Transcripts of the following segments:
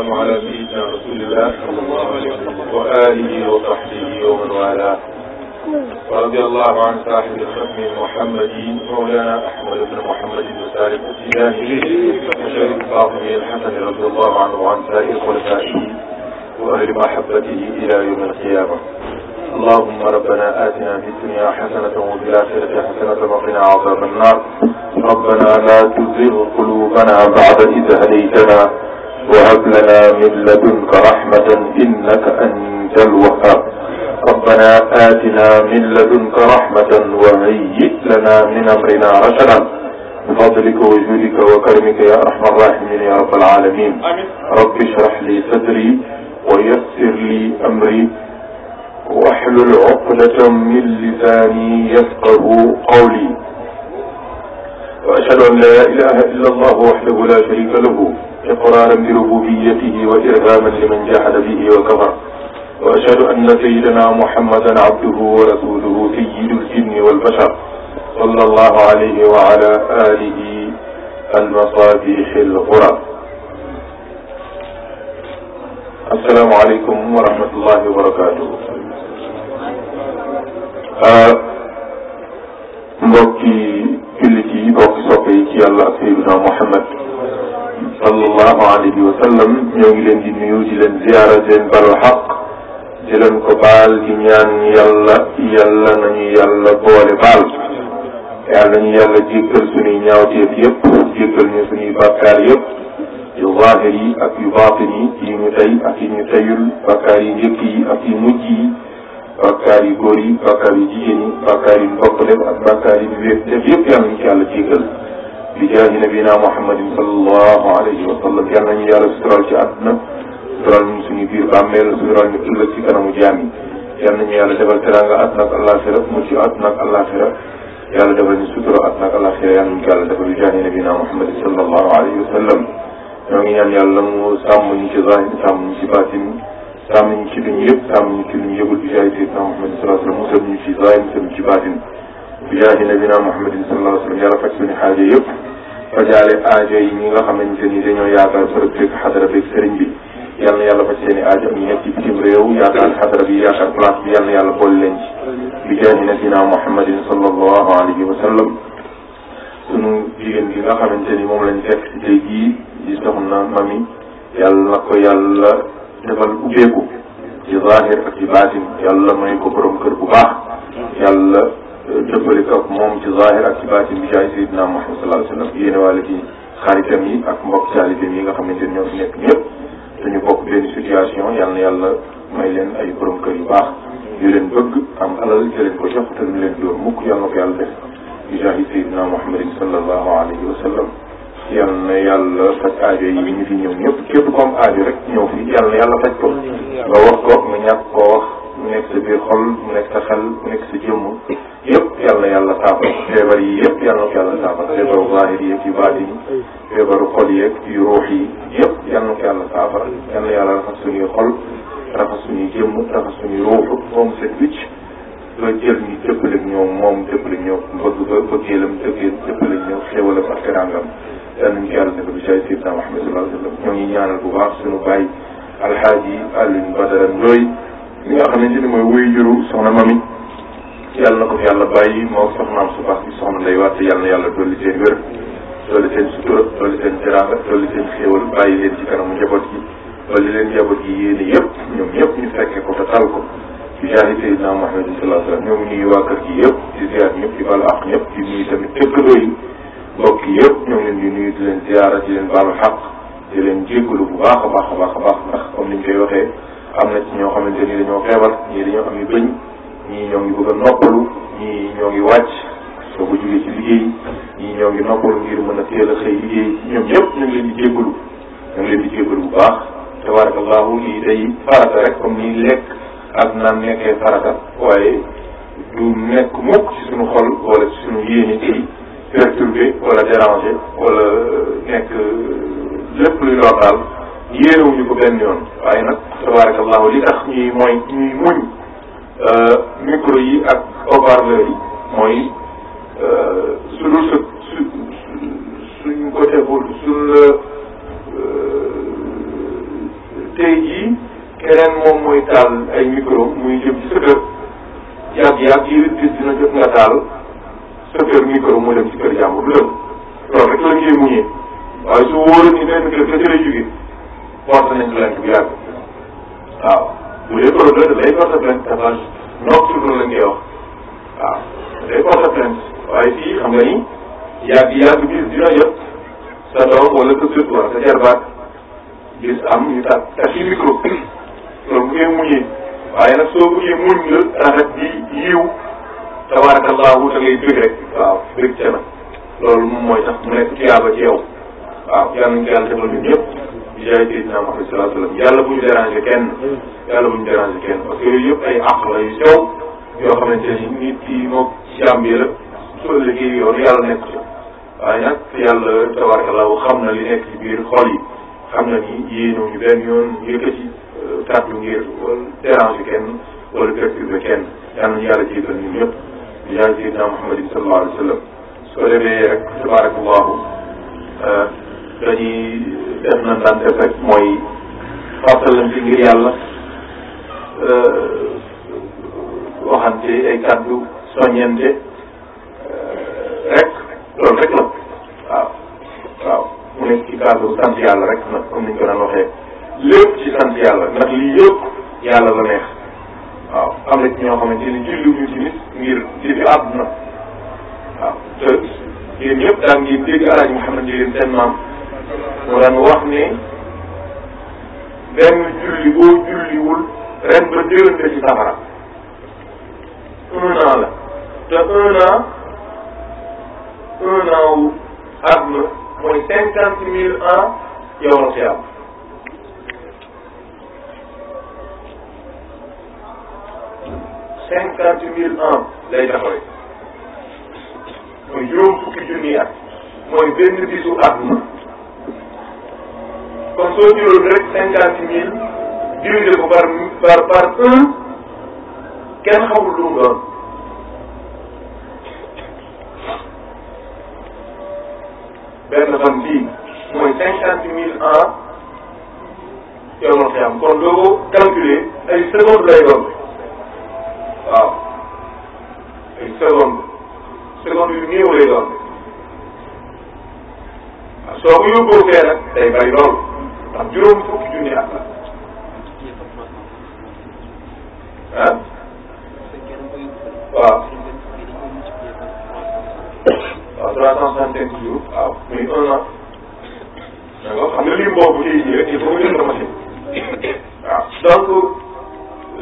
والسلام على سيدنا رسول الله صلى الله عليه وسلم وآله وصحبه ومن والاه ورضي الله عن صاحب الختم المحمدي مولانا احمد بن محمد وسالم التجاهلي وشيخ الفاطمي الحسن رضي الله عنه وعن سائر خلفائه واهل محبته الى يوم القيامه. اللهم ربنا اتنا في الدنيا حسنه وفي الاخره حسنه وقنا عذاب النار. ربنا لا تزغ قلوبنا بعد اذ هديتنا وهب لنا من لدنك رحمة إنك أنت الوهاب ربنا آتنا من لدنك رحمة وهيئ لنا من أمرنا رشدا بفضلك وجودك وكرمك يا أرحم الراحمين يا رب العالمين رب اشرح لي صدري ويسر لي أمري واحلل عقدة من لساني يفقه قولي وأشهد أن لا إله إلا الله وحده لا شريك له إقرارا بربوبيته وإرهابا لمن جحد به وكفر وأشهد أن سيدنا محمدا عبده ورسوله سيد الجن والبشر صلى الله عليه وعلى آله المصابيح الغرر السلام عليكم ورحمة الله وبركاته mbokki jullit yi bokk soppe yi ci yàlla ak Seydina Muhammad sallallahu alayhi wa sallam leen di nuyu di leen ziyaara di leen balu xaq di leen ko baal di ñaan yàlla yàlla nañu yàlla boole baal yàlla nañu yàlla jéggal suñuy ñaawteef yëpp jéggal ñu suñuy bàkkaar yëpp yu zaahir yi ak yu baatin yi yi ñu tey ak yi ñu teyul bàkkaar yi njëkk yi ak yu mujj yi bàkkaar yu yi bàkkaar yu jigéen yi bàkkaar yu ak bàkkaar yi wéet def yëpp yàlla ñu ci yàlla jéggal bi jaahi nabina muhammadin sallallahu alayhi wa sallam yal nañu yàlla sutural ci àdduna sutural ñu suñu biir bàmmeel sutural ñu ëllëg ci kanamu jaam yi yal nañu yàlla defal teraanga àdduna ak àllaaxira mucc àdduna ak àllaaxira yàlla defal ñu sutura àdduna ak àllaaxira yal nañu yàlla defal bi jaahi nabina muhammadin sallallahu alayhi wa sallam ñoo ngi ñaan yàlla mu sàmm ñu ci zahir sàmm ñu ci baatin sàmm ñu ci luñu yëpp sàmm ñu ci luñu yëgul bi jaahi sayyidina muhammadin sallallahu alayhi wa sallam musal ñu ci zahir musal ñu ci baatin biyaahi nabina muhammadin sallallahu alayhi wa sallam yàlla faj suñu aajo yëpp fajaale aajo yi ñi nga xamante ni dañoo yaakaar bërëb beeg xadara beeg bi yal na faj seen i aajo ak ñi nekk ci bitim réew yaakaar xadara bi yaakaar place bi yal na yàlla boole leen ci biyaahi nabina muhammadin sallallahu alayhi wa sallam sunu jigéen bi nga xamante ni moom lañ fekk ci tey mami yàlla na ko yàlla defal ubbeeku ci zahir ak ko borom kër bu baax yàlla dëppale ko ak moom ci zahir ak ci baatin bi jaay sayyidina Muhammad sallallahu alayhi wa sallam yéene wàlla ci xaritam yi ak mbokk taalibeem yi nga xamante ne ñoo fi nekk ñëpp suñu bokk benn situation yal na yàlla may leen ay borom kër yu baax yu leen bëgg am alal di leen ko jox te du leen dóor mukk yal na ko yàlla def bi jaay sayyidina Muhammadin sallallahu alayhi wa sallam yal na yàlla faj aajo yi ñu fi ñëw ñëpp képp ko am aajo rek ñëw fi yal na yàlla faj ko nga wax ko nga ñàkk koo wax mu nekk sa biir xol mu nekk sa xel mu nekk sa jëmm yëpp yàlla yàlla saafara feebar yi yëpp yàlla yàlla saafara feebaru zaahir yeeg yu baatin yi feebaru xol yeeg yu ruux yi yëpp yàlla yàlla saafara yàlla yàlla raxas suñuy xol raxas suñuy jëmm raxas suñuy ruux ba mu set wicc ba jël ñu jëppaleeg ñoom moom jëppaleeg ñoom bëgg ba bëggeelam dëggee jëppaleeg ñoom xéwalam ak teraangam yàlla nañu ko yàlla defal bi jaay Seydina Muhammad sallallahu alayhi wa sallam ñoo ngi ñaanal bu baax suñu bàyyi alxaaji Alioune Badara Ndoye li nga xamante ni mooy wuy juru soxna mami yàlla na ko fi yàlla bàyyi moo soxnaam su baax ci soxna Ndeye Wade yàlla na yàlla dolli seen wér dolli seen sutura dolli seen teraanga dolli seen xéewal bàyyi leen ci kanamu njaboot gi dolli leen njaboot gi yéene yëpp ñoom ñëpp ñu fekke ko te tal ko ci jaari Seydina Muhammad wa sallam ñoom ñuy waa kër gi yëpp di ziar ñëpp di baalu àq tamit dëkkandoo yi mbokk yi yëpp ñoom ngi leen di nuyu di leen ziara di leen baalu xaq di leen jéggalu bu baax a baax a baax a baax ndax comme niñ koy waxee am na ci ñoo xamante ni dañoo feebar ñii dañoo am yu bëñ ñii ñoo ngi bëgg a noppalu ñii ñoo ngi wàcc soo ko jugee ci liggéey ñii ñoo ngi noppalu ngir mën a teel a xëy liggéey ñoom ñëpp ñu ngi leen di jéggalu ñu ngi leen di jéggalu bu baax tabarakallahu lii day farata rek comme ni lekk ak naan nekkee farata waaye du nekk mukk ci suñu xol wala ci suñu yéene tey perturbé wala dérangé wala euh, nekk euh, lépp luy lor daal yéerewuñu ko benn yoon waaye nag tabarakallahu li tax ñuy mooy ñuy muñ Euh, micro yi ak haut-parleur yi mooy euh, su dul sa su suñ ko tegul suñ la mooy taal ay micro muy jëm ci sa kër yàgg-yàgg yi dina jot nga taal sa kër micro mu dem ci kër jàmbur du dem loolu rek lañ koy muñee waaye su ni benn kër ka ci lay jóge porte nañ plainte bu yàgg waaw bu dee problème day porte plainte tapage nocturne la ngay wax waaw day porte plainte waaye fii xam nga ni yàgg yàgg bis dina jot sa doom wala sa sët wala sa jarbaat bis am ñu ta takk ci micro loolu bu ngeen muñee waaye nag soo bëggee muñ la rafet di yiw tabarakallahu da ngay bëgg rek waaw bëgg ca nag loolu moom mooy tax mu nekk tuyaaba ci yow waaw yàlla nañu yàlla defal ñun ñëpp di jaay Seydina Muhammad sallallahu alayhi wa sallam yàlla bu ñu déranger kenn yàlla bu ñu déranger kenn parce que yooyu yëpp ay àq la yu sew yoo xamante ni nit ki moog jàmm bi la su ëllëgee yoon yàlla nekk ci waaye nag yàlla tabarakallahu xam na li nekk ci biir xol yi xam na ni yéenewuñu benn yoon yëkkati euh, kàddu ngir wala déranger kenn wala perturber kenn yàlla nañu yàlla jéggal ñun ñëpp di jaay Seydina Muhammad sallallahu alayhi wa sallam su ko defee rek tabarakallahu euh, dañuy def na daan def rek mooy fàttalante ngir yàlla euh, waxante ay kàddu soññente euh, rek loolu rek la waaw waaw mu nekk ci kàddu sant yàlla rek nag comme ni ñu ko daan waxee lépp ci sant yàlla ndax lii yëpp yàlla la neex waaw am na ci ñoo xamante ni julliwuñu tamit ngir di fi àdduna waaw te yéen ñëpp daan ngeen dégg alaaj Muhammad di leen seen maam ren wax ni benn julli boo julliwul ren ba déwén nga ci an la te un an un an wu àdduna mooy cinquante mille ans yow la si am cinquante mille ans lay taxawee mooy juróom fukki junni at mooy benn bisu àdduna kon soo jëloon rek cinquante mille divisé ko par par par kenn xamul lu mu doon benn fan mooy cinquante mille ans yow ma kon doo ko calculer ay seconde lay doon waaw ay seconde seconde yu néew lay doon waaw soo ko bari lool ndax juróomi fukki junni at la ah waaw waaw trois cent soixante cinq jours waaw muy un an d'accord xam nga lim boobu tey jii rek il faut nga jënd machine waaw donc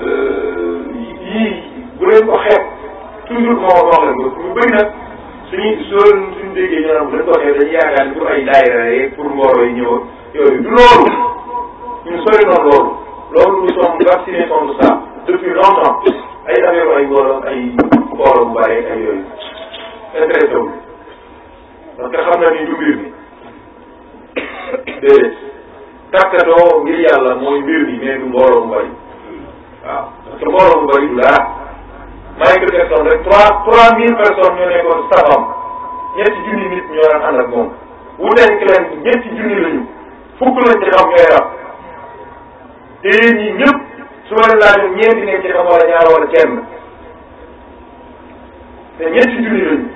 euh, yii bu leen ko xeeb toujours moo ko wax leen ko ñu bëri nag suñuy soo suñu déggee ñu naan bu leen ko xeeb dañuy yaakaar ni pour ay daayira rek pour mbooloo yi ñëwoon yooyu du loolu ñun sori na loolu loolu nous sommes vaccinés contre ça depuis longtemps ay affaire ay góor ay koolo bu ay yooyu intéressé wu parce que xam na ni du mbir mi déedéet tàkkatoo ngir yàlla mooy mbir mi mais du mbooloo mu bari waaw parce que mbooloo mu bari du dara Michael Jackson rek trois trois mille personnes ñoo nekkoon staffam ñetti junni nit ñoo daan ànd ak moom wuuteeg leen ñetti junni lañu. fukk lañ ci xam ñooy rab te yéen ñi ñëpp su ma leen laajoon ñeenti ngeen ci xam wala ñaar wala kenn te ñetti junni lañu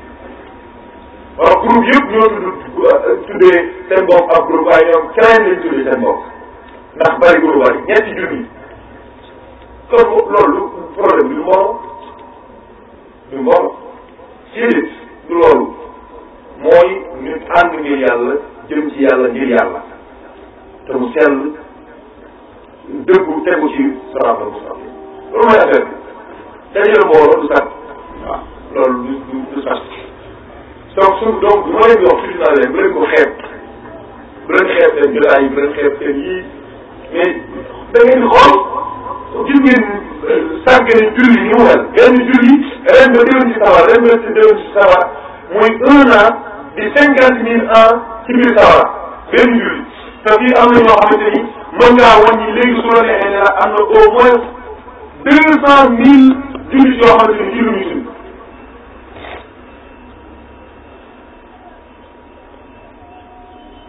waaw groupe yëpp ñoo tudd euh, tuddee seen bopp ak groupe waaye ñoom keneen lañ tuddee seen bopp ndax bari groupe bari ñetti junni kon loolu problème bi du mbooloo du mbooloo sidit du loolu mooy nit ànd ngir yàlla jëm ci yàlla ngir yàlla te mu sell dëggu tegu ci saraatal mustaqim loolu mooy affaire bi dajale mbooloo du sàcc loolu du du du sàcc donc su donc bu ma leen wax toujours naa leen bu leen ko xeeb bu leen xeeb seen jotaay yi bu leen xeeb seen euh, ni mu mel benn julli ren ba déwén ci sawar ren ba déwén ci sawar muy un an di cinquante mille ans te fii am na ñoo xamante ni mën ngaa wàññi léegi su la neexee ne la am na au moins deux cent mille jullit yoo xamante ni jullit ñu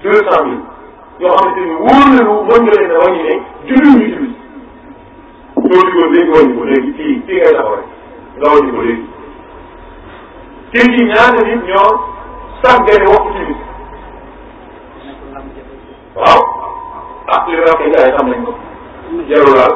deux cent mille yoo xamante ni wóor nañu mën nga leen a wàññi ne jullit ñu jullit soo digoon léegi wàññi ko léegi fii fii ngay taxaw rek nga wàññi ko léegi tey jii ñaata nit ñoo sàggane waxtu jullit waaw ah li may wax kay gars yi xam nañ ko jarul laal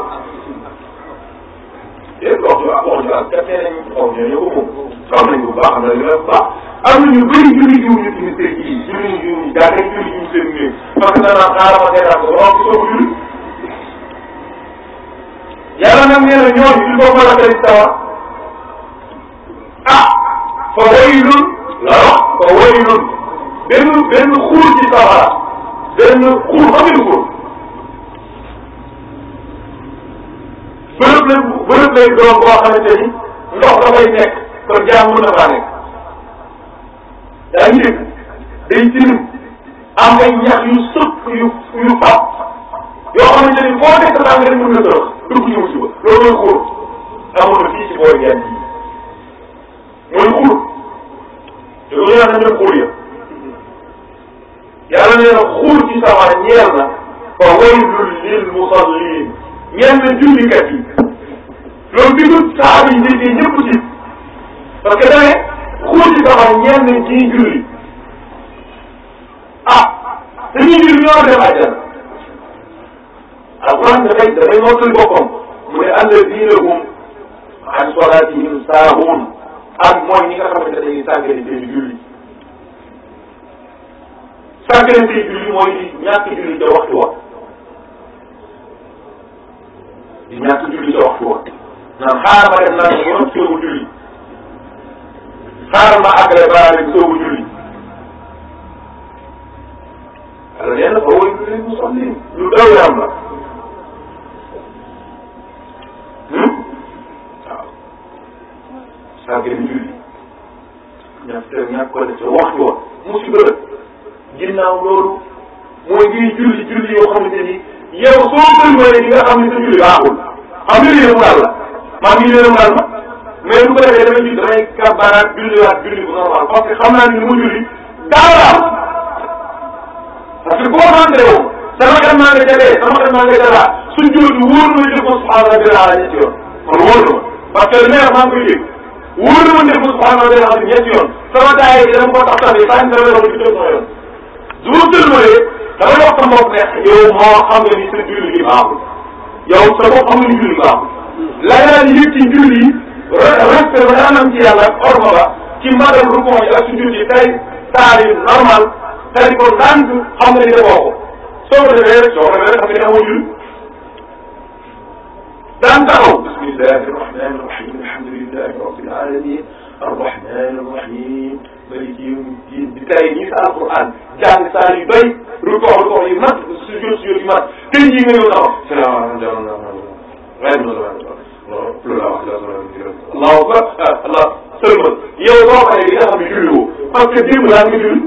yéen wax ñu ah wax ñu laal kat nee nañ xaw ñoo ñoo ko moom xam nañ ko bu baax xam nañ li may wax bu baax am na ñu bëri julli jiw ñu tamit seen kii julli jiw ñu jàkkee julli jiw seen néeg parce que danaa xaaral ma seetaan ko ba wax ko soog julli yàlla nag nee na ñooñu il faut mën a tëj sawar ah fa waylun la wax fa waylun benn benn xuur ci benn xur ba ngeen ko bërëb la bërëb lay doon boo xamante ni ndox dafay nekk kon jaam mën na faa nekk yaa ngi dégg day tilim am ay ñax yu sëpp yu yu fab yoo xamante ni boo nekk daa ngeen mën na tëx dugg ci musiba loolu mooy xur amoon na fii ci boori yan yi mooy xur te loolu yaa na ñoom xur ya yàlla nee na xuur ci sawara ñeel na fa waylul lil musallin ñeel na jullikat yi loolu digul saa bi njiit yi ñëpp ci parce que da ngay xuur ci sawara ñeel na ñiy julli ah te ñuy julli ñoo dem àjjana alquran dafay dafay nootal boppam mu ne alladina hum an solatihim saahuun ak mooy ñi nga xamante ne dañuy sàggane seen julli sàggane say julli mooy di ñàkk julli ca waxtu wa di ñàkk julli ca waxtu wa naan xaaral ma dem naan borom soobu julli xaaral ma àggale baale bi soobu julli alors nee na fa wóor ñu ne ñu soxla ñu daw yaram la hmm? waaw sàggane julli ñàkk ñàkk ko def ca waxtu wa musiba la ginnaaw loolu mooy ngay julli julli yoo xamante ni yow soo sëlmalee di nga xam ni sa julli baaxul xam nga lii daal la maa ngi leen a ma mais bu ko defee damay julli damay kàbbaaraat julliwaat julli bu normal parce que xam naa ni ni mu julli daal parce que boo xamante ne sama xel maa nga jafee sama xel maa nga jafaa suñ julli wóor na ma jël ko subhanahu wa taala ñetti yoon kon wóor na ma parce que le maire maa ngi koy dégg wóor na ma jël ko subhanahu wa taala ñetti yoon sama taay yi dama ko tax tamit saa ñu sama yoon su ma sëlmalee damay wax sa mbokk ne yow moo xam nga ni sa julli gi baaxul yow sa bopp xam nga ni julli baaxul la naan yëg ci julli yi respect ba nga anam ci yàlla ak orma ba ci mbaadam rukon yi ak su julli tey saa yi normal tey ko ndànk xam nga ni defoo ko soo ko defee rek soo ko defee rek xam nga ni amoo julli daan taxaw bismillahi rahmani rahim alhamdulillahi rabbil alamin arrahmani rahim bëri ci di di tari ñi sa alquran jàng saar yu bëri rukoo rukoo yu mat sujjóot sujjóot yu mat tey jii nga ñëw taxaw allahu akbar ah, allah sëlmal yow boo xoolee li nga xam ne julli woo parce que démb laa nga julli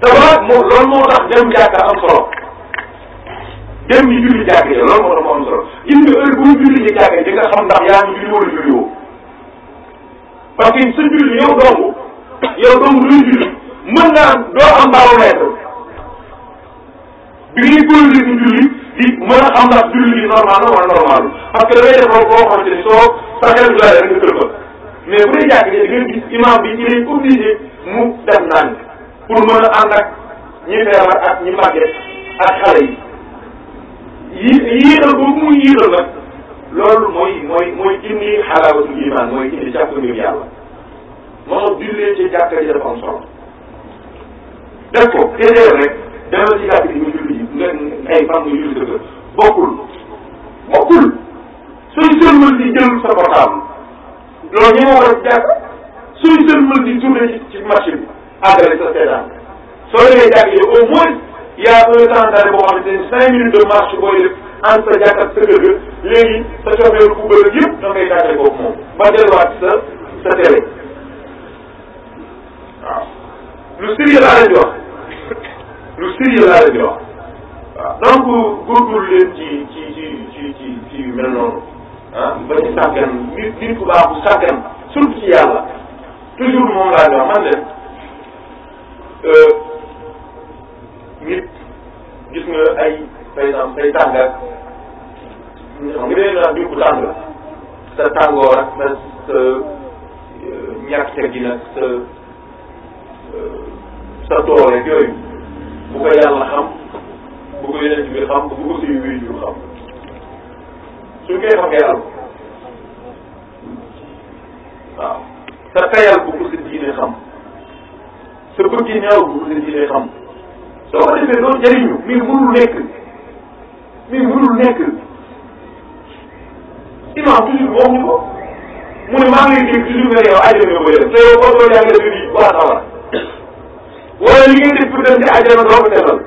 te ba moo loolu moo tax dem jàkka am solo dem yi julli jàkka ja loolu moo tax mu am solo gis nga heure bu julli ji jàkka di nga xam ndax yaa ngi julli wala julli woo parce que sa julli yow dong yow doomu luy julli mën naa doo am baromètre bi ngay posé si julli di mën a xam ndax julli bi normal na wala normal parce que dafay def loolu boo xamante ni soo sa xel bu laajee rek nga tëlfa mais bu dee jàkk ji da nga gis imam bi il est obligé mu def naan pour mën a ànd ak ñi feebar ak ñi màgget ak xale yi yi yéeral boobu muy yéeral nag loolu mooy mooy mooy indi xalaawatul iman mooy indi jàpp ngëm moom jullee ci jàkka ji dafa am solo def ko téeméer rek demal ci jàkka ji nga julli nga ay fan nga julli sa kër bokkul bokkul suy sëlmal di jël sa portable loolu ñu ma war a jàkka suy sëlmal di tourné ci marché bi àggale sa seetaan soo demee jàkka ji au moins y a un temps d'arrêt boo xamante ne cinq minutes de marche booy def entre sa jàkka ak sa kër ga léegi sa cofeelu ku bëgg yëpp da ngay tàggale kooku moom ba sa sa waaw lu sérieux laa leen di wax lu sérieux laa leen di wax waaw donc góorgóorlu leen ci ci ci ci noonu ah bañu sàggan nit nit ku bu sàggan surtout ci yàlla toujours moom laa di wax man leen euh, gis nga ay par exemple ay tàngaat xam nga beneen wax nit ku tàng sa tàngoor ak sa sa euh, gi nag sa tool ak yooyu bu ko yàlla xam bu ko yeneen bi xam bu ko suy wéy xam suñ koy xam nga yàlla waaw sa tayal bu ko sa diine xam sa bëgg ñaaw bu ko sa diine xam soo ko defee loolu jëriñu mii mënul nekk mii mënul nekk imam toujours wax ñu ko mu ne maa ngi dégg toujours nga ne yow aajal nga koy def te yow boo doon yaa ngi def wala li ngay def pour dem ci àjjana doo ko defal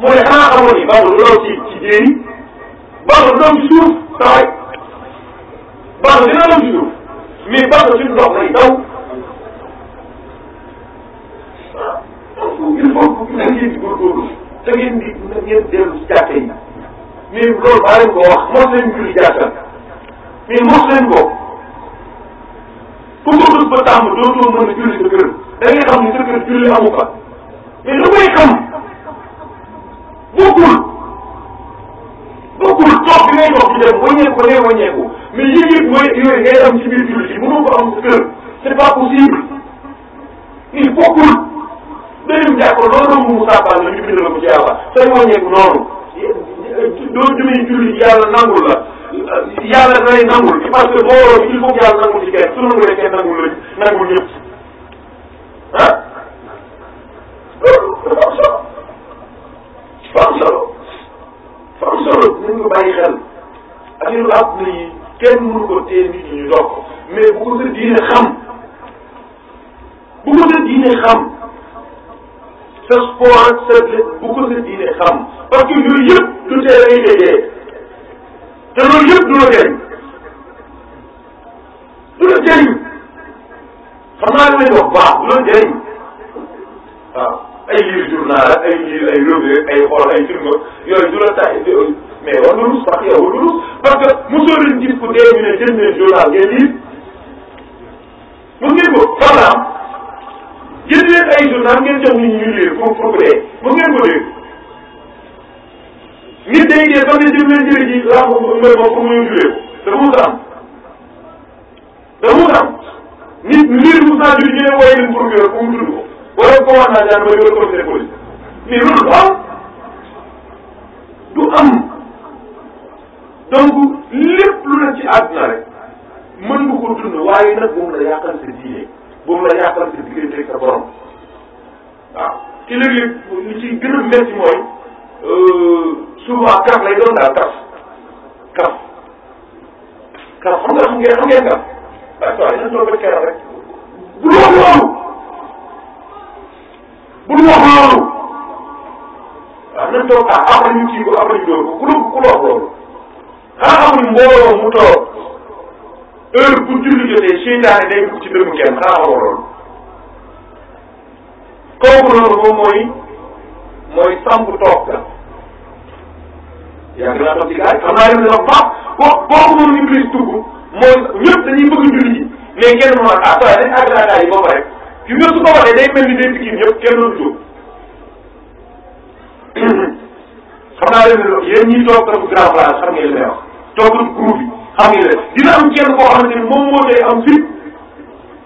mu ne xanaa xamoon ni baaxul lu daw ci ci jéeri baaxul lu daw ci suuf sawaay baaxul dina daw ci suuf mais baaxul ci ndox lay daw il faut que da ngeen di góorgóorlu da ngeen di da ngeen dellu ci jàkka yi mais loolu baa leen ko wax mos leen julli jàkka mais mos leen ko ku dul ba tàmm dootoo mën a julli sa kër da ngay xam ne sa kër julli amu fa te lu koy xam bokkul bokkul toog bi ngay toog di dem wàññeeku ba wàññeeku mais yëg-yëg mooy yooyu ngay am ci biir julli mënoo ko am sa kër c'est pas possible il bokkul beneen jàkko loolu romb mu sàppaan la ñu bind la ko ci yàlla say wàññeeku noonu doo julli julli yàlla nangul la yàlla da lay nangul ci parce que mbooloo bi il faut que yàlla nangul ci kenn su nangulee kenn nangul lañ nangul ñëpp ah loolu dafa am solo dafa am solo dafa am solo nañ ko bàyyi xel ak yéen àdduna yi kenn mënu ko téye nit ñi ñu dox ko mais bu ko sa diine xam bu ko sa diine xam sa sport sa bu ko sa diine xam parce que yooyu yëpp du tee lay déggee te loolu yëpp du la jëriñ du la jëriñ xam naa li wax waaw du la jëriñ waaw ah, ay lire journal ay lire ay revue ay xool ay film yooyu du la tax mais war na rus sax yow war na rus parce que mosoo leen gis ku dee ñu ne jël leen journal ngeen lire mos ngeen ko par exemple jël leen ay journal ngeen jox nit ñi ñu lire pour pour que dee mos ngeen ko dégg nit day dee ba ne jëm leen jëri ji laa ko mbéy moom pour mu ñu jullee ko dafa mos a am dafa mos a am nit mbir mos naa jur ñu ne wooye leen pour mu yor pour mu tudd ko wala commencé naa jaan ba ñu war a continuer police mais loolu du am du am donc lépp lu ne ci àdduna rek mën nga ko dund waaye nag moom la yàqal sa diine moom la yàqal sa diggante ak sa borom waaw te léeg-léeg li ci gën a métti mooy. Euh, souvent karaf lay doon daal karaf karaf karaf xam nga xam ngeen xam ngeen karaf waaye waaye nañ toog ba karaf rek bu ñu wax loolu bu ñu wax loolu waaw nañ toog ah après ñu kii ko après ñu dóor ko ku doon ku wax loolu xanaa amul mbooloo mu toog heure bu julli jotee seytaane day dugg ci dënnu kenn xanaa xamoo loolu kooku loolu moom mooy mooy samp toog la yaa ngi laa toog ci gars yi xam naa lim li wax baax boo boo ko mënoon iblis dugg mooy ñëpp dañuy bëgg julli ji mais kenn mu wax ah ça va dañ aggradaa yi ba pare fi mu ne su ko waxee day mel ni day pikin ñëpp kenn du jóg xam naa leen ne yéen ñiy toog kër bu grand place xam ngeen li may wax toog kër groupe bi xam ngeen la dina am kenn koo xamante ni moom moo tey am fit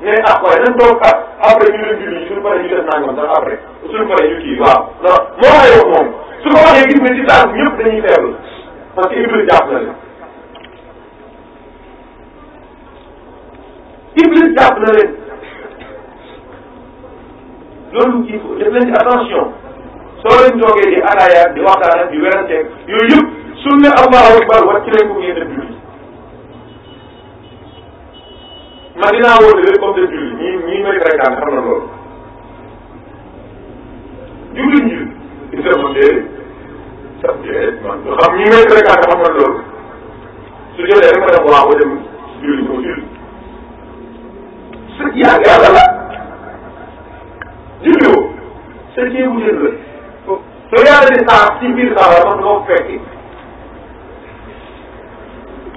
ne ah waaye nañ toog kat ah après ñu leen julli suñu paree ñu def nangam sax après suñu paree ñu kii waaw non moo waxee yow moom su ko waxee gis nga ci saa ñëpp dañuy faible parce que iblis jàpp na leen iblis jàpp loolu il faut def leen ci attention soo leen toogee di ataaya di waxtaan ak di weranteeg yooyu yëpp suñ ne allahu akbar wàcc leen ko ngeen def julli man dinaa woote rek comme de julli ñi ñi may fréquenté xam na loolu julli ñi di daf jëlee noonu xam ñu may fréquenté xam nañ loolu su jëlee rek ma def waaw ba dem julli ko julli sa yaa ngi yàlla la julli woo sa jéegu jën la soo yàlla di saaf ci biir saafara man doo fekki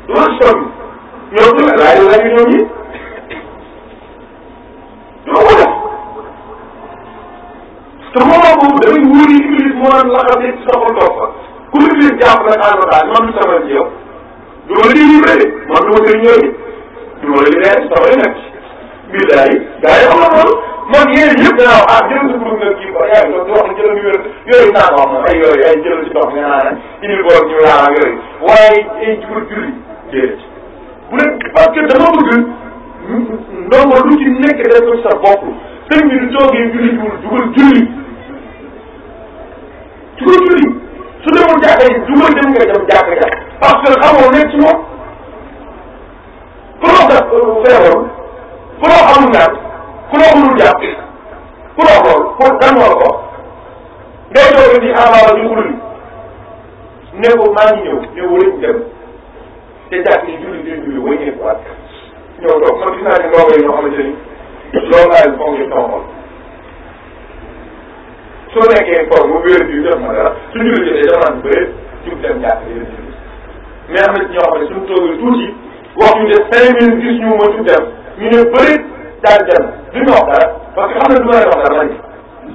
loolu sonn ñoom du laaj la ñu ñoom ñi doo ko def te moment boobu damay wóor yi iblis moo naan la xam ne ci soxal toog fa ku la leen jàpp nag ànd ak daal man du sama ci yow du ma délivré man du ma sëriñ yooyu du ma la leer sama yoon nag billaay gars yi xam na loolu man yéen yëpp danaa wax ah jëlal sa groupe nag kii quoi yaa ngi doon di wax ne jëlal ñu wér yooyu naa ko wax moom ay yooyu ay jëlal ci ndox nga naa nag indil ko ñu naa ak yooyu waaye ay jubal julli déedéet bu ne parce que dama bëgg ndongo lu ci nekk def ko sa bopp sëñ bi du toogee julli jiwul dugal julli dugal julli su demoon jàkka yi du mën dem nga dem jàkka ja parce que xamoo nekk ci moom ku loo ko feebarul ku loo xamul naan ku loo mënul jàpp ku loo xool pour kan moo ko ngay doog di envoyé di xulul ne ko maa ngi ñëw ne wala ñu dem te jàkk yi julli dee julli wëññeekuwaat ñëw toog man gis naa ne ndongo yi ñoo xamante ni loolu laay foog ñu toog su ma nekkee koor bu wér bi jox ma dara su julli jotee dafa naan bëre jug dem jàpp di leen julli mais am na ci ñoo ne suñu toogee tuuti waxtu bi de cinq minutes ne bëri daal dem duñu wax dara parce que xam na du ma leen wax dara man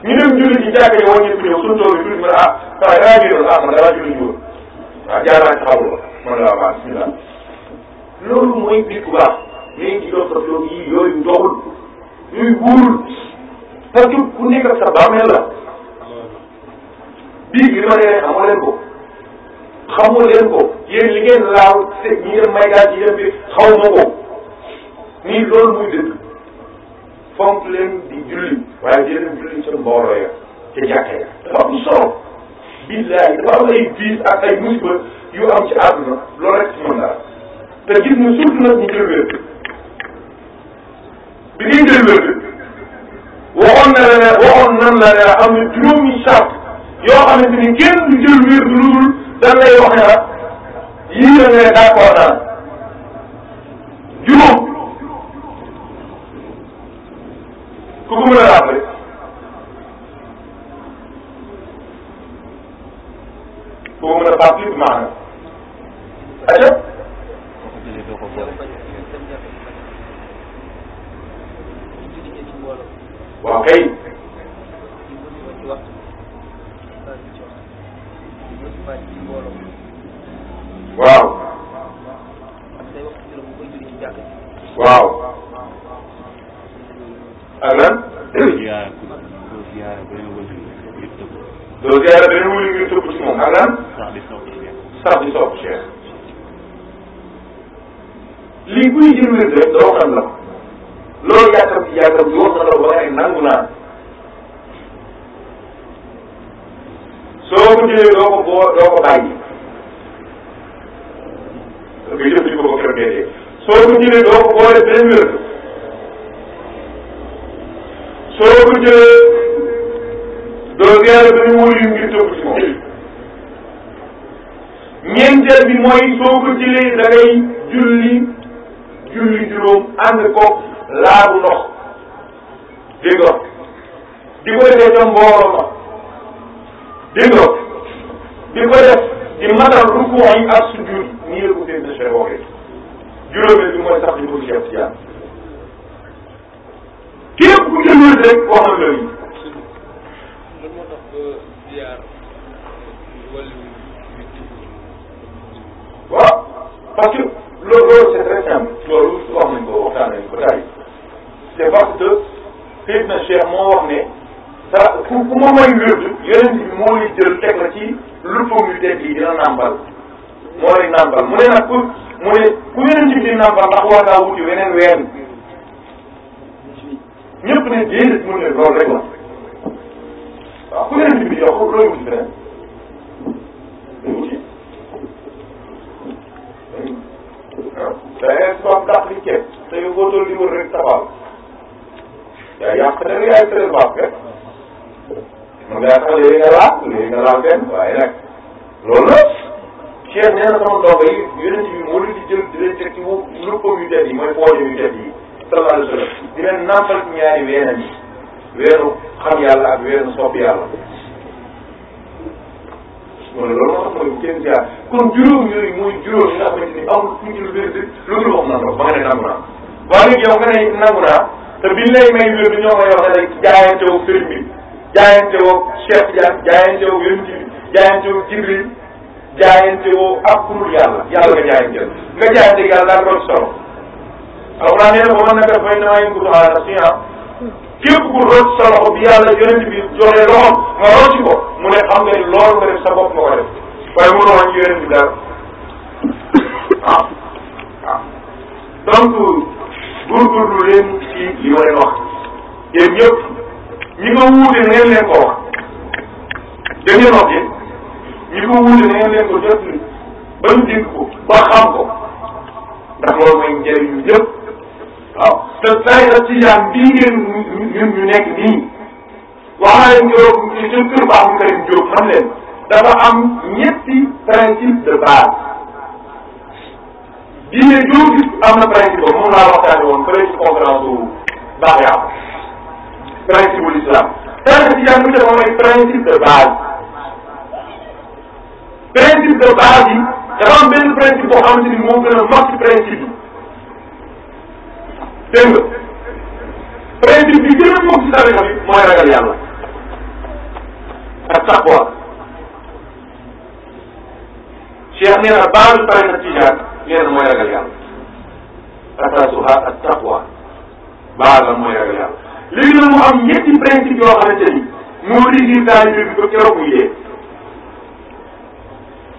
ji jàkka ji woon ñëpp ñëw suñu toogee tuuti ma ne ah saa dangaa julli ah man dangaa julli jiwoon waaw ah, jaar naa ci xawul ba man laa waa bismillah loolu mooy nit ku yooyu doxul yooyu wóorul parce que ku nekk la bii li ma leen xamoo leen ko xamoo leen ko yéen li ngeen bi xaw ma ko nii loolu muy dëgg fonk leen di julli waaye di leen julli ya ca jàkka ya dafa am solo billahi dafa am ay biis ak ay yu am ci àdduna loolu rek ci mën dara te gis nga surtout nag ñu jël wér bi ngay jël wér waxoon na la ne waxoon nan la ne am yoo xamante ni kenn du jël wér du ludul dañ lay wax ne la yii la nga ne d'accord daal juróom ku ko mën a rappelé ku waaw. waaw. ak lan. doo ziyaara beneen wëli ngir tëbb. doo ziyaara beneen wëli ngir tëbb ci moom ak lan. sax di sopp Cheikh. sax di sopp Cheikh. lii buy jël wér doo xam la loolu yàkkam yàkkam yoo xam ne ba nga ne nangu naa. soo ko jëlee doo ko boo doo ko bàyyi nga ko keroog déedéet soo ko jëlee doo ko boole benn wér soo ko jëlee doo gërëm dañu wóolu ngir tëbb ci moom ñeenteel bi mooy soo ko jëlee da julli julli juróom ànd ko laabu ndox dégg di ko defee ca mbooloo ma dégg di ko def di matal rukuu yi ak sujud yi nii la ko seen bés fee waxee juróomeel bi mooy sax di bëgg Cheikh Tidiane képp ku jël wér rek wax na loolu waaw parce que loolu loolu c'est très simple loolu wax nañ ko waxtaan nañ ko taay c'est parce que Seydina Cheikh moo wax ne sa ku ku ma may wérdu yonent bi moo lay jël teg la ci luppam yi dina nàmbal moo lay mu ne nag ku mu ne ku yonent bi di nàmbal ndax war ngaa wuti weneen ween ñëpp ne déedéet mu ne loolu rek la waaw ku yonent bi yow looy wuti feneen day wuti waaw dangay soog tax li ceeb te yow boo toll di wër rek taxawal yaa yàq da nga mën ngaa sax léegi nga laal léegi nga laal benn waaye nag loolu la Cheikh nee na sama ndongo yi yonent bi moo leen di jël di leen teg ci wu luppam yu tedd yi mooy poojam yu tedd yi sallallahu alayhi wa sallam di leen nàmpal ñaari weenam yi weenu xam yàlla ak weenu sopp yàlla mu ne loolu moo tax mooy kenn jaar kon juróom yooyu mooy juróom yi nga xamante ni amul fu ñu ci wér lu dul wax nangu ba nga ne nangu naa waaye nag yow nga ne nangu naa te biñ lay may wér ñoo koy wax ne rek jaayante wu sëriñ bi jaayante woo Cheikh Tidiane jaayante woo yonent bi jaayante woo Jibril jaayante woo ak kurul yàlla yàlla nga jaayante nga jaayante yàlla daal doon solo alxuraan nee na ba mën na def fay na maa yëngu xaaral si ah képp ku rot sa loxo bi yàlla yonent bi joxe loxoom nga rocci ko mu ne xam nga ni loolu nga def sa bopp nga ko def waaye mënoo wàññi yonent bi daal waaw ah, ah. waaw donc góorgóorlu leen ci li ma leen wax yéen ñi ko wuute na ngeen leen ko wax dégg ngeen wax ji ñi ko wuute na ngeen leen ko jot ni ba ñu dégg ko ba xam ko ndax loolu mooy njëriñu yëpp waaw te tarixa tijaan bii ngeen ñun ñu nekk nii wax naa leen keroog ci seen kër baax mu Karim Diop xam leen dafa am ñetti principe de base diine joo gis am na principe ba moom laa waxtaane woon fële ci conférence boobu baax yaa principe wu l'islam tarixa tijaan bu moom mooy principe de base principe de base yi dafa am benn principe boo xamante ni moo gën a mag ci principe yi dégg nga principe bi gën a mag ci tarixa bi mooy ragal yàlla ak at taqwa base la mooy léegi nag mu am ñetti principe yoo xamante ni moo régir taalibe bi ba keroog muy dee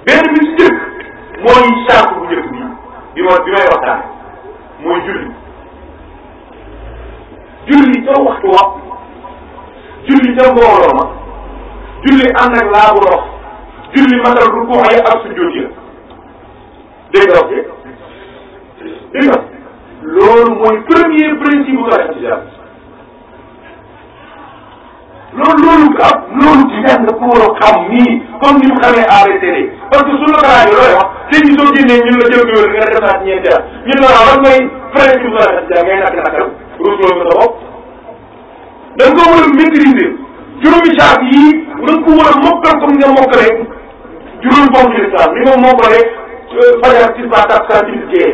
benn bi si jëkk mooy charte bu njëkk bi bi ma bi may waxtaan mooy julli julli ca waxtu wa julli ca mbooloo ma julli ànd ak laabu rox julli matal du ko xëy ak su jóot yi la dégg nga wax dégg nga loolu mooy premier principe loolu loolu ab loolu ci jàng ko war a xam nii comme ni mu xamee ABCD parce que su la rajo looy wax sëñ bi soo génnee ñun la jël nga nga def naa ci ñeenti at ñun la waaw lan ngay frais ci la rafet ngay nakk nakkal ruus loolu nga sa bopp da nga ko war a maîtriser juróomi saaf yii da nga ko war a mokkal comme nga mokkale juróomi ponk l'islam ni nga mokkale euh, fajar ci sa tak sa ci gée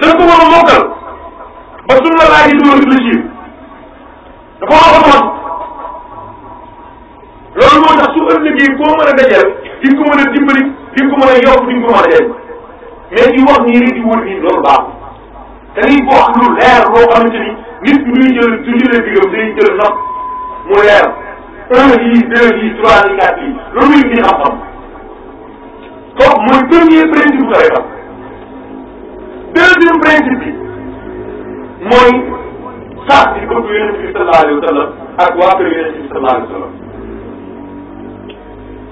da nga ko war a mokkal ba suñu la laajee dóor la jiw dafa war a xam loolu moo tax su ëllëgee koo mën a dajal di nga ko mën a dimbali di nga ko mën a yokk di nga ko mën a dégg mais di wax nii rek di wër nii loolu baaxul te liy wax lu leer nit ñi ñuy jël du jëlee digam day jël nopp mu leer un yi deux yi trois yi quatre yi loolu muy indi xam mooy premier principe bu tariqa deuxième principe bi mooy sax di bëgg yonent bi sallallahu alayhi wa sallam ak waa kër yonent bi sallallahu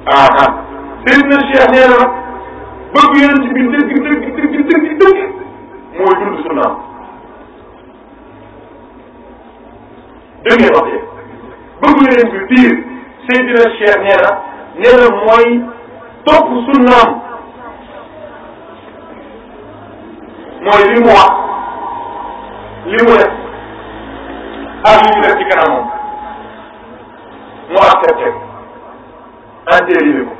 aha ah. Seydina Cheikh nee na bëgg yonent bi dëgg dëgg dëgg dëgg dëgg mooy dund sunnaam dëgg wax yi bëgg yonent bi biir Seydina Cheikh nee na nee na mooy topp sunnaam mooy li mu wax li mu def ak li mu def ci kanamam mu accepté entériné ko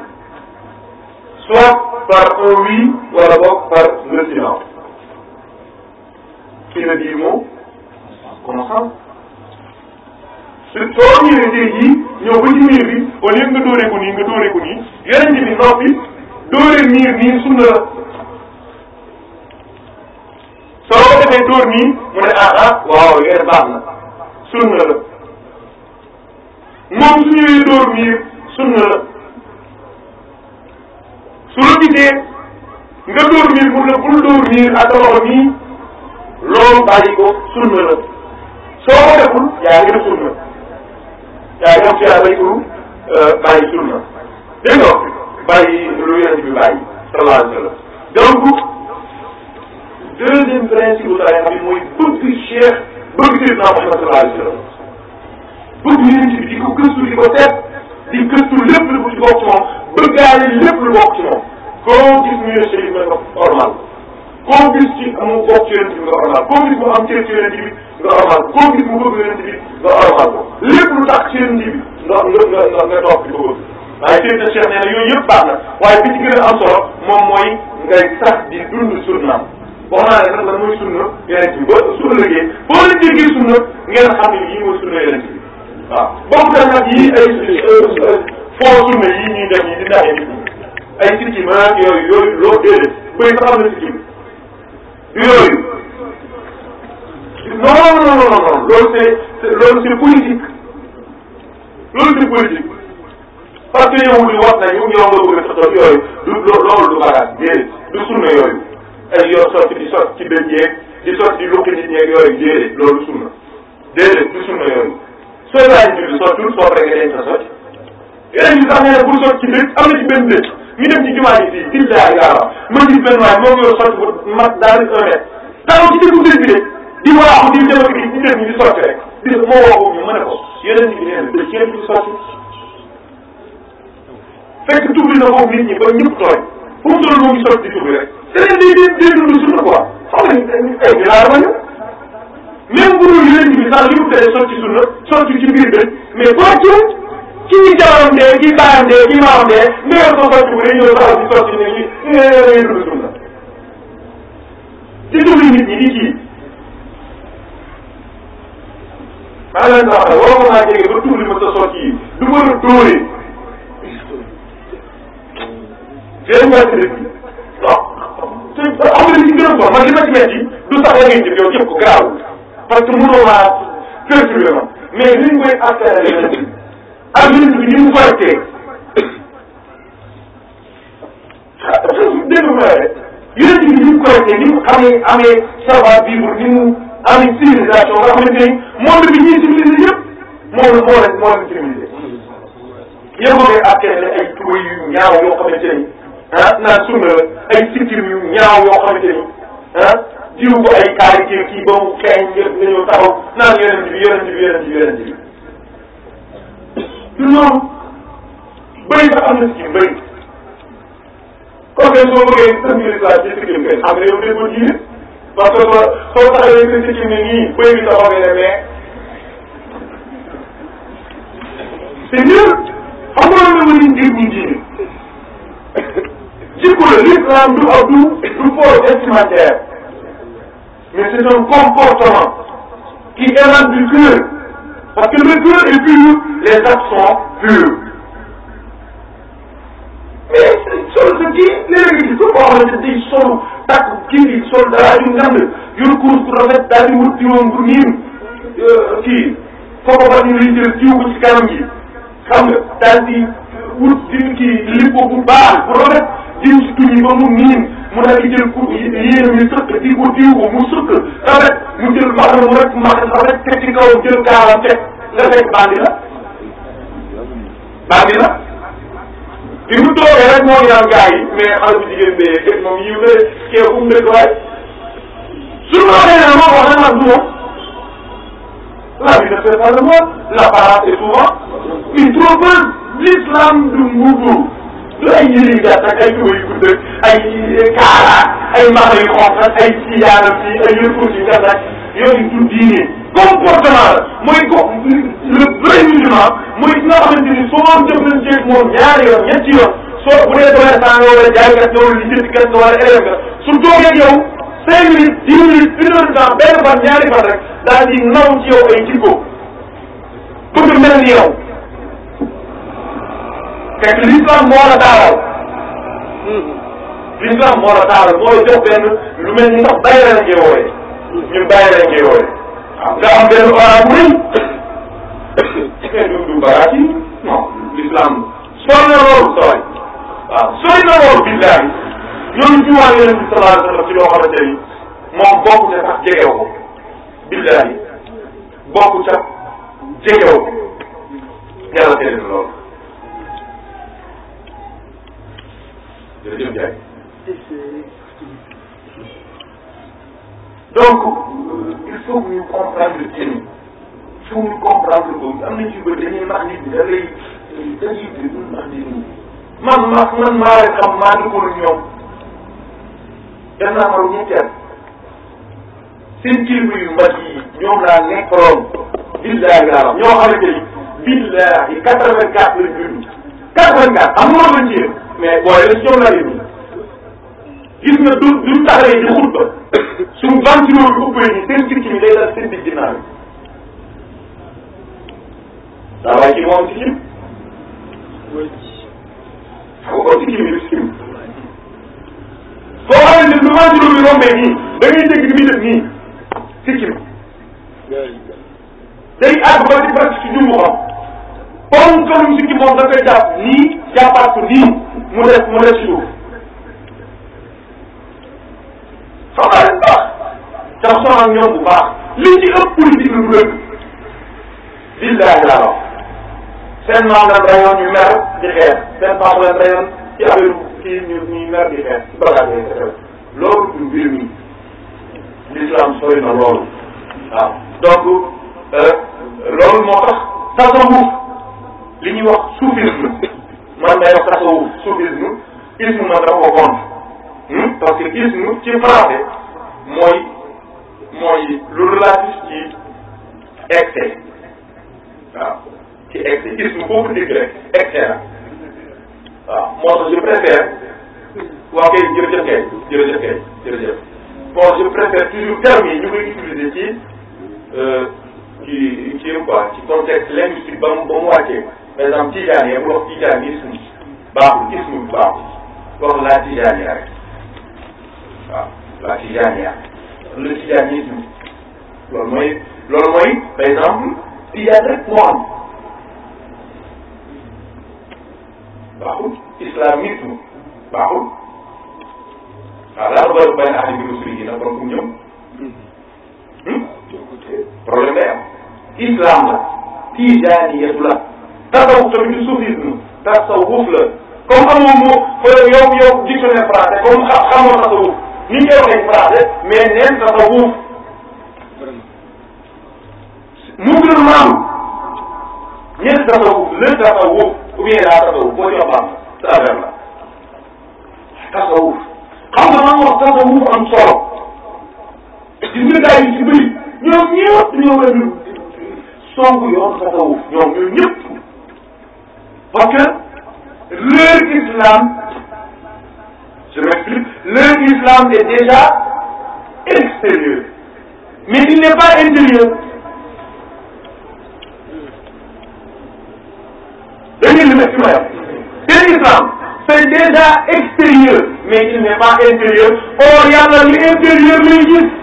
soit par un oui wala boog par le silence qui ne dit mot consent soo ñëwee tey jii ñëw ba ci miir bi au lieu nga dóoree ko nii nga dóoree ko nii yeneen bi noppi dóoree miir nii sunna la soo ko defee dóor nii mu ne ah ah waaw yéen baax na sunna la moom su ñëwee dóor miir sunna la su la gisee nga dóor miir mun la bul dóor miir ak loxo nii loolu bàyyi ko sunna la soo ko deful yaa ngi def sunna yaa ngi am siyaaba yi pour bàyyi sunna dégg nga bàyyi lu yonent bi bàyyi sallallahu alayhi wa sallam donc deuxième principe bu tarixa bi mooy bëgg cheikh bëgg Seydina Muhammad sallallahu alayhi wa sallam bëgg yonent bi di ko gëstu di ko seet di gëstu lépp lu ci bokk ci moom bëgg naa leen lépp lu bokk ci moom koo gis mu yor chérif nga ko ormal koo gis ci mu bokk ci yonent bi nga ormal koo gis mu am cër ci yonent bi nga ormal koo gis mu bëgg yonent bi nga ormal ko lépp lu tax ci yonent bi nga nga nga nga topp di ko bëgg waaye Seydina Cheikh nee na yooyu yëpp baax na waaye bi ci gën a am solo moom mooy ngay sax di dund sunnaam wax naa ne nag lan mooy sunna yonent bi ba su ëllëgee boo leen déggee sunna ngeen xam ne lii mooy sunna yonent bi waaw bokk na nag yii ay euh, foo sunna yii ñuy def yi di ndaxee nit ñi ay sikkim ak ah, yooyu yooyu loo déedéet bëy sax am na sikkim yooyu non non non non non loolu c'est loolu c'est politique loolu c'est politique parce que yow li wax na ñu ñoo nga bëgg a sotti yooyu du loolu du baraat déedéet du sunna yooyu ay yoo sotti di sotti ci benn yeeg di sotti di lukki nit ñeeg yooyu déedéet loolu sunna déedéet du sunna yooyu sóoraale mbir bi sottul soo paree nga denc sa sotti yeneen yi sax nee na bul sotti ci mbir am na ci benn dëkk ñu dem ci jumaa ji fii billahi yàlla ma gis benn waay moo ngi yor sotti bu mat daal un mètre taxaw ci dëkku mbir bi de di waaxu di dem ak di dem ñu sotti rek di moo waxu ñu mën a ko yeneen bi nee na dëkk yeneen bi sotti fekk tubli na foofu nit ñi ba ñëpp tooy fu mu toll moo ngi sotti di tubli rek te leen day day dund suñu quoi xam nga ay ginaar ma ñu même bu dul yonent bi sax li mu tere sotti sunna sotti ci mbir rek mais boo ci ci ñi jabaram dee ci baayam dee ci maamam dee ndeyal ko sotti bu dee ñëw sax ci sotti ne ñu ngay dund sunna di dund nit ñi di kii maa leen tax nag waroo ko maa jege ba tuuli ma sa sotti yi du mën a dóore benn gàtt dëkk bi non te am na li ci gën a bon man li ma ci metti du sax la ngay jëf yow jëf ko garaawul parce que mënoo maa perturbé ma mais ni ñu koy accéléré yonent bi ak yonent bi ni mu correcté ah dégg nga yonent bi ni mu correcté ni mu amee amee savoir vivre ni mu amee civilisation nga xamante ni monde bi ñuy civilisé yëpp moo la moo la moo la civilisé yéen boo koy accéléré ay tuba yu ñaaw yoo xamante ni ah naan sunna la ay sikkim yu ñaaw yoo xamante ni ah diw ko ay caricature kii ba mu xeeñ ngeen nga ñëw taxaw naan yonent bi yonent bi yonent bi yonent bi du noonu bëri sax am na si ci bëri kon kay soo bëggee sëñ islam ci sikkim kay xam nga yow déggoo diine parce que soo taxawee sa sikkim ne nii bëy bi taxaw nga ne mais c'est mieux xam nga loolu la ñu ngir ñu diine jikko la l'islam du ab du du fort vestimentaire mais c'est un comportement qui émane du cœur. Parce que le cœur est pur, les actes sont purs. mais sol sa kii léeg-léeg nga gis ko koo xamante day sol takk kii bi sol dara yu ngand yor course bu rafet daal di wut juróom bu niin kii foofa ba ñu lay jël jiw ko ci kanam gi xam di wut di kii lipo bu baax bu rafet jiw si tuñ yi ba mu daal di jël pour yéen mi sëkk di ko diw ko mu sëkk rafet mu jël mbaxana rek mbaxana rafet teg ci kawam jël kaaram teg nga fekk bandi la bandi la bi mu toogee rek moo ñaan gars yi mais xale bu jigéen bee kër moom yiw na kee um dëkk waaye su ma waxee ne moo wax na nag du moom la vie ne fait pas le monde l'apparence est souvent une trompeuse l'islam du du ay yële yu gàtt ak ay yu gudd ay kaara ay max yu xonq ak ay ci yaanam ci ay yëppoon yu gàtt ak yooyu du diine comportement la mooy ko le vrai musulman mooy ki nga xamante ni soo am jëflanteeg moom ñaari yoon ñetti yoon soo bu dee commerçant nga wala jaaykat nga wala lijjantikat nga wala élève nga su toogee yow cinq minutes dix minutes une heure de temps benn fan ñaari fan rek daal di naw ci yow ay jikko bëgg mel ni yow fekk l'islam moo la taaral l'islam moo la taaral mooy jox benn lu mel ni sax bayre la ngay wooye ñun bayre la ngay wooye waaw nga am benn oraa bu rëy du du baraat yi non l'islam sori na loolu sori waaw sori na loolu billahi ñooñu juwaan yeneen bi sallallahu alayhi wa sallam ci loo xamante ni moom bokk na sax jegew ko billahi bokk sax jegew ko yàlla tere na loolu jërëjëf Ndiaye. donc il faut que ñu comprendre que ni il faut ñu comprendre que am na ci bëri dañuy nax nit ñi da ngay dañuy déglu nax nit ma man maa rek xam maa dëkkoon ak ñoom dem naa xaru ñetteel seen kilifa yu mag yi ñoom laa nekkaloon billahi laa wax ñoo xamante ni billahi quatre vingt quatre la judd quatre vingt quatre am na loolu la ci mais booy lañ journalisme gis nga du duñ taxawee di xutba suñ ventilo bi ubbee ni seen picc mi day dal seen digg ginnaaw yi daa waay ci moom si cim xam nga si cim yi si cim soo xamee ne lu ventilo bi rombee nii da ngay dégg ni muy def nii si cim day àgg ba di presque si jumbu xam ponkalum sikki moom da koy jàpp nii jàppaat ko nii mu def mu def suuf xam naa bu baax li ci ëpp politique lu dëgg billahi laa wax seen maam ren rayon ñu mer di xeex seen maam ren rayon ci di xeex ci bagage yi sa loolu du mbir mi l'islam sori na loolu waaw donc euh, loolu moo li ñuy wax soufisme man day wax tasawuf soufisme isme man dafa ko contre parce que isme ci français mooy mooy lu relatif ci excès waaw ci excès isme foo ko dégg rek excès la waaw moo tax je préfère waaw kay jërëjëf kay jërëjëf kay jërëjëf bon je préfère toujours terme yi ñu koy utiliser ci euh, ci ci quoi ci contexte linguistique ba mu ba mu wàccee par exemple tijaani bu wax tijaani ismu baaxul ismu baaxul wax laa tijaani rek waaw laa tijaani lu tijaani ismu loolu mooy loolu mooy exemple tijaan rek moo am baaxul islamisme baaxul waaw daal booy bàyyi na ànd bi ruus yi nag borom fu islam la tijaaniyatu la tasawuf tamit ci soufisme tasawuf la comme xamoo moo yow yow dictionnaire français comme xamoo tasawuf ni ñu koy waxee français mais neen tasawuf mu gën maam ñeent tasawuf le tasawuf ou bien la tasawuf boo jox maam sa affaire la tasawuf xam nga maa wax tasawuf am solo gis nga gars yi ci bëri ñoom ñëpp ñoo mel ni songu yoon tasawuf ñoom ñun ñëpp parce que islam je islam est déjà extérieur mais il n'est pas intérieur da li ma si ma islam c'est déjà extérieur mais il n'est pas intérieur or yàlla li intérieur lay gis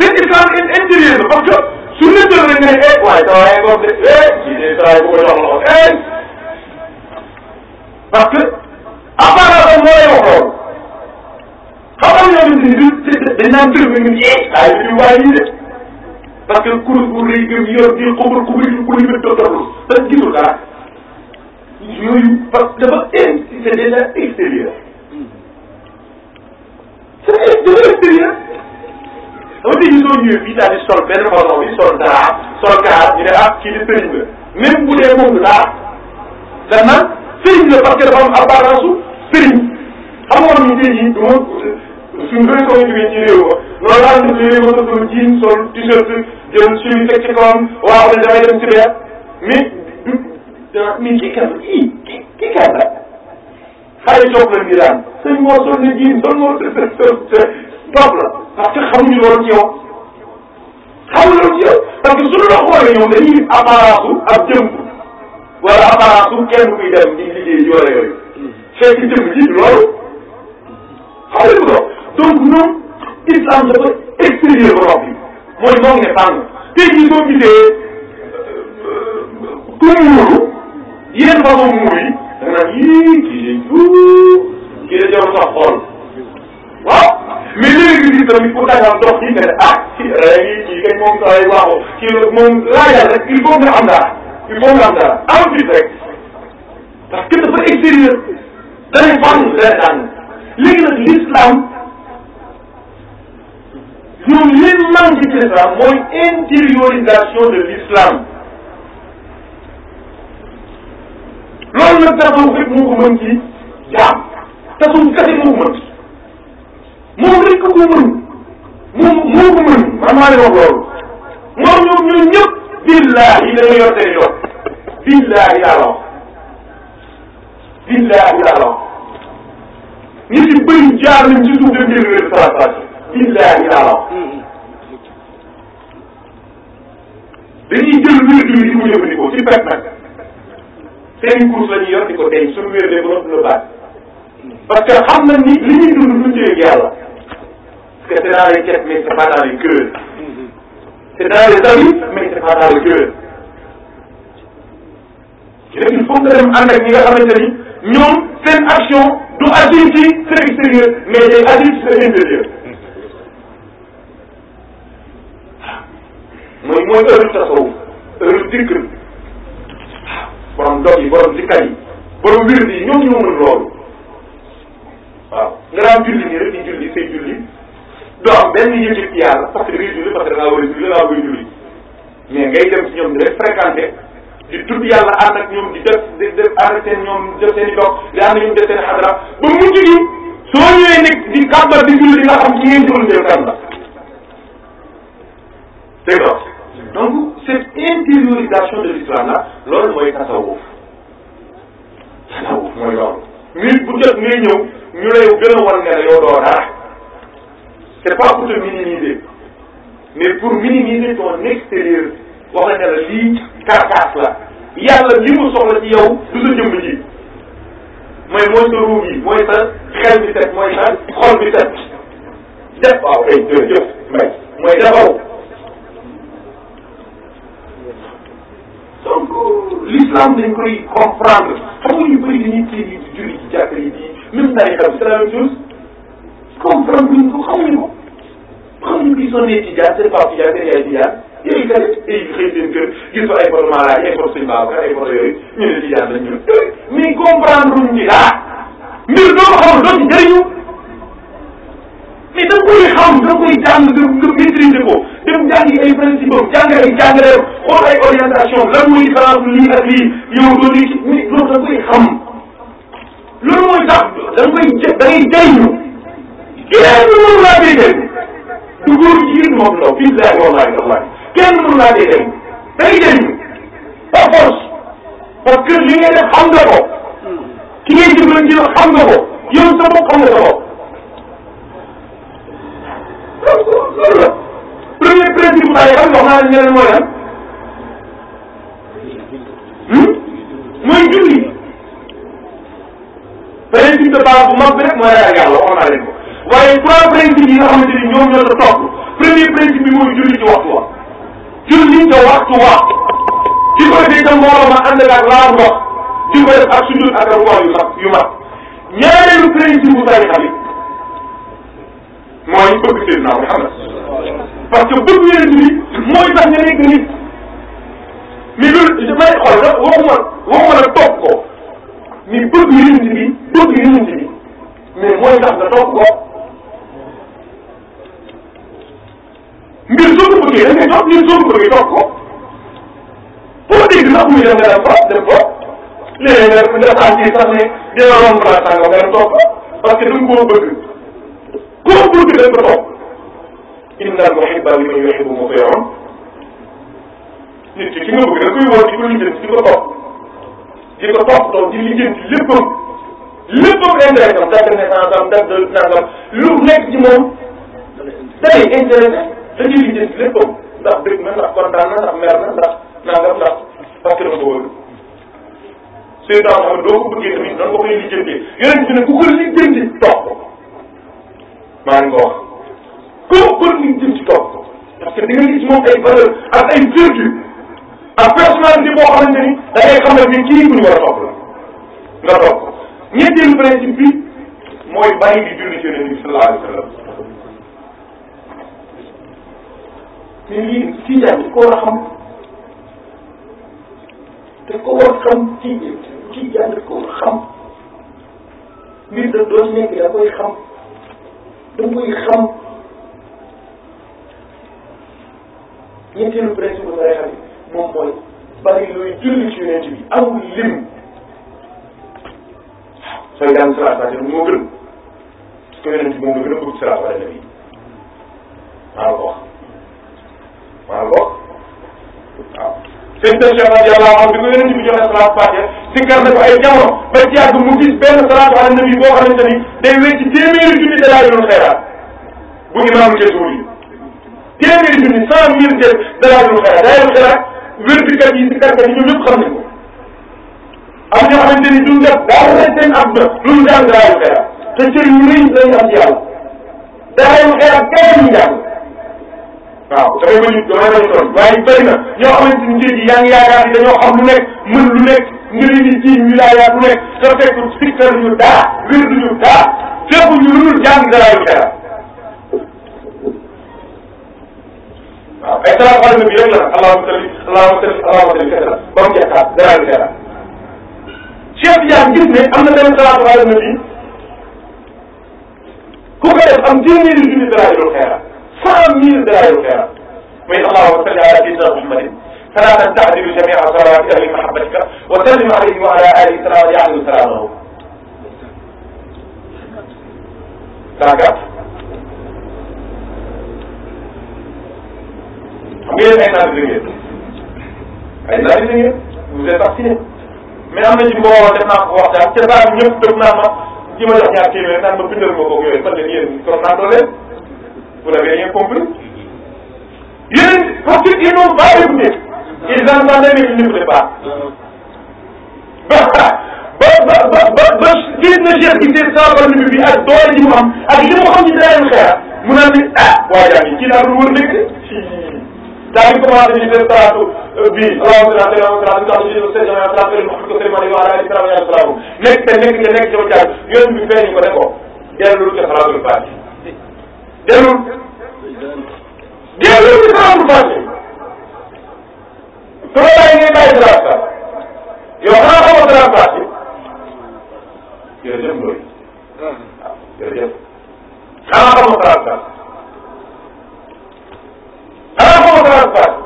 seen islam intérieur la parce que su ñu la rek nga ne eh waaye saa waay ngoog de eh kii de saa waay bu ko jox lool eh parce que apparence am moo lay wax loolu xam nga ñoo ngi si biir dañ naan dërëm nga ni eh saa yu waay yi de parce que kuréel gu rëy nga yor di xobal ku bëri ku limit dootoo te gisul dara yooyu parce que dafa c'est déjà extérieur c'est extérieur dama dégg soo ñëwee fii daal di sol benn façon bi sol dara sol kaar ñu ne ah kii di sëriñ la même bu dee moom la daan naan sëriñ la parce que dafa am apparence su sëriñ xam nga ñu tey jii du ma suñ bëri soo jógee ci réew ma loolu daal di réew ma sol jean sol t-shirt jël suñu teg ci kawam waaw ne damay dem ci weer mais du dana mais kii kan kii kii kan la xale coob la ñu daan sëñ moo sol na jean sol moo trop la parce que xamuñu loolu ci yow xamuñu loolu ci yow parce que suñu la xoolee ñoom dañuy apparence su ab jëm wala apparence su kenn kuy dem di liggéey yore yooyu fekk jëm ji loolu xamuñu ko donc ñoom islam dafa extérieur borom bi mooy moom ne tàng tey jii soo gisee euh, ku muuru yenn façon muur yi da nga naan yii kii day tuut kii da jox sax xool waaw mais léegi ñu gis tamit pour daan dox ci ne ah kii kii kay moom saa yi waaxul kii la moom laajal rek il faut nga am dara il faut nga am dara ensuite rek ndax kenn dafa extérieur danay fànn dana daan léegi nag l'islam ñoom li manque ci l'islam mooy intériorisation l'islam loolu nag tasawuf rek moo ko mën ci jaam tasawuf kese moom rek ko mën moom moo ko mën man maa leen wax loolu moom ñoom ñoom ñëpp billahi dañoo yor seen i doom billahi laa la wax billahi laa la wax nit yi bëri jaar nañ ci suuf de ngeen wér transplantation billahi laa la wax dañuy jël wér bi di ko jëfandikoo ci pet nag seen course la ñuy yor di ko tey suñu wér de ba noppi la baat parce que xam nañ ni li ñuy dund duñ ci yàlla que c'est dans les têtes, mais c'est pas dans les cœurs. C'est dans les avis, mais c'est pas dans les cœurs. léegi il faut que dem ànd ak ñi nga xamante ni ñoom seen action du agir ci sa extérieur mais day agir ci sa intérieur. mooy mooy heure tasawuf heure dikr waaw borom dog yi borom dikkay yi borom wird yi ñoom ñoo mën loolu waaw nga daan julli nii rek doo am benn yëngatu ci yàlla parce que da ngay julli parce que da ngaa war a julli da ngaa war a julli mais ngay dem ci ñoom di leen fréquenté di tudd yàlla ànd ak ñoom di def di def ànd ak seen ñoom def seen i di ànd ñoom def seen i xadra ba mujj gi soo ñëwee nekk di kàbbar de l'islam loolu mooy tasawuf tasawuf mooy loolu. nit bu jot ngay ñëw ñu wan ne la yow dara. c'est pas pour te minimiser mais pour minimiser ton extérieur wax nañ ne la lii carcasse la yàlla li mu soxla ci yow du sa jëmm ji mooy mooy sa ruug yi mooy sa xel bi set mooy sa xol bi set def waaw kay jërëjëf mbay mooy defaru donc l'islam dañ koy comprendre xam nga yu bëri dañuy kii di julli ci jàkk yi di même tarixa bi c'est la comprendre luñ ko xamuñu ko xamuñu kii soo nee Tijaan seen papa Tijaan seen yaay Tijaan yooyu kat day xëy seen kër gis fa ay photo Maalaay ay photo suñu baaba kat ay photo yooyu ñu ne Tijaan lañ ñun mais comprendre luñ ni daa mbir doo ko xamul doo ci jëriñu mais da nga koy xam da nga koy jàng nga nga maîtriser ko dem jàngi ay principe am jàng ay jàngaleem xool ay orientation lan mooy différence lii ak lii yow doo lii ci mais loolu da nga koy xam loolu mooy tax da nga koy da ngay jëriñu kenn mënu laa déggal du góor jigéen moom ndaw billahi wallahi wallahi kenn mënu laa déggal day dégg par force parce que li ngay def xam nga ko ki ngay jëmlan jël xam nga ko yow sa bopp xam nga sa bopp loolu la premier principe bàyyi xam wax naa ne leen mooy lan hmm? mooy julli principe de base bu mag bi rek mooy ragal yàlla waxoon naa leen waaye trois principes yi nga xamante ni ñoom ñoo la topp premier bi mooy julli ci wa julli ca wa di ko defee ca mbooloo ma ànd ak laal ndox di ko def ak wax yu sax yu mat ñaareelu principe mooy bëgg Seydina Muhammad parce que bëgg yonent bi mooy tax nga nekk nit mais loolu damay xool da waxuma waxuma la topp ko ni bëgg yonent bi bëgg yonent bi mais mooy tax nga topp ko mbir soo ko bëggee da nga jox nit soo ko bëggee jox ko pour dégg sax muy dem nga dem ko dem ko léeg-léeg nga def ànd sax ne dina romb laa sàngam nga dem toog ko parce que da nga koo bëgg koo bëgg da nga ko toog inna al muhibba li man yuhibbu muti'un nit ki ki nga bëgg da koy woo di ko lijjanti di ko topp di ko topp doon di lijjanti léppam léppam intérêt am date de naissance am date de nangam lu nekk ci moom day intérêt sa njëriñ njëkk léppam ndax bëgg na ndax kontaan na ndax mer na ndax nangam ndax fàtte na ko woon suy daaw xam doo ko bëggee tamit noonu nga koy lijjantee yeneen bi ne ku ko lijjanti topp maa ngi ko wax koo ko lijjanti topp parce que di nga gis moom ay valeur ak ay vertu ak personnalité boo xamante ni da ngay xam ne ni kii ku ñu war a topp la nga topp ñetteelu principe bi mooy bàyyi di julli ci Yonent bi sallallahu alayhi wa sallam te lii tijaan ko war a xam te ko war xam ci tijaan ko war xam mbir da doon nekk da koy xam da koy xam ñetteelu principe ba xam moom mooy bari looy julli ci yonent bi amul lim sooy daan salaat parce que moo gën parce que yonent bi moom la gën a bëgg salaat wala nabi maa ko wax waaw boo waaw Seydina Cheikh radiyallahu anhu bi ko yonent bi joxe salaatu Faatiha sikkar na ko ay jamono ba ci yàgg mu gis benn salaatu ala nabi boo xamante ni day wecc téeméeri junni dalaa yoonu xayraat bu imaamu Jasuli téeméeri junni cent mille de dalaa yoonu xayraat dalaa yoonu xayraat wérdikat yi sikkarkat yi ñoom ñëpp xam nañ ko am ñoo xamante ni duñ def dara seen àdduna lu ñu jàng dalaa yoonu xayraat te cër yu rëy lañu am ci yàlla dalaa yoonu xayraat kay ñu jàng waaw damay bañ a damay bañ a doon waaye bëri na ñoo xamante ni njëriñ yaa ngi yaakaar ni dañoo xam lu nekk mën lu nekk njëriñ yi jiw ñu laajaat lu nekk te fekk sikkal ñu daa wér du ñu daa fépp ñu lu dul jàng daraayu xelal waaw ay salaatu ala nabi rek la nag allahumma salli allahumma salli allahumma salli xelal ba mu jeex daal daraayu xelal. Cheikh Diagne gis ne am na benn salaatu ala nabi ku ko def am téeméeri junni daraayu xelal cent mille dara yu xeeram muy allahuma salli ala sayyidina muhammadin salaatan taadilu jamia salawaati ahli mahabbatika wa sallim alayhi wa ala alihi salaama yaadilu salaamahu saaga xam ngeen ay naaj ngeen ay naaj ngeen vous êtes vacciné mais am na ci mbooloo def naa ko waxtaan ca daal ñëpp dëgg naa ma ji ma jox ñaar téeméer naan ma bindal ma ko yooyu fan la yéen kon naa dooleel vous l'avez rien compris yéen parce que ils n'ont pas écouté ils entendaient mais ils n'écoutaient pas ba ba ba ba ba gis na Cheikh Cissé saafara bi bi ak doole ji mu am ak li mu xam ci dara leen xeex mu naan ni ah waa jaa ngi kii daal lu wër nekk daa ngi commencé di def salaatu bii alhamdulilah tey alhamdulilah ñu tax ñu jël seen jamono salaatu leen wax ko seen mari waa daal di salaatu nekk te nekk nga nekk ci ba jaar yoon bi feeñ ko ne ko dellu ca salaatu delul delul ci trente passé su la bàyyi ngay bàyyi trente passé yow xanaa xamoo trente passé jërëjëf Ndoye waaw jërëjëf xanaa xamoo trente passé xanaa xamoo trente passé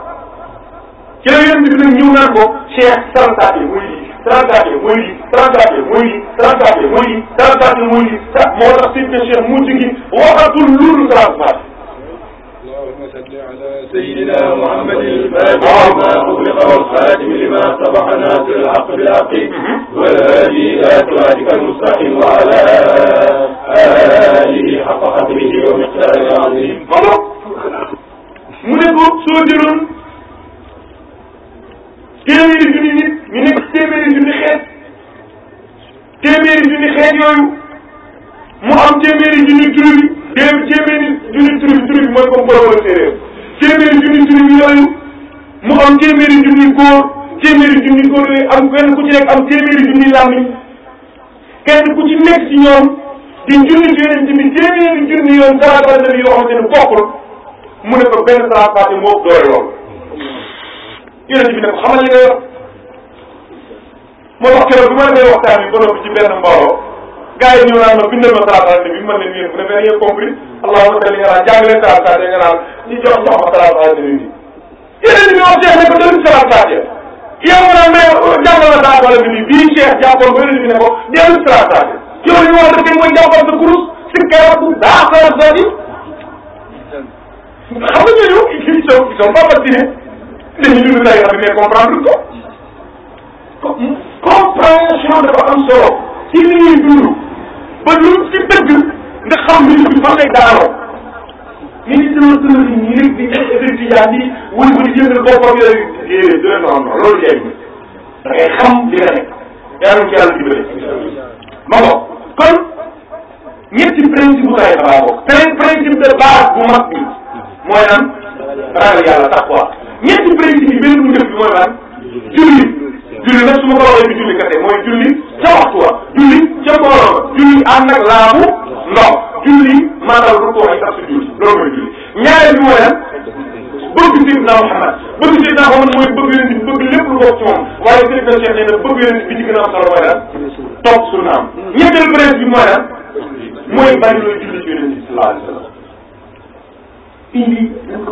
ci la yéen bi nag ñëw naan ko cheikh trente passé muy 34 yi mooy lii 34 yi mooy lii 34 yi mooy lii 34 yi mooy lii moo tax suñu péché mujj gi waxatul loolu 34. اللهم صل على سيدنا محمد الفاتح لما أغلق والخاتم لما سبق ناصر الحق بالحق والهادي إلى صراطك المستقيم وعلى آله حق قدره ومقداره العظيم. mu ne ko soo jëloon téeméeri junni nit ñu nekk téeméeri junni xeet téeméeri junni xeet yooyu mu am téeméeri junni tur bi déem téeméeri junni tur bi tur bi mooy comme borom la séeréer téeméeri junni tur bi yooyu mu am téeméeri junni góor téeméeri junni góor yooyu am kenn ku ci nekk am téeméeri junni làmmiñ kenn ku ci nekk ci ñoom di junni yonent bi téeméeri junni yoon salaatu ala nabi yoo xamante ne bokkul mu ne ko benn salaatu moo doy lool yonent bi ko xamal li nga yor moo tax keroog bi ma demee waxtaan bi ba noppi ci benn mbooloo gars yi ñëw naan ma bindal ma salaat bi bi ma leen yéen mu ne mais rien compris allahumma salli nga naan jàng leen salaat saa nga naan ñu jox jox ma salaat bi yonent bi wax jeex ne ko dëgg salaat saa ya yow ma naan mais euh, jàngal na salaat wala bi nii bii cheikh jàppoon ba yonent bi ne ko dellu salaat saa yow li ñu war a def mooy jàppal sa kurus si keroog daa salaat saa yi xam nga ñooñu ils sont ils sont pas vaccinés dañuy dund lay xam mais comprendre ko compréhension dafa am solo ci li ñuy dund ba lu ci dëgg nga xam li ñu fan lay daaroo ñu ngi dund dund ni ñi rek di étudiant bi wëri wëri jëndal boppam yooyu déedéet du leen xam loolu jaay da ngay xam li nga nekk yàlla ci yàlla dimbale ma ko kon ñetti principe bu kay xabaa bokk principe de base bu mag bi mooy naan ragal yàlla taqwa ñetti principe yi beneen bu njëkk bi mooy lan julli julli nag su ma ko waxee bi mooy julli ca waxtu wa julli ca mbooloo ma julli ànd ak laabu ndox julli maanaam lu ko waxee sax si julli loolu mooy julli ñaareel bi mooy lan bëgg Seydina Muhammad bëgg Seydina Muhammad mooy bëgg yonent bi bëgg lépp lu bokk ci moom waaye Seydina Cheikh nee na bëgg yonent bi ci gën a am solo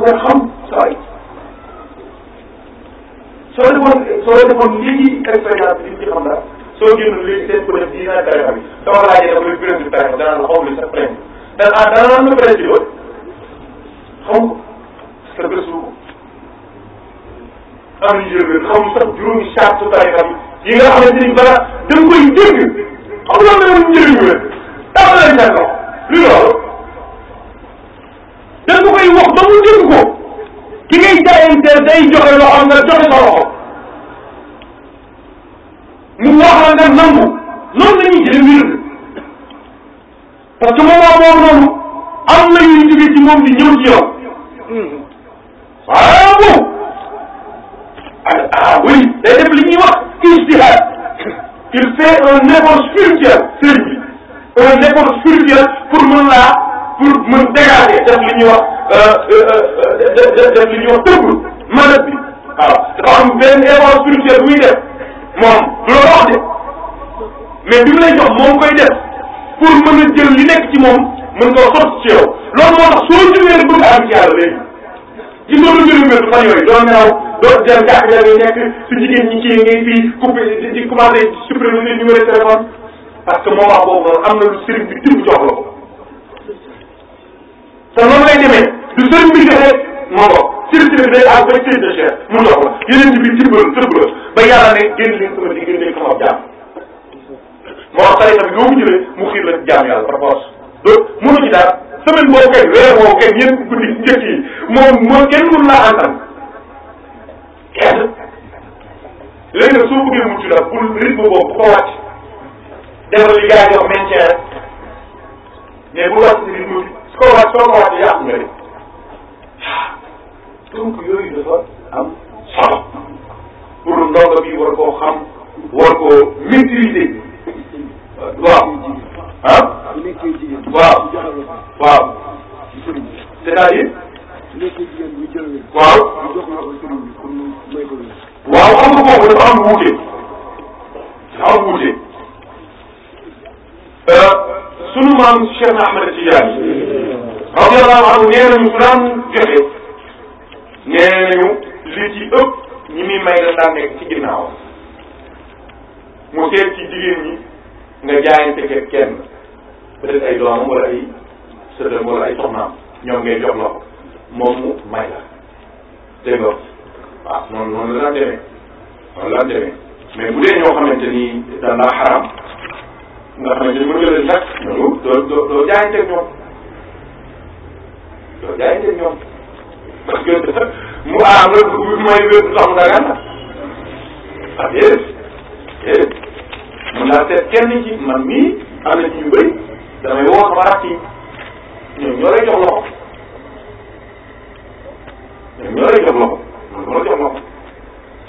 mooy lan boo defoon léegi expérience bi ci xam dara soo génnoon léegi seen ko def di naan tarixa bi soo laajee dafa lay prévu tarixa danaa la xawlu sax prévu te ah danaa la prévu ba xam nga bésu am njëriñ xam sax juróomi charte tarixa bi yi nga xamante ni balaa da nga koy dégg xam nga loolu njëriñ la tax na la ko lu loolu da nga koy wax ba mu dégg ko ki ngay jaayanteel day joxe loo xam nga joxe sa loxo nangu noonu la ñuy jëlee wér parce que moment boobu noonu am na yuy jóge ci moom di ñëw ci yow ah bon ah, ah oui day def li ñuy wax ijtihad il fait un effort spirituel sëriñ bi un effort spirituel pour mën laa pour mën dégager def li ñuy wax euh, euh, euh, def li ñuy wax tëblu manat bi waaw dafa am benn effort spirituel muy def moom du la wax de mais bi mu lay moom koy def pour mën a jël li nekk ci moom mën koo sot ci yow loolu moo tax soo jëlee bëgg am ci yàlla léegi ci soolu mbiru mbir fan yooyu doo nelaw doo jël gàtt ya ngay nekk su jigéen ñi kii ngay fii coupé di commencé supprimer seen numéro téléphone parce que moment boobu noonu am na lu sëriñ bi tibb jox la ko te noonu lay demee du sëriñ bi joxe moo ko sëriñ bi day àgg ba sëriñ ne génn leen sama di génn leen sama jaam moo tax tarixa bi mu mu xiir la ci jaamu yàlla par force donc mënu ci dara semaine boobu kay weer woowu kay ñeent yi moom moo kenn mënu laa antan kenn léegi nag soo bëggee mucc nag pour boobu bu ko wàcc defal li gars yi wax maintien rek si rythme bi su ko ko wàcc yàqu nga de donc yooyu bi war koo xam war koo waaw. ah. waaw. waaw. c'est-à-dire. waaw. waaw xam nga kooku dafa am wuute. dafa am wuute. Euh, sunu maam Cheikh Ahmed Tidiane. radiyallahu anhu nee nañu su daan joxe. nee nañu li ci ëpp ñi muy may la daan nekk ci ginnaaw. mu seet ci jigéen nga jaayante kenn kenn peut-être ay doomam wala ay sëtam wala ay ñoom ngay jox la moom mu may la dégg nga waaw ah, noonu noonu la daan demee noonu la daan bu dee ñoo xamante ni daan nga xamante ni bu jëlee nag ñooñu doo doo doo mu aar mooy wér mu dagaan la ah déedéet mën naa seet kenn ci man mii am na ci ñu bëri damay woo sama rakk yi ñoom ñoo lay loxo ñoom ñoo lay loxo man du ma loxo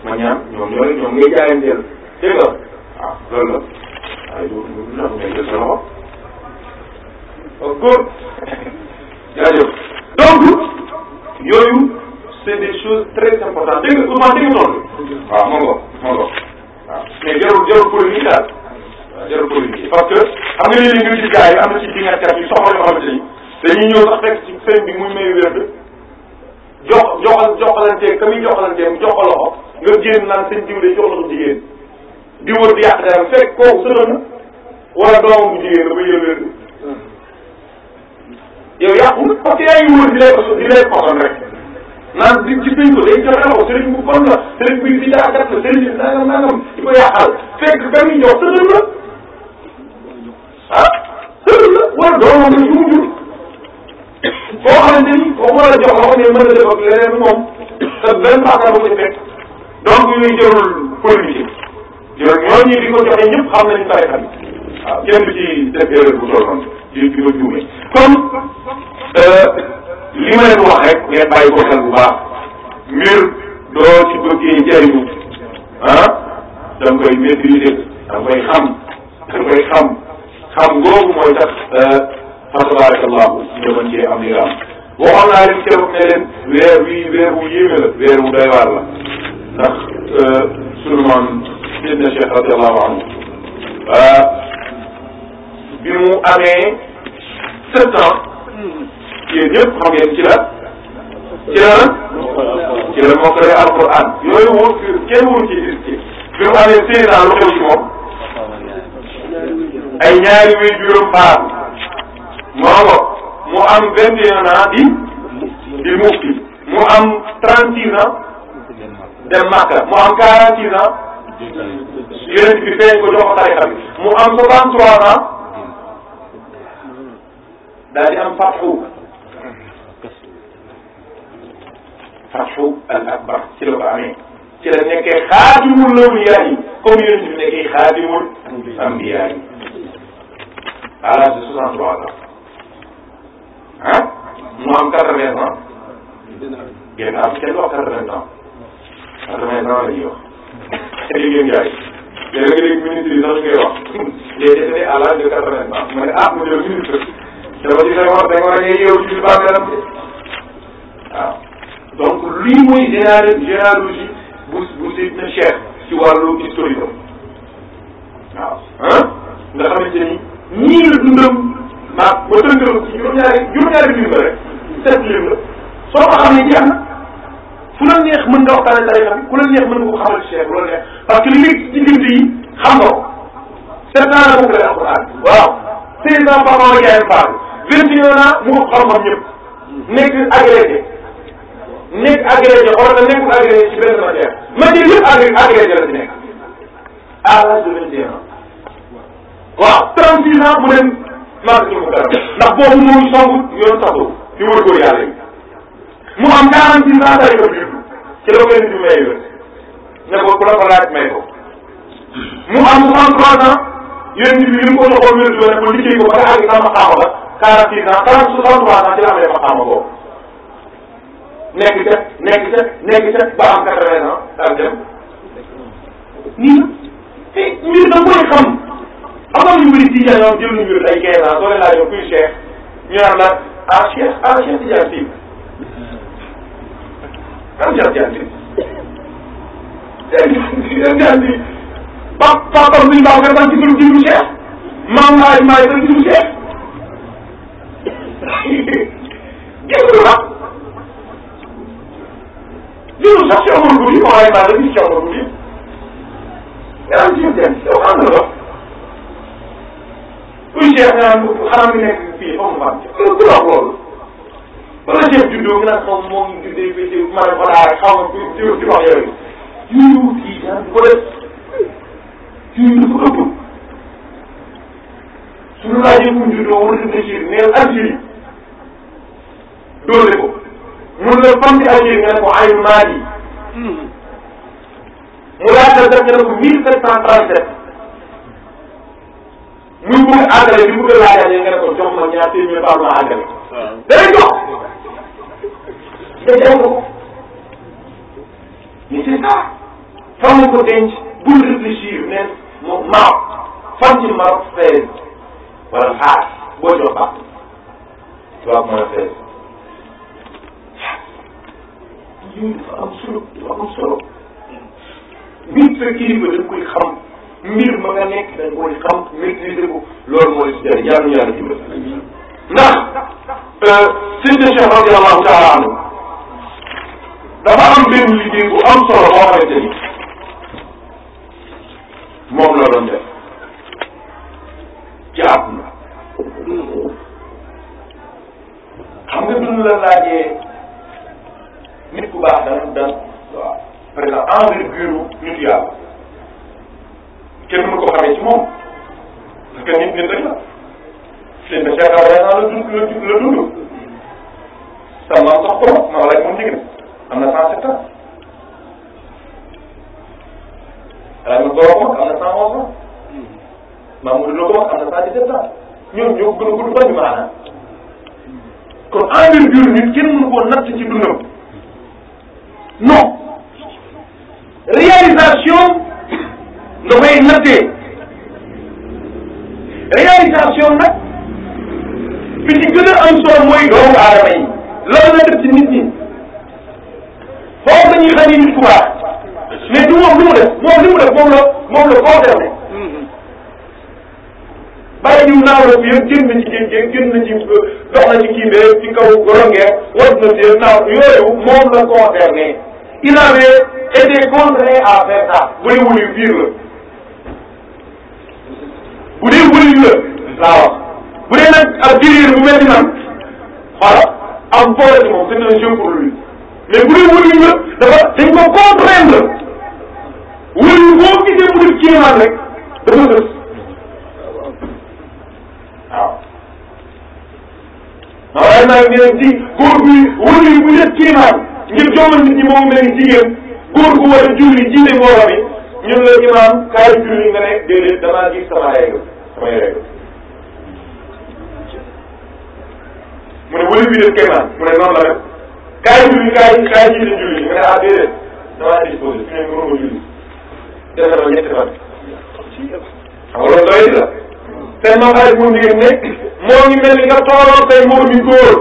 ma ñaan ñoom ñoo lay ñoom ngay jaayanteel dégg nga ah, waaw loxo góor jaajëf donc yooyu c'est des choses très importantes dégg nga souvent dégg nga noonu waaw mën nga mën waaw mais jarul jarul polémique daal waaw jarul polémique parce que xam nga léeg-léeg nga gis gars yi am na ci dingakat yu soxla yoo xamante ni dañuy ñëw sax fekk ci sëñ bi muy may wérd jox joxal joxalanteeg ka muy joxalanteeg jox ko loxo nga génn naan sëñ diw de jox loxo jigéen di wër di yàq dara fekk kooku sënën na wala doomam bu jigéen la ba yël wérd hmm. yow yàqu parce que yaa ngi wër di lay di lay poson rek naan di gis nañ ko day joxe alxames sëriñ bu bon la sëriñ bi di jaaxal la sëriñ bi nangam nangam di ko yàqal fekk ba muy jox sëriñ la ah sëriñ la wala doomam la ñu mu jur boo xamante ni boo mën a jox loo xam ne mën na def ak leneen moom te benn bàkkaar ba mu ci fekk donc yooyu jarul polémique bi yow ñooñu di ko joxe ñëpp xam nañ pare tamit waaw ah, kenn du ci def erreur bu toll noonu di di ko juumee kon. Euh, li ma leen wax rek ngeen bàyyi ko xel bu baax mbir doo ci bëggee njëriñu ah da nga koy maîtriser da nga koy mooy tax eh, fa tabarakallahu nga mën cee am nga am waxoon naa leen ceebam ne leen wu yéeme la weer wu doy waar la ndax eh, sunu eh, bi mu amee sept hmm. yéen ñëpp xam ngeen ci la ci la ci la moo ko dee alquran yooyu wóor kenn wóor ci risque bi mu amee seen ans lu xew ci moom ay ñaari wéy moo mu am vingt et un di di mufti mu am trente six mu am quarante six ans yonent bi feeñ ko jox ko tarixa bi mu am soixante trois ans daal di am fatxu fatxu al akbar ci la ko amee ci la nekkee xaatimul awliyaa yi comme yonent bi nekkee xaatimul ambiyaa yi à l'âge de soixante trois ans ah mu am quatre vingt ans génn am kenn wax quatre vingt ans quatre vingt ans la ñuy wax Aliou Ndiaye léeg-léeg nga dégg ministre yi sax ñu koy wax les décédés à l'âge de quatre vingt ans ma ne ah mu jël ministre dafa ci dafa war a yeewu ci biir bàmmeelam de waaw donc lii muy général généalogie bu bu Sidna Cheikh ci wàllu historique waaw ah nga xamante ni ñii la dundam maa ba tënkal ci juróom-ñaari juróom-ñaari lim la rek sept lim la soo ko xamee jeex na fu la neex mën nga waxtaane tarixa bi ku la neex mën nga ko xamal Cheikh loolu neex parce que li nekk ci diggante yi xam nga ko sept ans la moom la alquran waaw seize ans par an la jaayam baax vingt et un ans mu ko xam-xam ñëpp nekk agrégé nekk agrégé wala nekkul agrégé ci benn matière matière yëpp agrégé agrégé la fi nekk à l'âge de vingt et un ans waaw trente six ans mu dem màgg ci mu garab ndax boobu mooy songu yoon saxu ci wër góor yàlla yi mu am quarante six ans tari ko biir ci la ko leen di may yoon ne ko ku la ko laaj may ko mu am soixante trois ans yéen nit ñi ko joxoon wér ne ko liggéey ko ba nga àgg sama xaama ba quarante six ans quarante soixante trois ans ci la amee ma xaama boobu nekk ca nekk ca nekk ca ba am quatre-vingts ans ak dem nii la te mbir da koy xam am na ñu bëri ci jël ñu mbir ay quinze ans soo leen laajoo kuy cheikh ñu naan la ah cheikh ah cheikh Tidiane Sy am cheikh Tidiane Sy Tidiane Sy ba papam suñu baax nga ban ci turu jiwu cheikh maam laaj maay ban ci turu cheikh gis nga biiru sax si Omar Goudi on a épargné bi si Omar Goudi nga daan jiw dem yow xam nga lool. kuy jeex nga naan xanaa mi nekk fii xaw ma fan. loolu ku wax loolu. wala chef juddoo nga naan xaw ma moo ngi tuddee ba ci mara balaa rek xaw ma kuy jiw di wax yooyu. jiw kii daan ko def jiw du ko ëpp. suñu laajee ku juddoo wala du ko jiw neel Algérie doole ko. mun na fàtte aw jëriñ nga ne ko ay maali. mu laajte def nga ne ko mille sept cent trente sept. muy bëgg àggale bi bëgg laajalee nga ne ko jox ma ñaar téeméer par ma àggale. waaw dana jox. nga jàng ko. mais c'est ça. fan nga ko denc bul réfléchir ne moom maaw fan ci maaw feeñ. wala xaar boo jox ba. tubaab mooy feeñ. jiw dafa am solo dafa am solo mbir sa kilifa dañ koy xam mbir ma nga nekk dañ koy xam maîtriser ko loolu mooy si jëriñ yàlla yàlla dimbal ndax euh, Seydina Cheikh radiallahu taala anhu dafa am benn liggéey bu am solo boo xamante ni moom la doon def ci àdduna xam nga duñ la laajee baax dana dana waaw par exemple envergure nit yàlla kenn mënu ko xamee ci moom parce que nit nit rek la sëñ bi Cheikh Abrahima la dund la dund la dund sama maam sax ko ma laaj moom jigéen am na cent sept ans alaay ma borom mag am na cent onze ans Mamadou Lo ko mag am na cent dix-sept ans ñoom ñoo gën a gudd fan bi maanaam ah. kon envergure nit kenn mënu koo natt ci dundam non réalisation nga koy nattee réalisation nag bi ci gën a am solo mooy doomu aadama yi loolu la def ci nit ñi foofu la ñuy xam ni nit ku baax mais du moom lu mu def moom li mu def moom la moom la bàyyi jiw naaw la fi yëpp génn na ci géej génn na ci dox na ci kii bee ci kaw rongeer war na see naaw yooyu moom la concerné il avait été contraint à faire ça bu dee wuyu biir la bu dee wuyu la laa wax bu dee nag ab biir bu mel ni man voilà am boole moom c'est un jeu pour lui mais bu dee wuyu la dafa dañ ko contraindre wuyu boo gisee mu def kéemaan rek dafa gës waaw. waaye maa ngi leen di góor gu wële bu def kiimaan ngir jomal nit ñi moom mel ni jigéen góor gu war a julli jiite mbooloo mi ñun la imaam kaay julli nga ne déedéet damaa gis sama règle samay règle mu ne wële bi def kiimaan mu ne noonu la rek kaay julli kaay kaay jiite julli nga ne ah déedéet damaa indisposé fi ne mënuma julli defe naa ñetti fan xam nga loolu doy la te moom ay bu ndiir ne moo ngi mel ni nga tooloo tey moo ñu góor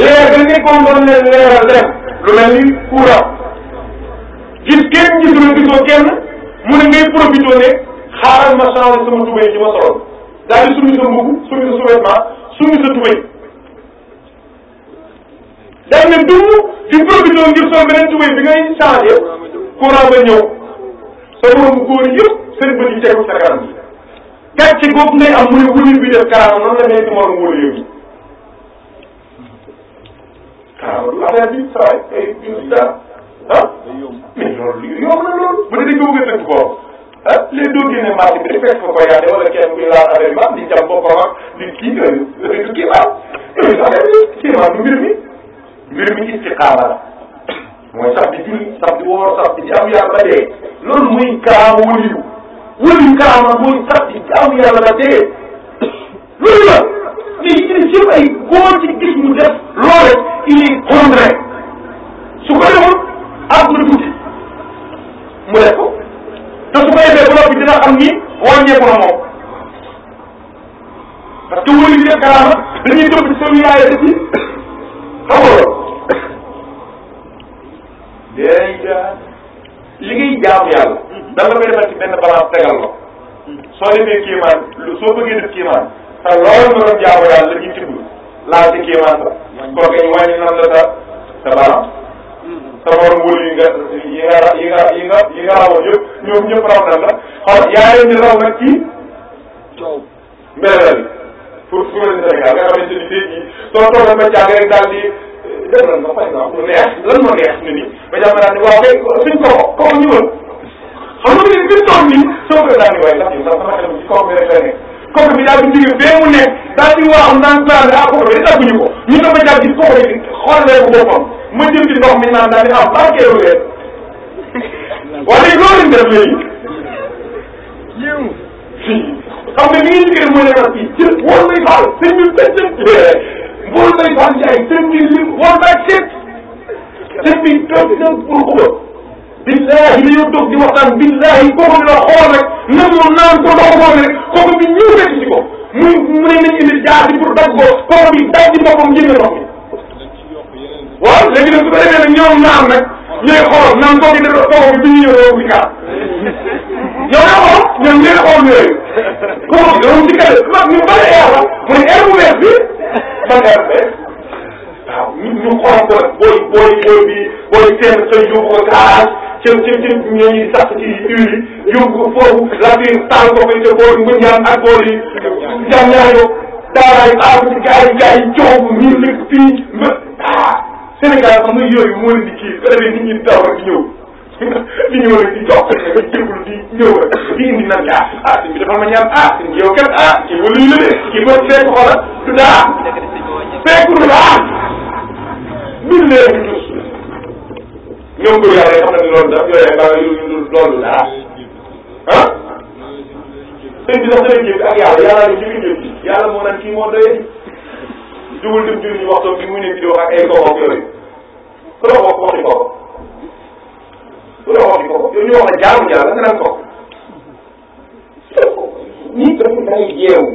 leer bi nekkoon doon leen leeral dem lu mel ni kuura gis kenn gisul a gisoo kenn mu ne ngay profité ne xaaral ma changé sama ji ma soloon daal di sumi sa mbubb sumi sa sous-vêtement sumi sa tubéy day ne dugg di profité ngir sol beneen tubéy bi ngay changé courant ba ñëw sa morom góor seen bët yi tegu sa kanam gàcce googu ngay am muy wulin bi def karaama noonu la nekk moom wóor yow karaama du affaire bi saa yi ay biir dara ah mais loolu yomb na loolu bu dee dañ ko ah bëgg a wala kenn kuy laal affaire bi ah jam boppam ak ah di kii du kii baax affaire bi kii baax du mbir mi mbir mi istiqaama la mooy di julli sax di woor sax di am yàlla ba dee loolu muy wëluñu karaama mooy sax ci jaamu yàlla la dee loolu la mais ñun ñëpp ay góor gis ñu def loole il est contraire su ko defoon aab na tuuti mu def ko te su ko defee borom bi dina xam ni wàññeeku na moom parce que wëluñu def karaama dañuy topp seen yaay def yi xam nga loolu. li ngay jaamu yàlla mm-hmm. danga koy defal ci benn balance tegal ko soo defee kiimaan soo bëggee def kiimaan te loolu nga doon jaamu yàlla la ñuy tibb laal ci kiimaan sa koo kañ wàññi nan la sa sa balance mm-hmm. sa morom wóor yi nga yi nga yi nga yi nga yi nga rawoon yëpp ñoom ñëpp raw nan la xaw yaa leen di raw nag ci mbéy mi pour pour leen di Sénégal ni tey jii soo toogoon ba jàng rek defal nga par exemple lu neex lan moo neex nga nii ba jàpp ne waaw kay suñ kooku kooku ni biñ toog nii soo ko daal di waaye ndax yow sax sama xelam ci kooku bi rek la nekk kooku bi daal di jóge bee mu nekk daal di waaxam plan ah kooku bi dagguñu ko ñu dafa jàpp ci kooku bi xoolalee ko boppam ma jël ci ndox mi naan daal di am barkee lu weer waa léegi loolu lañ def léegi xam nga li ngeen jigéen mooy Mbour Mbaye Fall Ndiaye dem ni lim war naa seet dem ni toog na pour xuba billahi dañoo toog di waxtaan billahi kooku bi la xool rek nan mu naan ko ndox moom rek kooku bi ñëw fekk ci ko muy mu ne nañ indi jaar bi pour dagg ko kooku bi daj ci boppam jënd ndox mi waaw léegi nag su ko defee nag ñoom naan nag ñooy xool naan kooku de kooku bi ñu ñëw bi kaar yow yaa xool ñoom ñooy xool yooyu kooku yow ci kër mag ñu bëri air la muy air bu wees bi fanweer bi waaw ñu ñu xorom ko nag booy booy booy bi booy seen xëy yóbbu ko garage ca ca ca ñooñu sax ci huile yi yóbbu ko foofu latir taal ko koy te boori Ngoundiane ak boori Diagne Ndiaye daaraay aagu ci gars yi gars yi coow ñun nekk fii mbë ah Sénégal xam nga yooyu moo leen di kii su ko defee nit ñi di di ñëw rek di toog rek di déglu di ñëw rek di indi nan ah ah sëñ bi dafa ma ñaan ah sëñ bi yow kat ah kii wala yu la de kii ba fekk xoola du daa fekkul daa mbir lee ñu tus ñoom góor yàlla yi xam na ne loolu da yooyee ba yu loolu daa ah sëñ bi sax dana jënd ak yàlla yàlla ñu jënd jënd yàlla moo naan kii moo doyee jugul dem jënd ñu waxtoom bi muy ne di wax ak ay kooku ak yooyu ku la wax waxi kooku bu la waxoon ko yow ñu wax la jaamu yàlla nga naan ko nit dafa day yeewu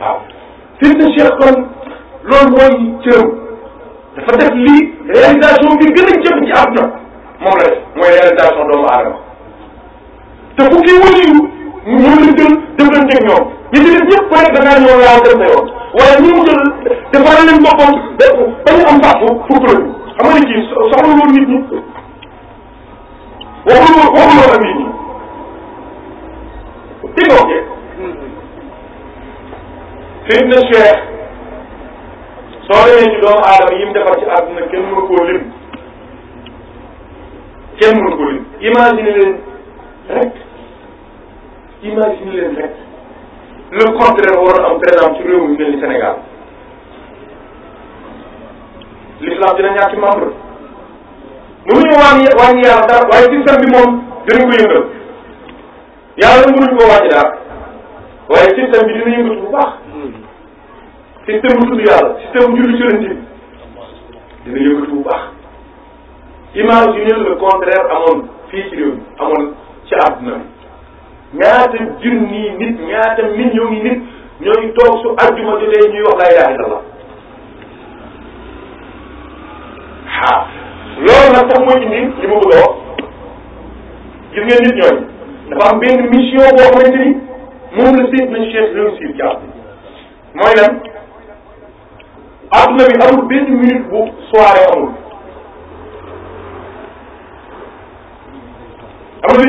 waaw fi ne loolu mooy cëram dafa def lii réalisation bi gën a jëm ci àdduna moom la def mooy réalisation doomu aadama te ku kii wëliyu mu mën la jël jëflanteeg ñoom ñi ci def ñëpp peut être da ngaa ñëw laaw dem na yoon waaye ñi mu jël defal leen boppam ba ñu am bàq pour pour xam nga ni kii soxla woon nit ñi waxul waxuloo ak nit ñi déggoo ngeen. fitna Cheikh soo demee ci doomu aadama yi mu defar ci àdduna kenn mënu koo lim kenn mënu koo lim imagine leen rek imagine leen rek le contraire war a am par exemple ci réew mi mel ni Sénégal l'islam dina ñàkk membre mënuñu wàññi wàññi yàlla dara waaye système bi moom dinañ ko yëngal yàlla mënuñ koo wàññi dara waaye système bi dina yëngatu bu baax système bu tudd yàlla système bu julli ci yonent bi dina yëngatu bu baax imaginez le contraire amoon fii ci réew mi amoon ci àdduna bi ñaata junni nit ñaata million yi nit ñooy toog su àjjuma jotee ñuy wax laa ilaaha illallah loolu nag sax mooy indi li ma bëgg a wax gis nit ñooñu dafa am benn mission boo xamante ni moom la seen nañ cheikh réussir ci àdduna mooy lan àdduna bi amul benn minute bu soirée amul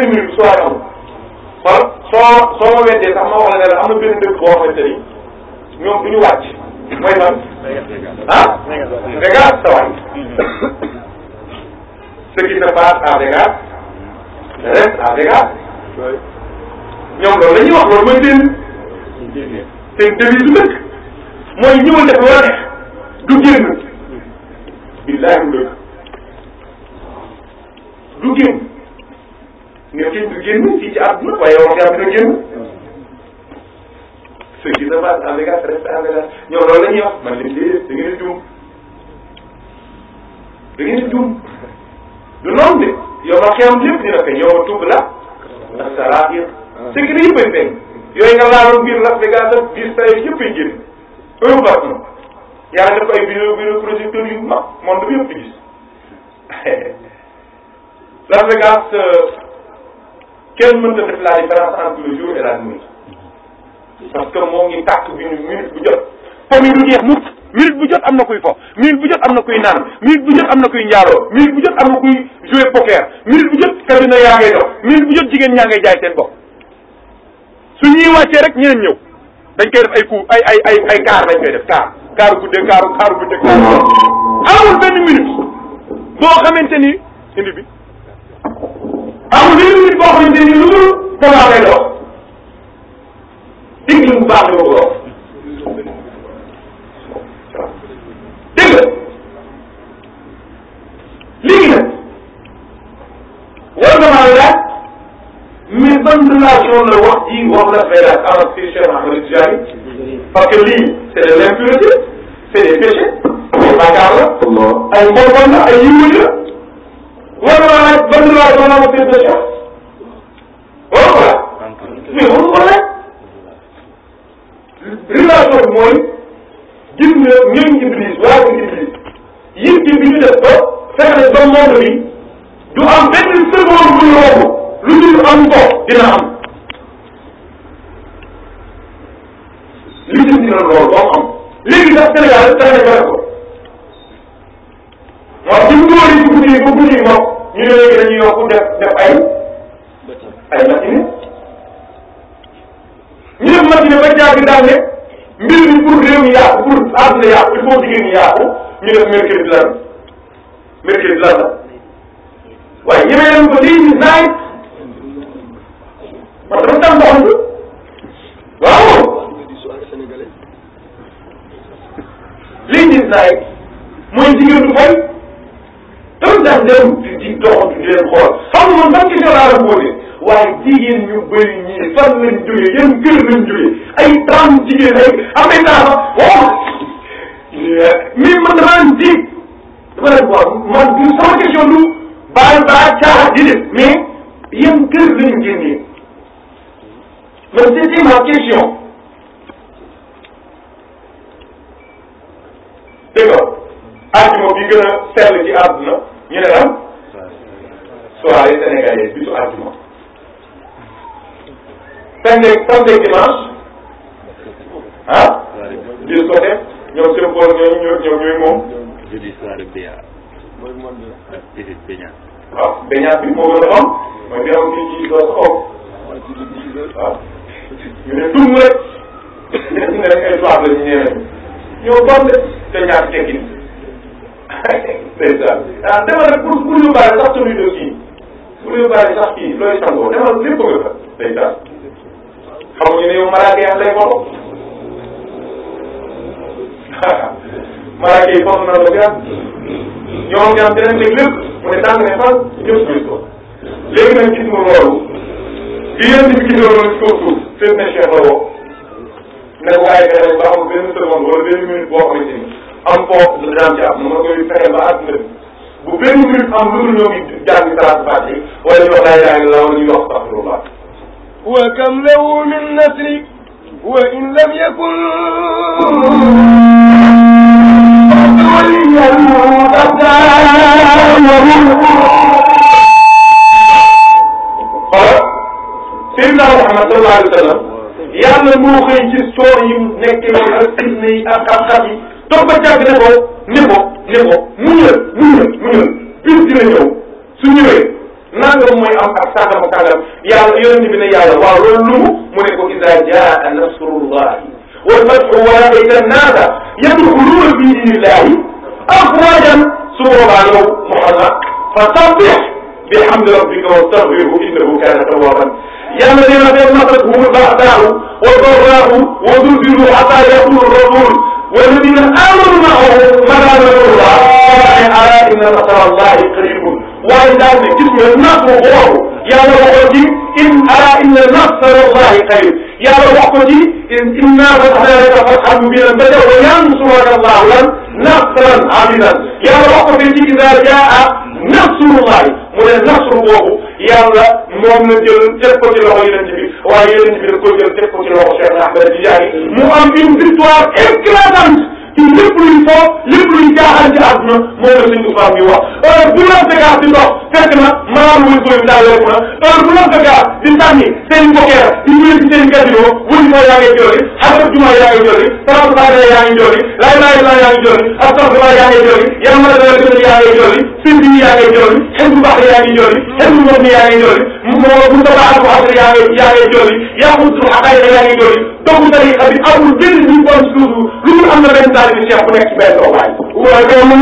amul bu soirée amul kon soo soo ma weddee sax ma wax la ne la am na benn dëkk boo xamante ni ñoom du ñu wàcc mooy lan ah Vegas sa waay ce qui se passe à ñoom loolu la ñuy wax loolu mooy seen seen devise du mooy ñëwal def war a def du génn billahi du dëkk du génn ne fi du génn fii ci àdduna waaye yow yaa dina génn ce qui se passe à Vegas reste loolu la ñuy wax man leen déedéet da ngeen a juum da ngeen du noonu de yow ma xew lépp dina feeñ yow ma tuub la asarair ah. secret yëpp ay feeñ yooyu nga laaloon Las Vegas ak biir saa yooyu yëpp ay génn un par un yàlla def ko ay vidéo vidéo projecteur yu Las Vegas euh, kenn mënta def la différence entre le jour et la nuit parce que moo ngi tàkk bi ñu minute minute bu jot am na kuy fo minute bu jot am na kuy naan minute bu jot am na kuy njaaroo minute bu jot am na kuy jouer poker minute bu jot casino yaa ngay dox minute bu jot jigéen ñaa ngay jaay seen bopp su ñuy wàccee rek ñeneen ñëw dañ koy def ay coup ay ay ay ay kaar lañ koy def bu kaaru guddee kaaru kaaru guddee kaaru amul benn minute boo xamante ni indi bi amul benn boo xamante ni lu dul damaa ngay dox digg bu baax la ko la mais ban relation la wax ji wax la fayda arab fi Cheikh Ahmed Tijani parce que lii c'est de l'impureté c'est des péchés ay bàkkaar la ay mbon la ay yiwuñ la war naa laaj ban relation la wax seen Cheikh waru ko laaj mais waru ko laaj relation bi mooy gis nga ñoom Iblis waa Iblis yitte bi ñu def ba fexe ba monde bi du am benn seconde bu yóbbu lu dul am ko dina am li jëm dina loolu ba mu am léegi sax Sénégal daanaka def ko waaw ci góor yi dugg nii ba guddi mokk ñu ne léegi dañuy yokk def def ay ay matinée ñu def matinée ba jàgg daal ne mbir mi pour réew mi yàqu pour àdduna yàqu il faut jigéen ñi yàqu ñu def mercredi lan mercredi lan la waaye ñemee nañ ko lii gis naa it parce que dafa daan doxantu waaw lii gis naa it mooy jigéen du fay dafa daan dem di di doxantu di leen xool xam nga man ban question laa la posé waaye jigéen ñu bëri ñii fan lañ jógee yan kër lañ jógee ay trente jigéen ay am nañ naa sax waaw mais man damaa leen ji dama leen waaw man du sama question du. baal baal caaxaan di def mais yéen kër la ñu génnee donc c'était ma question dégg nga àjjuma bi gën a sell ci àdduna ñu ne lan soirée sénégalaise bisu àjjuma samedi samedi dimanche ah. biir côté ñoom seen boor ñooñu ñooy moom. jeudi soirée biar. mooy mën la. déedéet beñaat. waaw beñaat bi moo gën a am. mooy bi am fii ci doo ko xaw. waaw ci biir bii de waaw. ñu ne tuum rek. ñu ne rek ay tubaab la ñu ñëwee. ñoo bon de. beñaat tekki na. ndeysaan ah demal rek pour pour ñu bàyyi sax suñu dëkk yi. pour ñu bàyyi sax kii looy sangoo demal lépp nga fa. ndeysaan. xamuñu ne yow maraake yàlla lay bokk. maraake yi foofu na ko gën ñoom ñaar beneen teg lépp mu ne tàng ne fan ñëpp gis ko léegi nag gis nga loolu bi yéen bi gisoo loolu suuf suuf seen ne Cheikh la woo ne ko ay fexe ba amul benn seconde wala benn minute boo xamante ni am foofu daan jàpp ma koy fexe ba àdduna bi bu benn minute am lu dul ñoo ngi jàng salaatu fàtte wala ñu wax laa ilaaha illallaah wala ñu wax astaghfirullah wa kam lahu min nasri wa in lam yakun Seydina Muhammad sallallahu alayhi wa sallam yàlla moo xëy ci soor yi nekk yoon ak fitna yi ak xam-xam yi toog ba jàpp ne ko ne ko ne ko muñal muñal muñal bis dina ñëw su ñëwee nangam mooy am ak sàngam ak sàngam yàlla yonent bi ne yàlla waaw loolu lu mu ne ko idaa jaa nasrullahi والمسح وليس الناس يدخلون في دين الله أفواجا سورة له محرم فسبح بحمد ربك واستغفره إنه كان توابا يا الذين مسته البأساء والضراء وزلزلوا حتى يقول الرسول والذين آمنوا معه فلا الله قال إن نصر الله قريب وإذا ذكرت الناس وهو yàlla waxoo ci in ala inna nasra allahi xayr yàlla wax ko ci in inna fatahna laka fathan mubinan ba def wa yansuraka allahu lan nasran aziizan yàlla wax ko ci ida jaa nasrullahi mu ne nasru boobu yàlla moom la jël teg ko ci loxo yeneen bi waaye yeneen bi da ko jël teg ko ci loxo Cheikh Ahmed Tidiane mu am une victoire éclatante ci lépp luy foofu lépp luy jaaxal ci àdduna moom la suñu tubaab bi wax heure bu la Vegas di ndox fekk na maanaam wuyu boobu daal lekk na heure bu la Vegas di tànni seen bokeer di ñëw ci seen casino wuyu fa yaa ngi jolli affaire juma yaa ngi jolli France Badara yaa ngi jolli laay laay la yaa ngi jolli astafurla yaa ngi jolli yamala dara gën yaa ngi jolli seen bi yaa ngi jolli xel bu baax yaa ngi jolli xel bu bon yaa ngi jolli mbooloo bu ñu ko baaxee boo xam ne yaa ngi yaa ngi jolli yaa ngi utul xataa yi yaa ngi jolli donc tariqa bi amul benn bu ñu bon suuf lu dul am na benn taal bi cheikh bu nekk ci benn toogaay. mu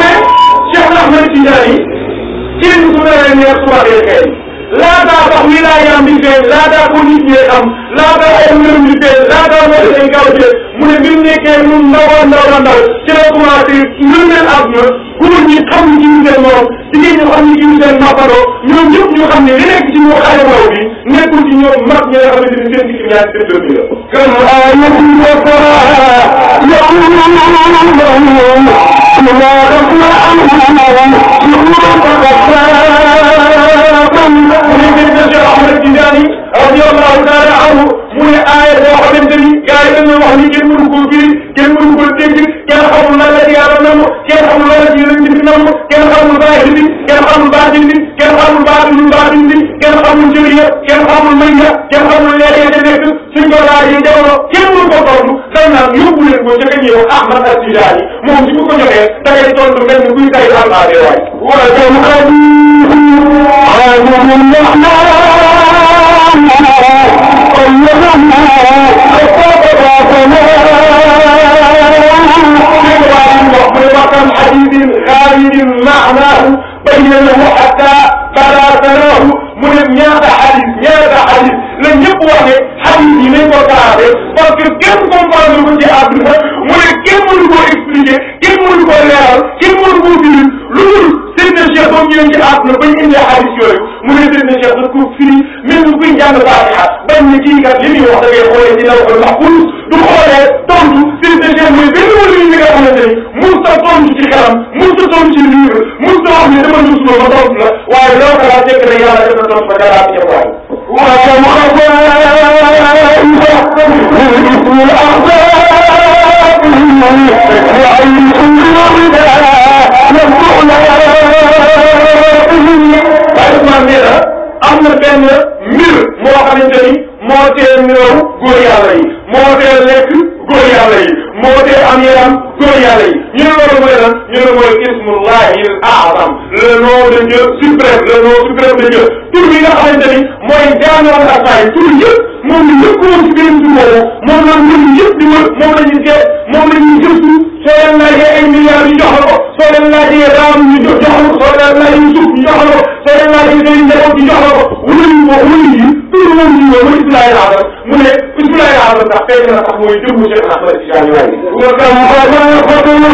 ne Cheikh Ahmed Tidiane yi kenn ku ne la neex suba day xeeñ laataa sax wilaayam di feeñ laataa ko nit ñee am laataa ay mbirum di feeñ laataa moo di kaw ci mu ne bi mu nekkee mu ndaw a ndaw a ndaw ci la commencé yónneel àdduna góor ñi xam ni jiwu seen morom jigéen ñi xam ni jiwu seen nappandoo ñoom ñëpp ñu xam ne li nekk ci ñoom xale boobu bi nekkul ci ñoom mag ñi nga xamante ni seen kii ñaari seen dëkk la. kër maa yëngu ko faa yëngu Ahmad Tijaani radiyallahu taala anhu mu ne aaya boo xamante ni gars yi dañoo wax ni kenn mënu koo firi kenn mënu ko dégg kenn xamul lan la ci yàlla nangu kenn xamul lan la ci yonent bi nangu kenn xamul zaahir bi kenn xamul baatin bi kenn xamul baatin baatin bi kenn xamul jël ya kenn xamul may ya kenn xamul leer ya ca nekk suñ ko laajee jamono kenn mënu ko tontu day naan yóbbu leen ko ca ka ñëw Ahmad At-Tijaani moom si bu ko joxee da ngay tontu mel ni kuy tay albaade waay wala dem xadim مطلقا حديث خالد معناه بينه حتى بدا سناه mu ne ñaata xadis ñaata xadis la ñëpp waxe xadis yi nañ ko taxaare parce que kenn comprendre ko ci àdduna mu ne kenn mënu koo expliquer kenn mënu koo leeral kenn mënu koo firi lu dul Seydina Cheikh ba mu ñëwee ci àdduna bañ indee xadis yooyu mu ne Seydina Cheikh daf ko firi même kuy jàng Fatiha bañ ne kii kat li muy wax da ngay xoolee ci law al mahfuz du xoolee tontu Serigne Cheikh mooy benn wàllu yi nga xamante ni mënut a tontu ci xelam mënut a tontu ci biir mënut a wax ne dama dugg ba tontu la waaye loo ko laaj fekk na yàlla def na tontu ba dara ak jafewul. am na benn mbir moo xamante ni moo tee nelaw góor yàlla yi moo tee lekk góor yàlla yi moo tee am yaram góor yàlla yi ñu ne loolu mooy lan ñu ne mooy ismullahi al a'zam le nom de Dieu suprême le nom suprême de Dieu tur bi nga xamante ni mooy yi tur pour moom ñu ñëw mooy Ibrahima Aadama mu ne Ibrahima Aadama ndax fekk na sax mooy déglu Cheikh Ahmad Tijaan waaye. dégg nga dégg am na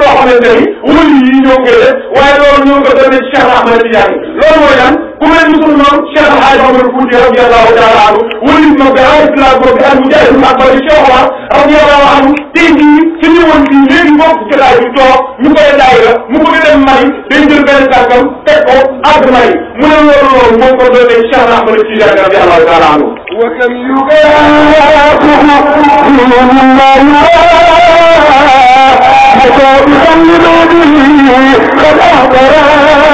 loo xamante ni wëli yi ñoo koy def waaye loolu ñoo ko demee Cheikh Ahmad Tijaan loolu mooy lan ku mel ni sunu noonu Cheikh El Hadj Omar Fouti radiyallahu taala anhu wëli ma bi arafillah boobu bi al mujahid akbar Cheikh Omar radiyallahu anhu tey jii su ñëwoon fii léegi bokk ci laaj bi toog ñu koy daayira mu bëgg dem Mali day jël benn tànkam teg ko àgg Mali mu ne loolu loolu moom ko doonee Cheikh Ahmad Tidiane radiyallahu taala anhu wa kam yugaahu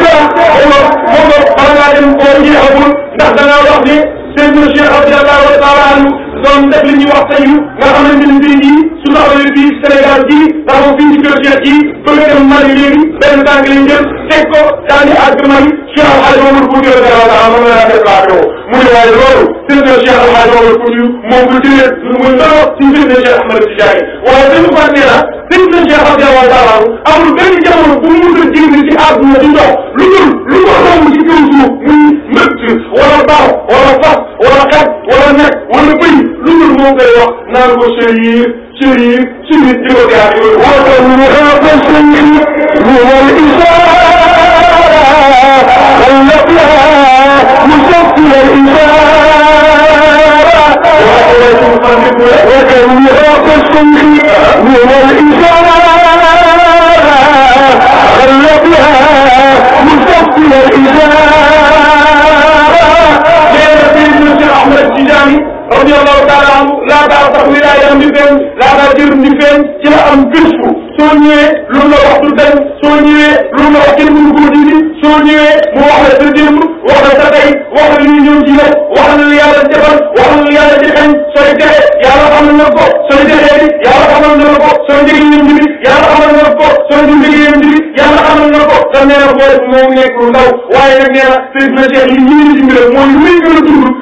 ba tey Omar Omar bala ngaa dem koo jeexagul ndax da ngaa wax ni Seydina Cheikh radiyallahu taala anhu doon def nga xamante ni bii nii suñu xoolee bii Sénégal gii taxaw fii ci kër Cheikh gii bëgg a dem Mali léegi benn tànk lañ jël teg ko daal di àgg mu ne loolu Seydina Cheikh Al Hadj Mamadou Fouti moom bu jëlee lu muy ndoroo ci Seydina Cheikh ko nee na Seydina Cheikh radiyallahu taala anhu amul benn jamono bu mu mën a génn ci di ndox lu dul lu ko romb ci kaw wala xaj wala nekk wala bëy lu dul moo koy wax naan ko chérir chérir chérir di ko gaar yooyu wa tamliha basri min al isaa allatiha musafil al isaa وتملها كالصمخ من الإشارة خلتها مستقبل الإشارة radiyallahu taala anhu laataa sax wilaayam di feeñ laataa jërum di feeñ ci la am gëstu soo ñëwee lu mu la wax du dañ soo ñëwee lu mu la wax kenn mënu koo dindi soo ñëwee mu wax la sa démb wax la sa tey wax la li ñu ñëw ci yow wax la lu yàlla defal wax la lu yàlla di xañ sooy dexe yàlla xamal na ko sooy dexee di yàlla xamal na ko sooy njëgi yéen bi yàlla xamal na ko sooy du njëgi yéen bi yàlla xamal na ko te nee na booy moom nekk lu ndaw waaye nag nee na sëñ na Cheikh yi ñii ci mbiram mooy lu muy gën a dund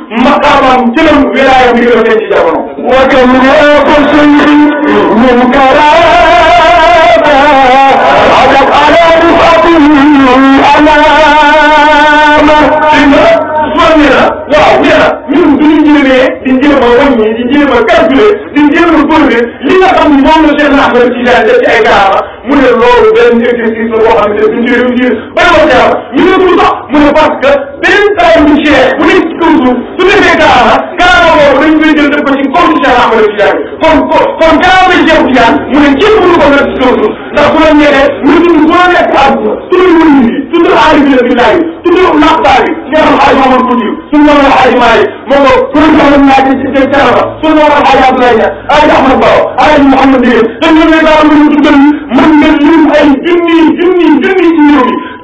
maqaamam ci la wilaaya bi gën a ci jamono. wa kam yaa ko sayyi min karaama adat ala rifatihi alaama. dégg nga man nee na waaw nee na ñun bu ñu jëlee di jéem a wàññi di jéem a calculer di jéem a bëri li nga xam moom la Cheikh Ahmed Tidiane def ci ay kaaba mu ne loolu benn exercice la boo xam ne duñ ci réussir ba ñu ne mu ne parce que benn taw bi Cheikh karaama karaama boobu dañ koy jël def ko ci comme Cheikh Ahmed Tidiane kon kon karaama Cheikh Tidiane mu ne kenn mënu ko def ci suuf ndax bu la ñeenee mu tudd bu la nekk ak tudd wëñ yi tudd aali bi la bi laay tudd naqtaay bi nga xam xaaj Mamadou Koudi suñu la wax aaj Maalik moom la pour ñu xam naa ci seen karaama suñu la wax aaj Abdoulaye Niass aaj Ahmed Ba aaj Mouhamed Ndieguène dañ la may dara mënu tuddal mën nga lim ay junni junni junni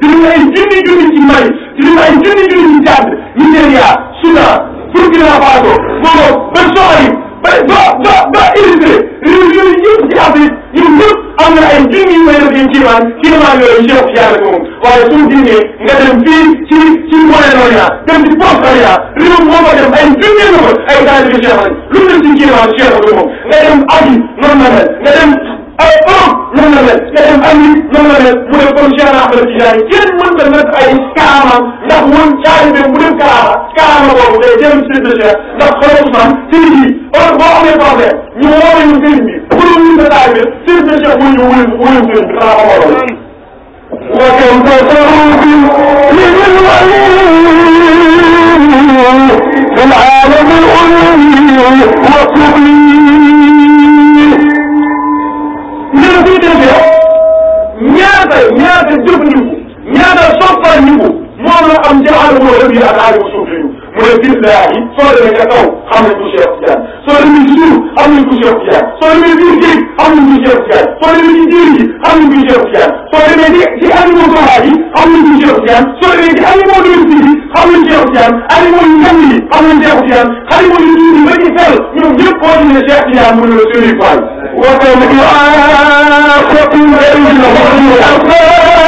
ci réew mi di lim ay junni junni ci Mali di lim ay junni junni ci Tchad Nigéria Soudan pour Guinée Faso Maodo ba Soxali ba ba ba ba Érythrée réew yooyu yëpp ci Afrique ñun ñëpp am na ay junni yu bëri yu ci waan ci demande yooyu Cheikh Tidiane moom waaye suñu génnee nga dem fii ci ci Moyen-Orient dem ci Proche-Orient réew moo fa dem ay junni nga fa ay taalibe Cheikh lañ lu dem ci ci demande Cheikh bi moom nga dem Asie noonu la mel nga dem. ay Europe noonu la mel nga dem Amérique noonu la mel mu ne comme Cheikh Ahmed Tidiane kenn mën na nekk ay kaamam ndax woon taalibe bu dem kaama kaama boobu day dem ci de Cheikh ndax xoolal Ousmane ci nit yi wala boo amee problème ñu woo ñu sëriñ bi bu ñu wuyu sa taalibe sëriñ de Cheikh wuyu wuyu wuyu sëriñ bi dana ko waral وكم تصروا من الولي في العالم الأمي والسفلي nee na suñu ñu ñaata soppal ñu moom la am jaaxal moo rëb yi ak aalimu mu ne billaahi soo demee ca kaw xam nañ ko Cheikh Tidiane soo demee ci suuf xam nañ ko Cheikh Tidiane soo demee biir géej xam nañ ko Cheikh Tidiane soo demee ci diir yi xam nañ ko Cheikh Tidiane soo demee ci ci animaux sauvages yi xam nañ ko Cheikh Tidiane soo demee ci animaux domestiques yi xam nañ Cheikh Tidiane animaux yu ñam yi xam nañ Cheikh Tidiane animaux yu tuuti ba ci fel ñoom ñëpp koo ci ne Cheikh Tidiane mu ne la Serigne Fall.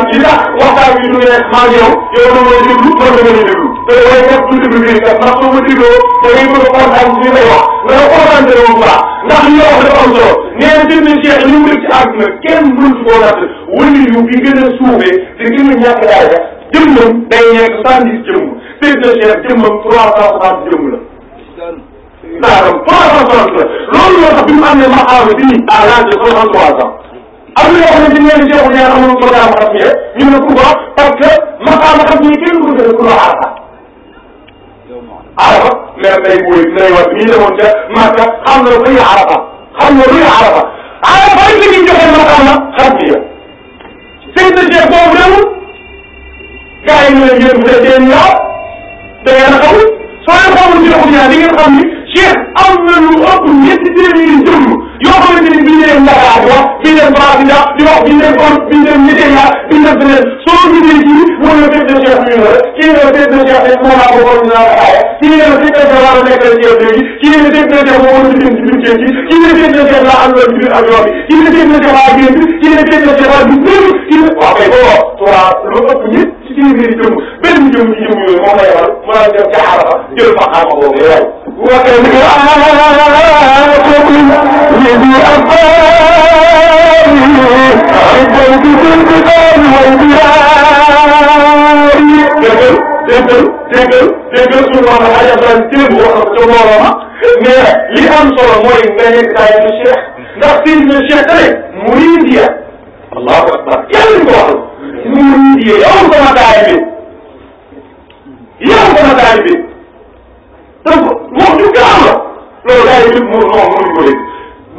maanaam li tax waxtaan bi ñu ne maa ngi yow yow da ngay déglu man da ngay déglu te waaye képp du déglu bii kat ndax soo ma dégloo da ngay bëgg a kontaan ci li may wax nga ne kontaan te bu baax ndax li nga wax dafa am solo nee na sëñ bi Cheikh li mu def ci àdduna kenn mënut koo natt wëli yu bi gën a suufee te gën a ñàkk daaja jëmmam day nekk cent dix jëmm sëñ bi Cheikh jëmmam trois cent soixante jëmm la daanam trois cent soixante la loolu moo tax bi mu amee maqaama bi à l'âge de soixante trois ans am na yoo xam ne dañu leen di jox ne amoon programme xam ñëpp ñu ne pourquoi parce que maqaama xam ñi kenn ko gën a pourquoi arafa arafa mais day buy day war ñi demoon ca Makka xam na luy arafa xam na luy arafa arafa rek la ñuy joxe maqaama xam ñi yow seen de chef boobu demul gars yi ñu ne yéen bu dee ñaaw da ngeen a xamul soo leen xamul ci doxu ñaar di ngeen xam ni cheikh am na lu ëpp ñetti téeméeri jëmm yoo xamante ni biñ leen Dakar wax biñ leen Bafida di wax biñ leen Kon biñ leen Nigéria biñ leen beneen soo gisee kii mooy le chef de chef ñu la kii la chef de chef de moom laa ko borom naa la aaya kii la chef de chef laa nekk ci yow léegi kii la chef de chef moo war a dugg ci biir kii kii la chef de chef laa am ci biir avion bi kii la chef de chef laa génn kii la chef de chef laa dugg kii la waaw kay boo waa lu ëpp nit ci téeméeri jëmm benn jëmm ci jëmm yooyu moom lay war mu daan dem ca Arafa jël maqaama boobu lay war bu waxee ni déggal déggal déggal suñu wax na xaj abdoulaye démb wax na ko ca mbooloo ma li am solo mooy nga nekk taay lu cheikh ndax sëñ na cheikh tane muridiya allahu akbar yàlla ñu ko waxal ñun yow sama taalibe yow sama taalibe donc wax ju gaaw la loolu daal di mu wax mënuñu ko dégg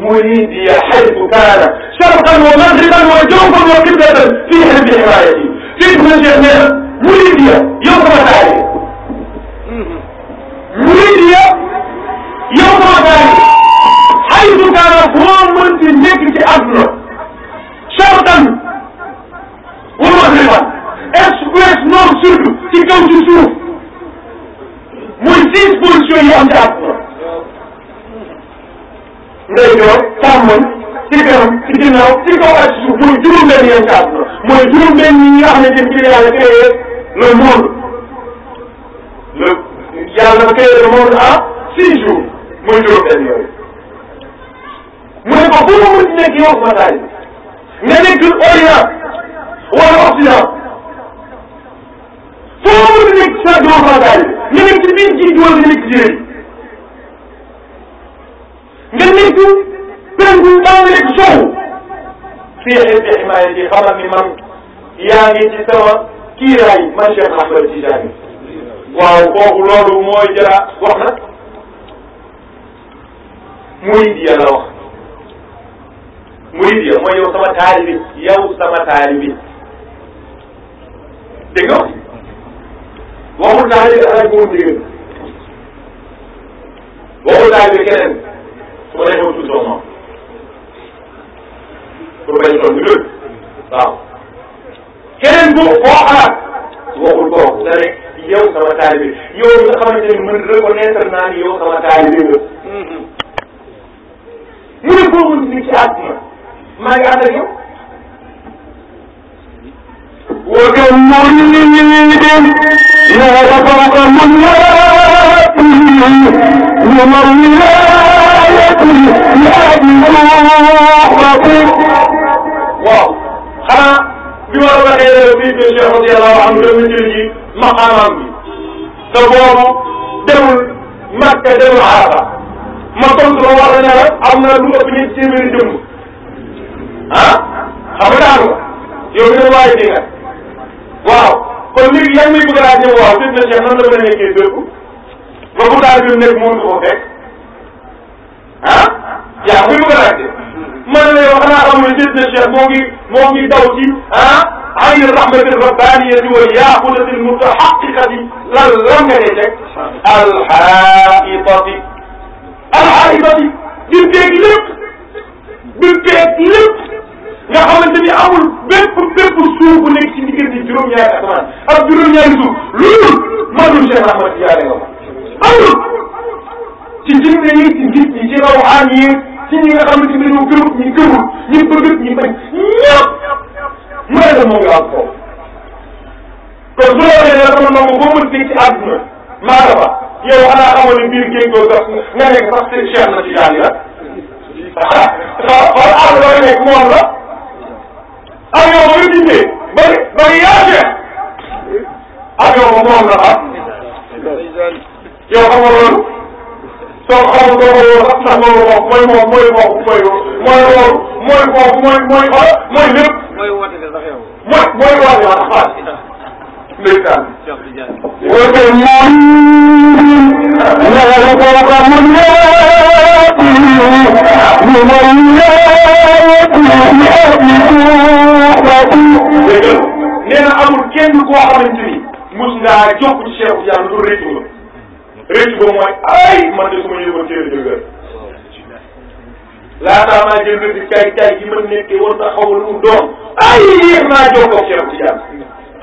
منيدي حيث كان شرقا ومغربا وجوفا وقبلة في حلم حمايتي في كل جميع منيدي يوم تعالي منيدي يوم تعالي حيث كان هو من في النكر أبنى شرقا warul ak riba est ouest nord sud ci kaw ci suuf muy six positions yoo am ci àpp ngay joor tàmmoñ ci kanam ci ginnaaw ci kaw ak ci suuf muy juróom-benn yi am ci àpp mooy juróom-benn yi nga xamante ni ci yàlla créé le monde le yàlla dafa créé le monde en six jours muy juróom-benn yooyu mu ne ko bu ma mën nekk yow Mataay nga nekk Orient wala occident foo mën a nekk sa doom bagaay nga nekk ci biir jiitu wala nga nekk ci réew nga nekk penku ba nga nekk sow fii xeeti ximaaya di xamal ni man yaa ngi ci sama kiiraay man Cheikh Ahmed Tidiane waaw kooku loolu mooy jara wax na muridi ya la wax muridi ya mooy yow sama taalibi yow sama taalibi dégg nga waxul taalibe El Hadj Momadou Ndieguène waxul taalibe keneen su ma neexee tuuti sama maam pour bañ a toog ñu dëgg waaw keneen bu koo xalaat waxul kooku da rek yow sama taalibe yow nga xamante ne man reconnaître naa ni yow sama taalibe la mm-hmm. mu ne koo mën ci àdduna maa ngi ànd ak yow. وكمريد يا ربك من من الولاية يدعوكم waaw xanaa bi war a waxee bii bi Cheikh radiyallahu anhu dama jël ji maqaamam bi te boobu demul Makka demul Arafa ma tontu ba wax ne la am na lu ëpp ñetti téeméeri jëmm ah xam nga daanu yow mi ne waaye di nga waaw kon léegi yaa ngi may bëgg a laaj waaw sëñ na Cheikh nan la mën a nekkee dëkk ba bu taal bi nekk mënut ko fekk ah yaa ngi koy bëgg a laaj de man la yow xanaa xam ne sëñ na Cheikh moo ngi moo ngi daw ci ah ay rahmatir rabbaniyati wa yaqudatil mutahaqiqati lan lan nga dee teg alxaitati alxaitati di teeg lépp di teeg lépp nga xamante ni amul bépp bépp suuf bu nekk ci diggante juróom-ñaari asamaan ak juróom-ñaari suuf loolu maanaam Cheikh Ahmad Tidiane nga amul ci jinne yi ci nit ñi ci rawaan yi ci ñi nga xamante ni dañoo gëm ñi gëmul ñi bëgg ñi bañ ñëpp mooy la moo ngi am foofu kon su la waxee ne la sama ndongo boo mën dégg ci àdduna maa nga fa yow xanaa xamoon ne biir géej googu sax nga nekk sax Cheikh Ahmad Tidiane la ah waaw waaw àll ba nga nekk moom la. avion ba nga bindee ba ba nga yaatee avion ba moom la xam yow xam nga loolu soo ko xamul doo ko wóor sax ndax loolu moom mooy moom mooy moom mooy mooy loolu mooy moom mooy mooy xol mooy lépp mooy woote sax yow mooy mooy woote sax xaal ndeysaan woote moom ñaga ko ko mun ñaati ñu mën ñaati ñaati kooku dëggal nee na amul kenn koo xamante ni mus ngaa jokk ci Cheikh Tidiane lu réccu ba réccu ba mooy ay man de su ma yëgoon téere dëggal laataa maa jël rëdd caay caay gi man nekkee war na xaw lu mu doon ay yéex naa jokkoo ak Cheikh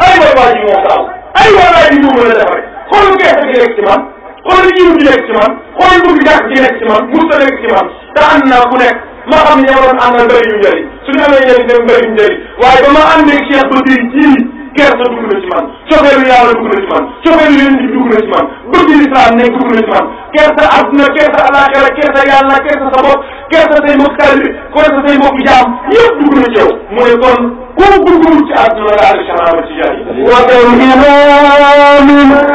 ay waay waa ji moo saaw ay waay waa ji duuma la defaree xool gerte gi nekk ci man xool jiw gi nekk ci man xool bëgg jàkk gi nekk ci man mus a nekk ci man te naa ku nekk ma xam ne ñoo doon àndal mbëri yu njëriñ suñu amee njëriñ dem mbëri yu njëriñ waaye ba ma àndee Cheikh ba tey jii kersa dugg na ci man cofeelu yàlla dugg na ci man cofeelu yonent bi dugg na ci man bëgg lislaam nekk dugg na ci man kersa àdduna kersa alaxira kersa yàlla kersa sa bopp kersa say mbokk taalibe kersa say mbokk jaam yëpp dugg na ci yow mu ne kon ku bëggul ci àdduna la ànd Cheikh Ahmad Tidiane wa tawhidu min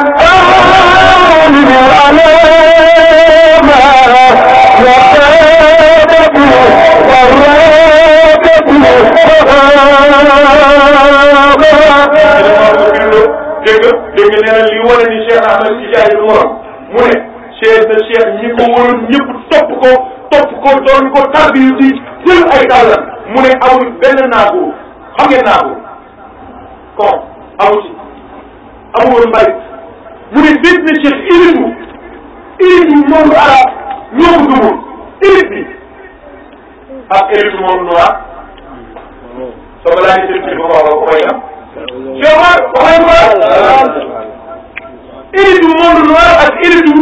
dégg dégg nee na li wane ni Cheikh Ahmed Tidiane lu morom mu ne Cheikh na Cheikh ñi ko wóoroon ñëpp topp ko topp ko doon ko tarbiyu di jël ay dàllam mu ne amul benn naagu xam ngeen naagu kon amu ci amu woon mbay mu ne bés na Cheikh élite bu élite bu monde arabe ñoo ko gëmoon élite bi ak élite bu monde noir soo ko laajee seen kilifa wax ko koy am. Cheikh Omar waxee ko ah. éridu monde noir ak éridu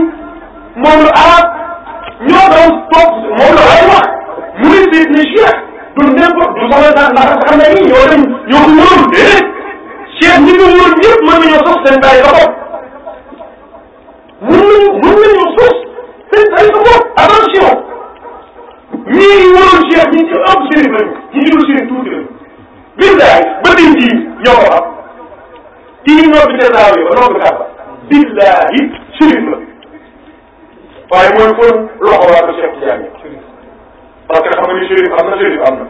monde arabe ñoo doon toog moom la koy wax muy biir ne Cheikh du n'importe du soxla ndax ndax xam na ni ñoo leen ñoo ko wóorul déedéet Cheikh ñi ko wóorul ñëpp mën nañoo sos seen bàyyi ba bopp mën nañu mën nañoo sos seen bàyyi ba bopp attention ñii wóorul Cheikh ñi ci ëpp sëriñ lañu ñi ci dul sëriñ tuuti billahi ba tey jii ñoo ko am kii ñoo bi tesaar yi ba noonu bi kàmba billahi shérif la waaye mooy kon loxo waa ko Cheikh Tidiane parce que xam nga ni shérif am na shérif am na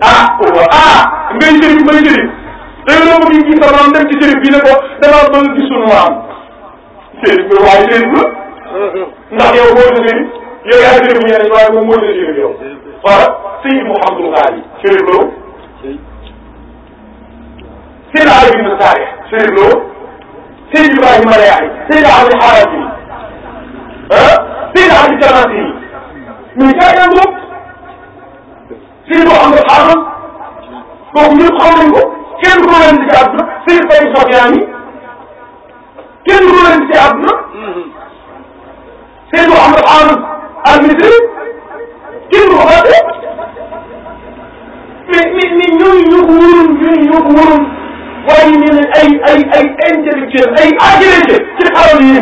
ah wa ah ngay shérif may shérif dañu la ko ñu gis sama dem ci shérif bi ne ko damaa bëgg gis sunu maam shérif la waaye shérif la ndax yow boo shérif yow yaa ngi déglu ñeneen waaye moom moo leen déglu yow xoolal sëñ bi Mouhamadou Ghali Chérif Lo sëñ Ali bin Saare Chérif Lo sëñ Ibrahima Mariyaay sëñ Ali Xaarasi ah sëñ Ali Jalansi mais jaay bopp sëñ Mouhamadou Xaaram kooku ñëpp xam nañ ko kenn du leen di ci àdduna sëñ Faye Sofiane kenn du leen di ci àdduna mm-hmm. sëñ Mouhamadou Xaaram à la militaire kenn du ko fàtte mais mais mais ñooñu ñoo ko wóoroon ñooñu ñoo ko wóoroon waaye ñu ne intellectuel ay agrégé ci xaral yi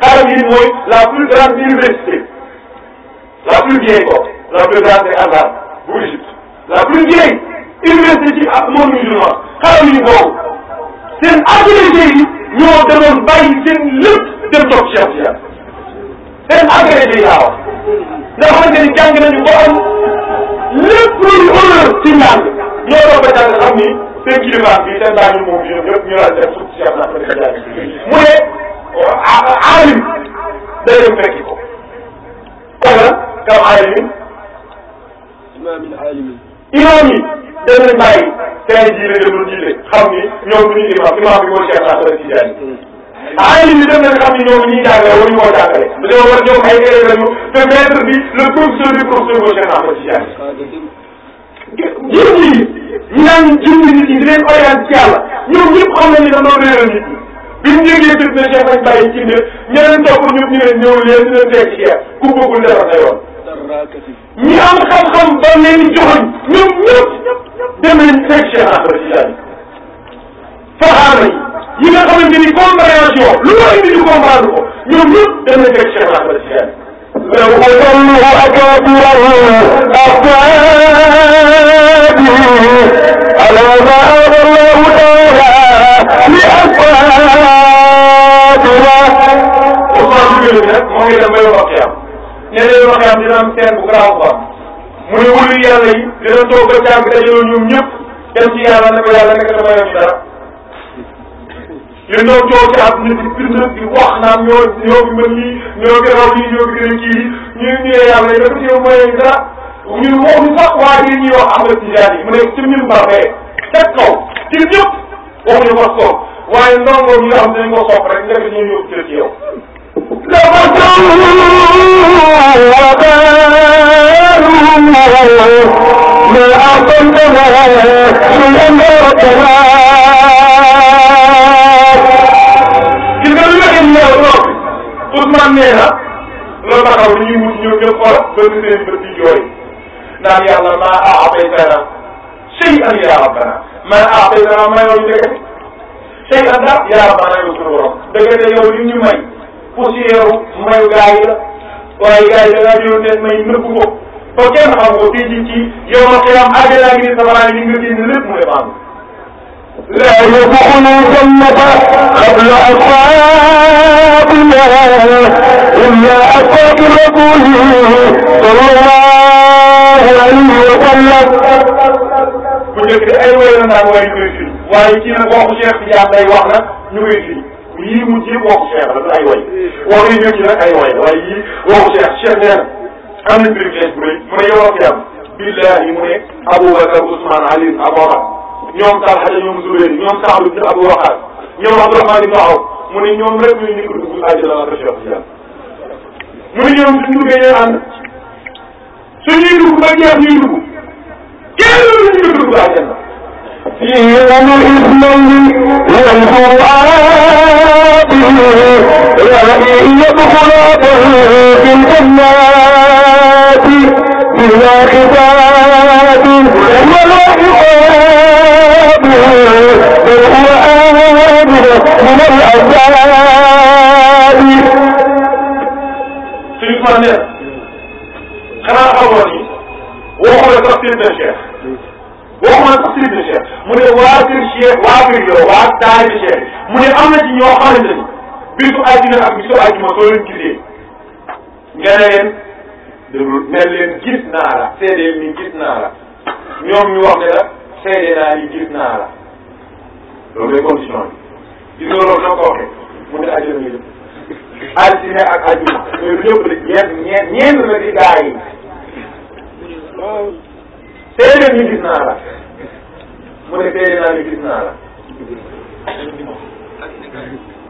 xaral la plus grande université la plus vieille quoi la plus grande et Harvard bu Égypte la plus vieille université ci monde musulman xaral yi boobu seen agrégé yi ñoo demoon bàyyi seen dem toog Cheikh Tidiane seen agrégé yi laa wax nga xamante ni jàng nañu ba am lépp luy honneur ci ñaar ñoo doon ba jàng xam ni seen kilifaam bi seen baa ñu moom bi ñoom ñëpp ñu laal def suuf si Cheikh Nassir Diagne mu ne aalim day dem fekki ko kon nag kaw aalim imaam yi dem nañ bàyyi seen jiile dem lu jiile xam ni ñoom bu ñu imaam imaam bi mooy Cheikh Nassir Diagne aalim bi dem na nga xam ne ñoom ñuy jàngale waruñu koo jàngale dañoo war ñoom ay élèves lañu te maître bi le professeur du professeur boo gën a ko ci jàng jiw yi ñu naan jiw nit ñi di leen orienté ci yàlla ñoom ñëpp ni bi ñu yëgee bis ne Cheikh lañ bàyyi ci mbir ñeneen topp ñëpp ñu leen ñëw leen dina teg ci Cheikh ku bëggul defar sa yoon ñi am xam-xam ba leen di joxoñ ñoom ñëpp dem nañ teg Cheikh Ahmed Tidiane faaxaar nañ yi nga xamante ni compréhension lu ma indi ñu comprendre ko ñoom ñëpp dem nañ fekk Cheikh Ahmad Tidiane لو أضلوا أكابره أصحابي ألا ما أرى الله تعالى لأصحابنا والله jigéen bi nag moom itam ba yow xiyam nee na yow xiyam dina am seen bu garaaw ba mu ne wulu yàlla yi dina toog ba jàng dajaloo ñoom ñëpp dem ci yàlla ne ko yàlla nekk dama yow dara li ndaw coow ci àdduna di bind di wax naan ñoo ñoo fi mën lii ñoo fi raw lii ñoo fi gën a kii ñu ñu ne yàlla dafa ci mooy dara ñun waxuñu sax waa ji ñuy wax Ahmed Tidiane mu nekk ci minbar bee teg kaw ci ñëpp waxuñu ko soog waaye ndongo ñi nga xam dañ ko sopp rek ndekk ñu yóbbu jël ci yow. dafa taw ma Ousmane nee na loolu taxaw dañuy wut ñoom ñëpp xool ba gis seen bët di jooy naan yàlla maa aataytana shay'an yaa rabbana maa aataytana may loolu ndekete shay'an daal yaa rabbana yow suñu borom ndekete yow li ñu may poussière mayu gaa yi la waaye gaa yi da ngaa ñëw ne may nëbbu ko ba kenn xam ko fii ci ci yow ma xiyam àgg naa ngi ni sama naa ngi nga génn lépp mu def لا يدخل الجنة قبل أصحابنا إلا أصحاب رسوله صلى الله عليه وسلم bu njëkk ay wéy la naan waaye ñuy fii waaye kii nag waxu Cheikh Tidiane day wax nag ñu ngi fii yii mu jéem waxu Cheikh la du ay way waxu yi ñëw ci nag ay way la waaye yii waxu Cheikh Cheikh nee na am na privilège bu rëy mu ne yow ak yàlla billahi mu ne Aboubacar Ousmane Ali Aboubacar ñoom Talha ñoom Zubayr ñoom Sa'd ibn Abi Waqqas ñoom Abdurahman ibn Awf mu ne ñoom rek ñooy njëkk a dugg àjjana ak Cheikh Tidiane mu ne ñoom suñ duggee ñooy ànd suñuy dugg ba jeex ñuy dugg kenn duñu njëkk a dugg àjjana سيما الإسلام ينفو عاقله وإن يدخل في الجنات بلا خطاب ولا حقاب من العزاء suñu ko nee xanaa xamoon ni waxuma sax sëriñ na Cheikh waxuma sax sëriñ na Cheikh mu ne waa kër Cheikh waa kër yow waa taalibe Cheikh mu ne am na ci ñoo xamante ni bisu àjjuma ak bisu àjjuma soo leen gisee nga ne leen déglu ne leen gis naa la seedeel ni gis naa la ñoom ñu wax ne la seede naa ni gis naa la loolu mooy condition bi gis nga loolu noo ko waxee mu ne ajjuma ñu jëm altine ak ajjuma mais lu ñëpp ñeent ñeent ñeent la di gaa yi téere ñu gis naa la mu ne téere naa ne gis naa la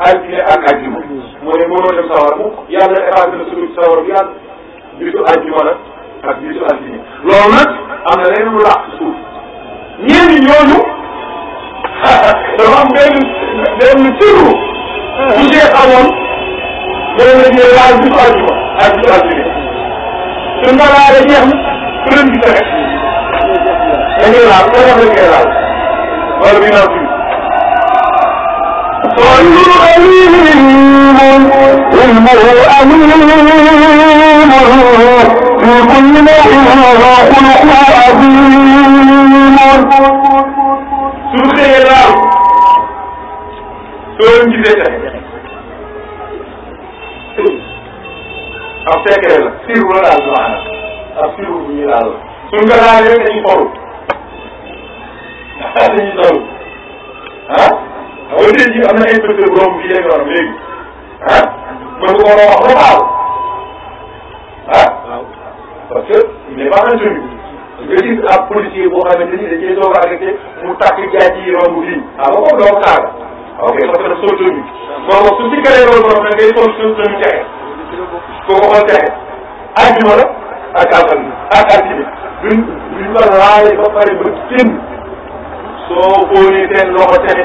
altine ak ajjuma mu ne mënoo dem sawar mukk yàlla effacé na suuf sawar bi yàlla bisu ajjuma la ak bisu altine loolu nag am na leneen lu laax suuf ñeent ñooñu dafa am benn benn turu. bu jeex amoon. loolu la ñuy laal bisu àjjuma ak bisu àjjuma. su ndalaale jeex na përën bi fexe. dañuy laal soo def dañuy laal. wala bi naan fii. صلوا عليهم إنه أمين في كل نوع خلق عظيم suñu xëyee laaru soo leen gisee tey am secret la siiru la daal maanaam am siiru bu ñuy laal la suñ ko laalee dañuy xool dañuy xool ah wala tey jii am na inspecteur bu romb fii rek yoonam léegi ah mën nga ko war a wax lu baax ah parce que il n'est pas inconnu ab policier boo xamante ni da cee soog a arrêté mu takk jaay ci romb fii ah ba boobu doo ko saaga ok parce que daf soo tënk moo ko su si këree loolu moom da ngay sol suñ suñ texe koo ko xool texe ajjuma la ak alxames ak altine duñ duñ ko laale ba pare ba kenn soo xoolee seen loxo texe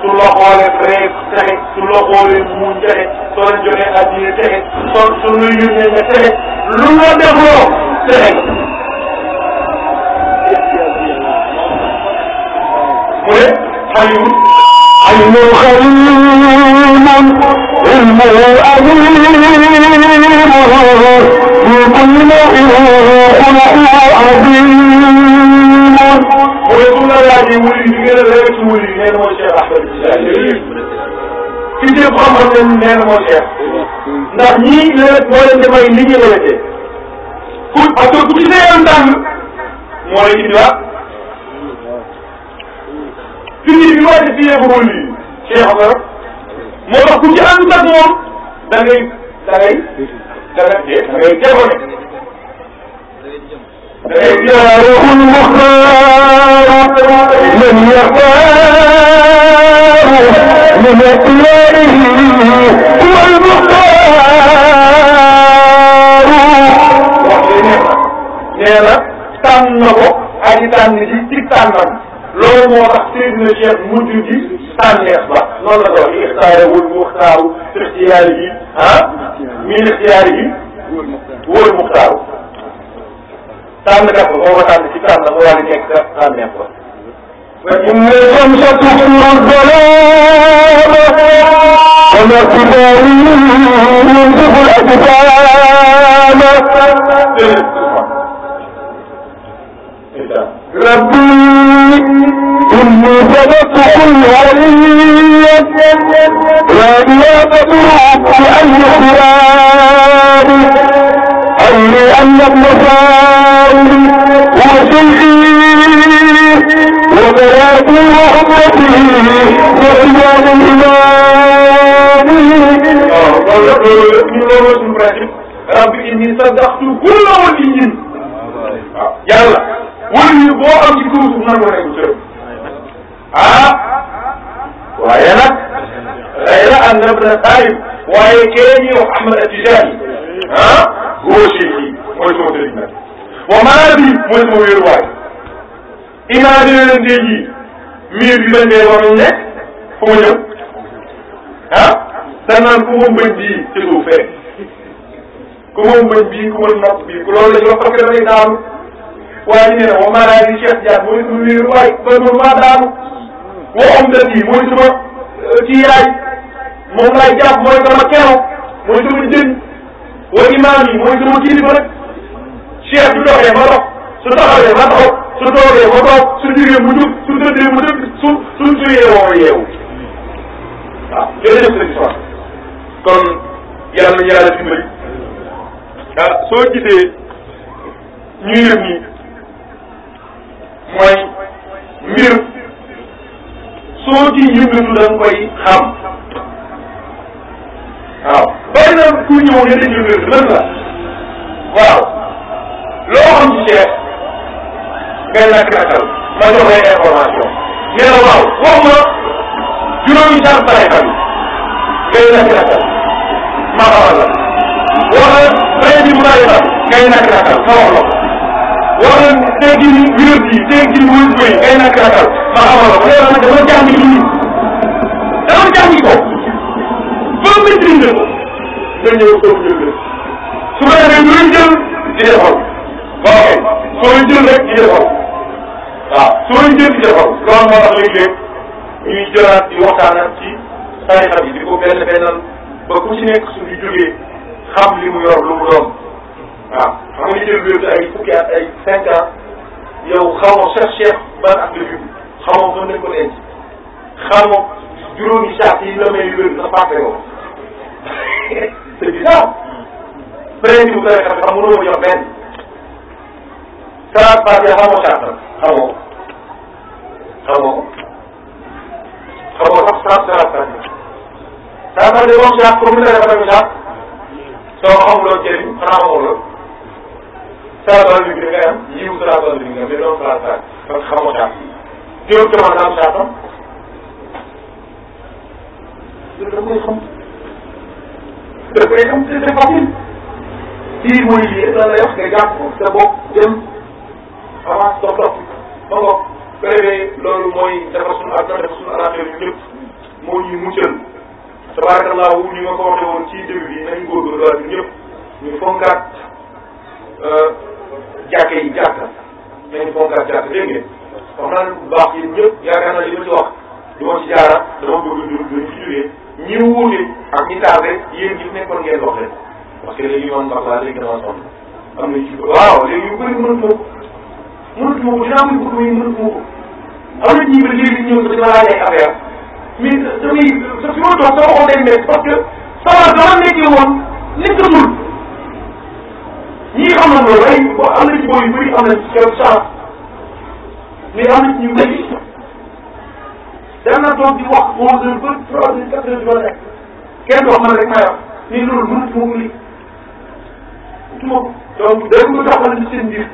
su loxoolee rek texe su loxoolee muun texe soo leen joxee addina texe soo su lu yónnee nga texe lu nga defoo texe علم خليم علمه أديم في كل خلقه عظيم ويقول الله دي ولي غير لا تولي نين مو شيخ احمد الشافعي ci def xam xam ne neen moo cheikh ndax ñii lewet moo leen damay li ñu lewetee pour parce que ku ci seyoon tàng moo lay indiwaat fii bi ma def ci yéegu woon lii Cheikh Omar moo tax ku ci ànd nag moom da ngay da ngay da ngay eh, da ngay jabone رجال المختار من يختار من اختياره هو المختار wax dëgg yàlla tànn na ko aji tànn ji ci tànnam loolu moo tax Seydina Cheikh mujj gi tànneef ba noonu la ko wax ixtaarewul muxtaaru ixtiyaari yi ah min ixtiyaari yi wóor muxtaaru tànnkat ba moo ko tànn ci tànn ba wàllu nekk tànneef ba وإن الشمس تسمى الظلام وما ارتداري ينزف الأجسام ربي إني بدأت كل عليا وإيا بدرت بأي خيار أي أن ابن وشيخي وبياتي وحضرتي وإيمان إمامي ربي إني صدقت كل ولي يلا wala ñu boo am ci kaw suuf nangu nañ ci ah waaye nag gayra anna ibna Taayib waaye kee ñuy wax Ahmad Tijaani ah huwa shaykhi mooy sama sëriñ nag wa maa bi mooy sama wéeruwaay imaginé leen tey jii miir bi bañ dee waruñ nekk fu ma jëm ah danaan ku ma bëñ bii ci suuf fee ku ma bëñ bii ku ma nopp bii ku loolu la ñu wax parce que damay daanu waaye ñu ne la moom maanaam yi Cheikh Dia mooy sama wéeru waay mooy sama maadaama woo am dëkk yi mooy sama euh, kiiraay moom laay jàpp mooy sama keroog mooy sama jën wa imaam yi mooy sama kilifa rek Cheikh du doxee ma dox su taxawee ma taxaw su toogee ma toog su jugee mu jug su tëddee mu tëdd su su su yeewoo yeewu waaw jërëjëf sëñ Soxna kon yàlla nañu yàlla dimbali ah soo gisee ñuy yëg nii mooy mbir soo ci yëngatu da nga koy xam waaw bari na ku ñëw nga di yëngatu lan la waaw loo xam ci ceeb ngay lakk nakal ma jox lay information nee na waaw wax ma juróomi jaar tarixa bi ngay lakk nakal ma xamal la wax la vingt mille tarixa bi ngay lakk nakal ma wax la ko war leen tey jii nii wér yi tey jii nii wér yi ngay naan gàttal ma xamal la bu dee daanaka dama jàng ci nit dama jàng ko ba maîtriser ko nga ñëw soog jël rek su ko defee ñu leen jël di defal boo xee soo jël rek di defal waaw soo jël di defal loolu moo tax léeg-léeg ñuy jëlaat di waxtaanal ci tarixa bi di ko benn bennal ba ku ci nekk suñu jógee xam li mu yor lu mu doon. waaw xam nga ñu jël ay fukki at ay cinq ans yow xamoo chef chef ban ak la jublu xamoo mën nañ ko denc xamoo juróomi saak yi la may wér sa paase ko c'est bizarre. beneen bi bu tawee xam nga mënoo jox benn saa paase xamoo saak xamoo xamoo xamoo sax saa saa paase saa paase moom saak comme ni nga defal ak saak soo xamuloo njëriñ xanaa xamuloo salaamaaleykum bi nga am yiiw salaamaaleykum bi nga am mais doo xalaat daal parce que xamoo daal directement daal saa tam. dëgg la koy xam dëgg la koy xam te c'est facile lii mooy lii lan lay wax nga jàpp ko sa bopp dem avance dox dox ba ngoog prévé loolu mooy defar suñu àdduna defar suñu alaxira yu ñëpp moo ñuy muccal tabaarakallaahu ñu nga ko waxee woon ci début bi nañ góorgóorlu daal ñun ñëpp ñu fonkaat. jàkka yi jàkka nañu fonkaat jàkka dégg ngeen wax naa leen bu baax yéen ñëpp yaakaar naa li ma ci wax du ma ci jaara dama bëgg du duñ ci jógee ñi wuute ak ñi taal rek yéen ñi nekkoon ngeen wax leen parce que léegi man mbaax laa léegi dama sonn am na ci waaw léegi yu bëri mënatuma ko mënatuma ko dinaa muy bëgg muy mënatuma ko am na ñii ba léegi ñëw sa dama laaj ay affaire mais samay sa fi ma toog sama xol day nekk parce que sama dama nekkee woon nekkatul ñi nga xam ne mooy rey boo am na ci booy yu bëri am nañ ci keroog chance mais am na ci ñu bëri dem na toog di wax 11 heures ba 3 heures 4 heures du matin kenn wax man rek may wax mais loolu mënatu ma ko lii mënatu ma ko donc day ko taxawal ci seen biir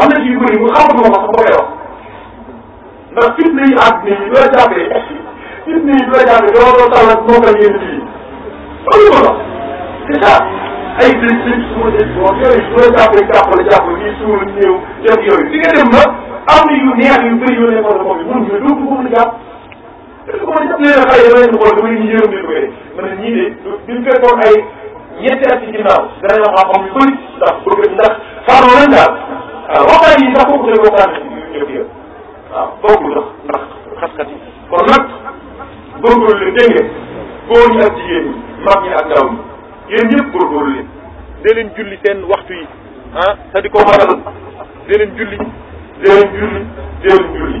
am na ci yu bëri mu xamatuma ko sax ba koy wax ndax fitna yi àdduna yi du la jàppee fitna yi du la jàppee doo doo tàllal moo koy yéen a ji loolu ko wax c'est ça ay bés bés suba des moom yooyu su la jàppalee jàppale jàppale ñuy suul néew def yooyu di nga dem ba am yu neex yu bëri yoo nekkoon moom yi mënuñu doo ko mën a jàpp doo ko mën a jàpp nee na xale yi danañ xool dama leen yërëm di ko dee ma ne ñii de duñ fekkoon ay ñetti at ci ginnaaw danañ am xam-xam yu bëri ndax bëgg ndax faaroo leen daal waaw ah, waxtaan yi sax ah, bokkul ak waxtaan yu jëf yëpp waaw bokkul ndax ndax xaskat yi kon nag góorgóorlu leen dégg nga góor ñi ak jigéen ñi mag ñi ak ndaw ñi yéen ñëpp góorgóorlu leen dee leen julli seen waxtu yi ah te di ko waral dee leen julli dee leen julli dee leen julli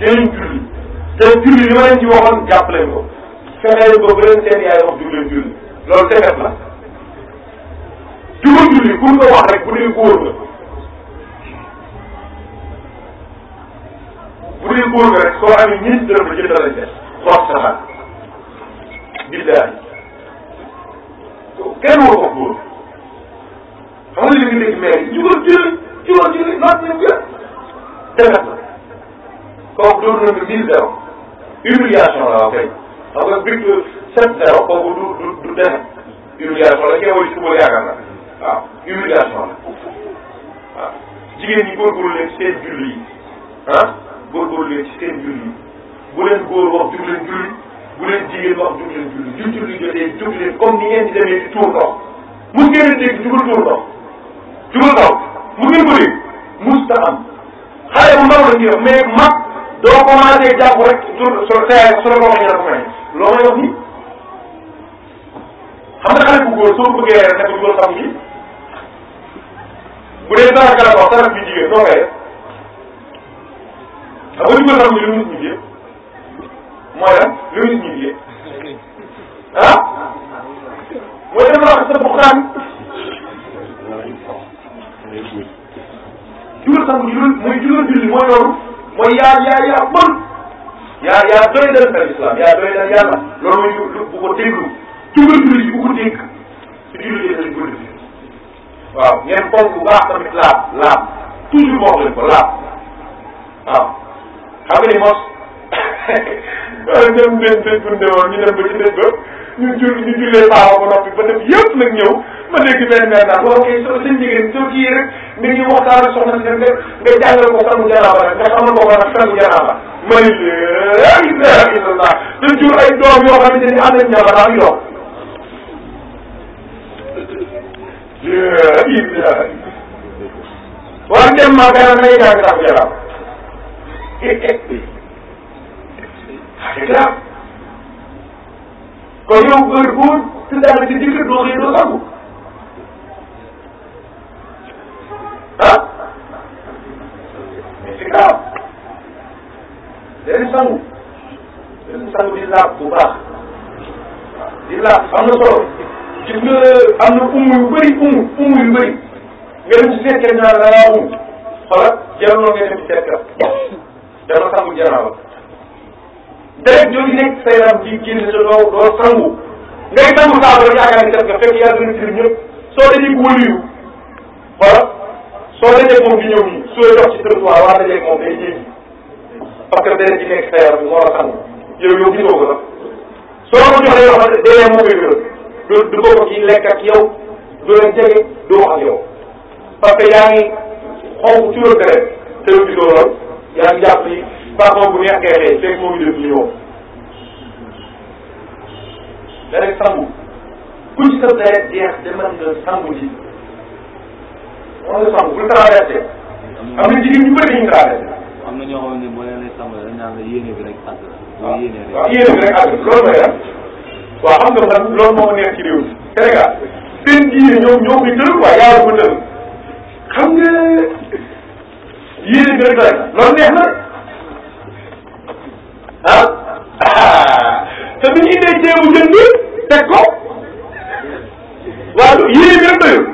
dee leen julli te julli li ma leen ci waxoon jàpp leen ko fexe ba bu leen seen yaay wax jug leen julli loolu defet la juba julli pour nga wax rek bu dee góor nga bu dee góor nga rek soo amee ñeenti dërëm la jëndal lañ def wax saxaat billahi kenn waru ko góor xam nga li nga dégg maire yi ñu ko jëlee ci woon ci li noot nañ ko defet la kooku dóor na nga mille zéro humiliation la waaw kay xam nga brique sept zéro kooku du du du defet humiliation la kee wari suba yaakaar na waaw humiliation la waaw jigéen ñi góorgóorlu leen ci seen julli yi ah góorgóorlu leen ci seen julli yi bu leen góor wax jug leen julli bu leen jigéen wax jóg leen julli ju julli jotee jóg leen comme ni ngeen di demee di tuur ndox mu gën a dégg jugul tuur ndox jugul ndox mu gën ko dégg musta am xale bu ndaw la ñuy wax mais mag doo commencé jàpp rek tur so tey su la ko waxee dafa may loo may wax nii xam nga xale bu góor soo bëggee nekk du ko xam ni bu dee saraka la wax saraka bi jigéen soo koy def xam nga du ko xam ni lu mu mujjee mooy lan lu nit ñi digle ah mooy dem raxas sa buxaan jural sangu jural mooy jural julli mooy loolu mooy yaa yaa yaa bon yaa yaa doy dal al islam yaa doy dal yàlla loolu mooy lu bu ko déglu jural julli bu ko dégg su julli dee dañ ko def ngeen fonk bu baax tamit laab laab toujours wax leen ko laab waaw xam nga ni ah ñoom ñooy seen tournée woon ñu dem ba ci des ba ñu jur ñu jullee paawa ba noppi ba dem yëpp nag ñëw ma dégg benn mère naan waaw kay soo seen jigéen soo kii rek mi ngi waxtaan ak soxna si nga nga jàngal ko sangu janaaba nag nga xamal ko ko nag sangu janaaba may laa ilaaha illallah te jur ay doom yoo xamante ni am nañ jabar ak doom laa ilaaha illallah war dem maa gën a nay jàng sangu janaaba c'est grave kon yow heure boo si daal di jëkkër doo xëy doo sangu ah mais c'est grave leen sangu leen sangu di laab bu baax di laab am na solo gis nga am na umu yu bëri umu umu yu bëri nga dem ci seet kenn ñaar da ngaa umu xoolal jarul nga dem ci seet kat jarul sangu janaaba deret jooju nekk sa yaram ci génn sa doo doo sangu ngay sangu saabu rek yaakaar ne set nga fekk yàlla dana tilim ñëpp soo dajee ku wëliyu wala soo dajee moom di ñëw nii soo dox ci trottoir waa dajee moom day jéegi parce que deret ji nekk sa yaram bi moo la sangu yow yow gisoo ko sax soo ko joxee yoo xam ne dee moo koy wéral du du ko ko ci lekk ak yow du leen jege du wax ak yow parce que yaa ngi xaw tuur deret te yow gisoo lool yaa ngi jàpp ni façon bu neex ngay dee fekk moo ngi def ñëw deret sangu ku ci sa deret jeex demal nga sangu ji moom nga sangu bul traversé am na jigéen ñu bëri ñu traversé am na ñoo xam ne boo leen lay sangu dañ naan la yéene bi rek àgg waaw yéene bi rek àgg loolu mooy lan waaw xam nga man loolu moo neex ci réew mi Sénégal seen diine ñoom ñoo koy tëral quoi yàlla ko tëral xam nga yéene bi rek la loolu neex na ah te bi ñu indee ceebu jën bi teg ko waaw yéene bi rek doyul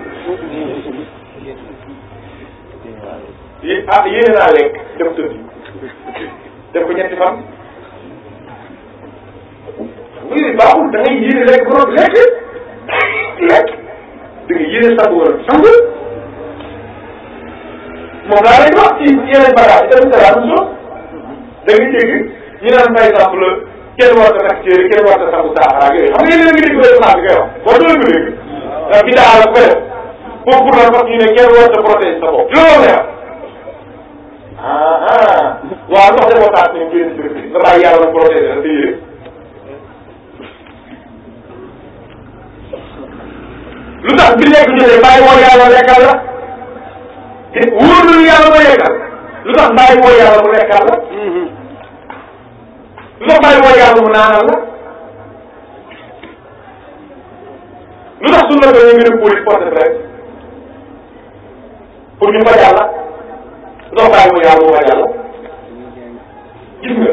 yé ah yéene naa lekk dem tëdd def ko ñetti fan muy baaxul da ngay yéene lekk borom lekk lekk da nga yéene sangu wala sangu moom laa lay wax ci yeneen yi tamit ñu naan mbay sàpp la kenn war a takk ceeb kenn war a takk saafara ak yooyu xam nga yéen a ngi dégg béy sax bi koy wax war doo ko dégg bi ah. daa la ne kenn war a protéger sa bopp loolu lay wax ah ne génn dëkk bi nga la protéger la sa yére lu tax bi nekk jotee bàyyi woo yàlla lekkal la te wóor nañu yàlla mu lekkal lu tax bàyyi woo lu tax bàyyi woo yàlla mu naanal la lu tax suñu la doon ñu dem police porte rek pour ñu faj yàlla lu tax bàyyi woo mu faj yàlla gis nga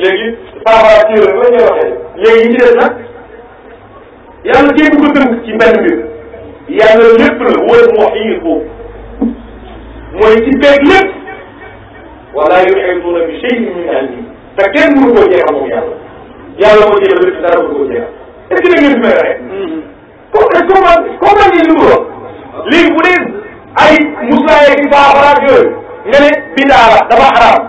léegi saafara tiiram la ñuy waxee léegi ñu ci des nag yàlla kenn ko tënk ci benn mbir yàlla lépp la wala mu wax yi foofu mooy ci beeg lépp wala yuhituna bi shay'in min te kenn mënu koo jeexal moom yàlla yàlla moo jeexal lépp dara mënu koo jeexal est-ce que da ngeen fi may mm-hmm. bu dee ay muslaay ak saafara ak nga ne bidaa la dafa xaraam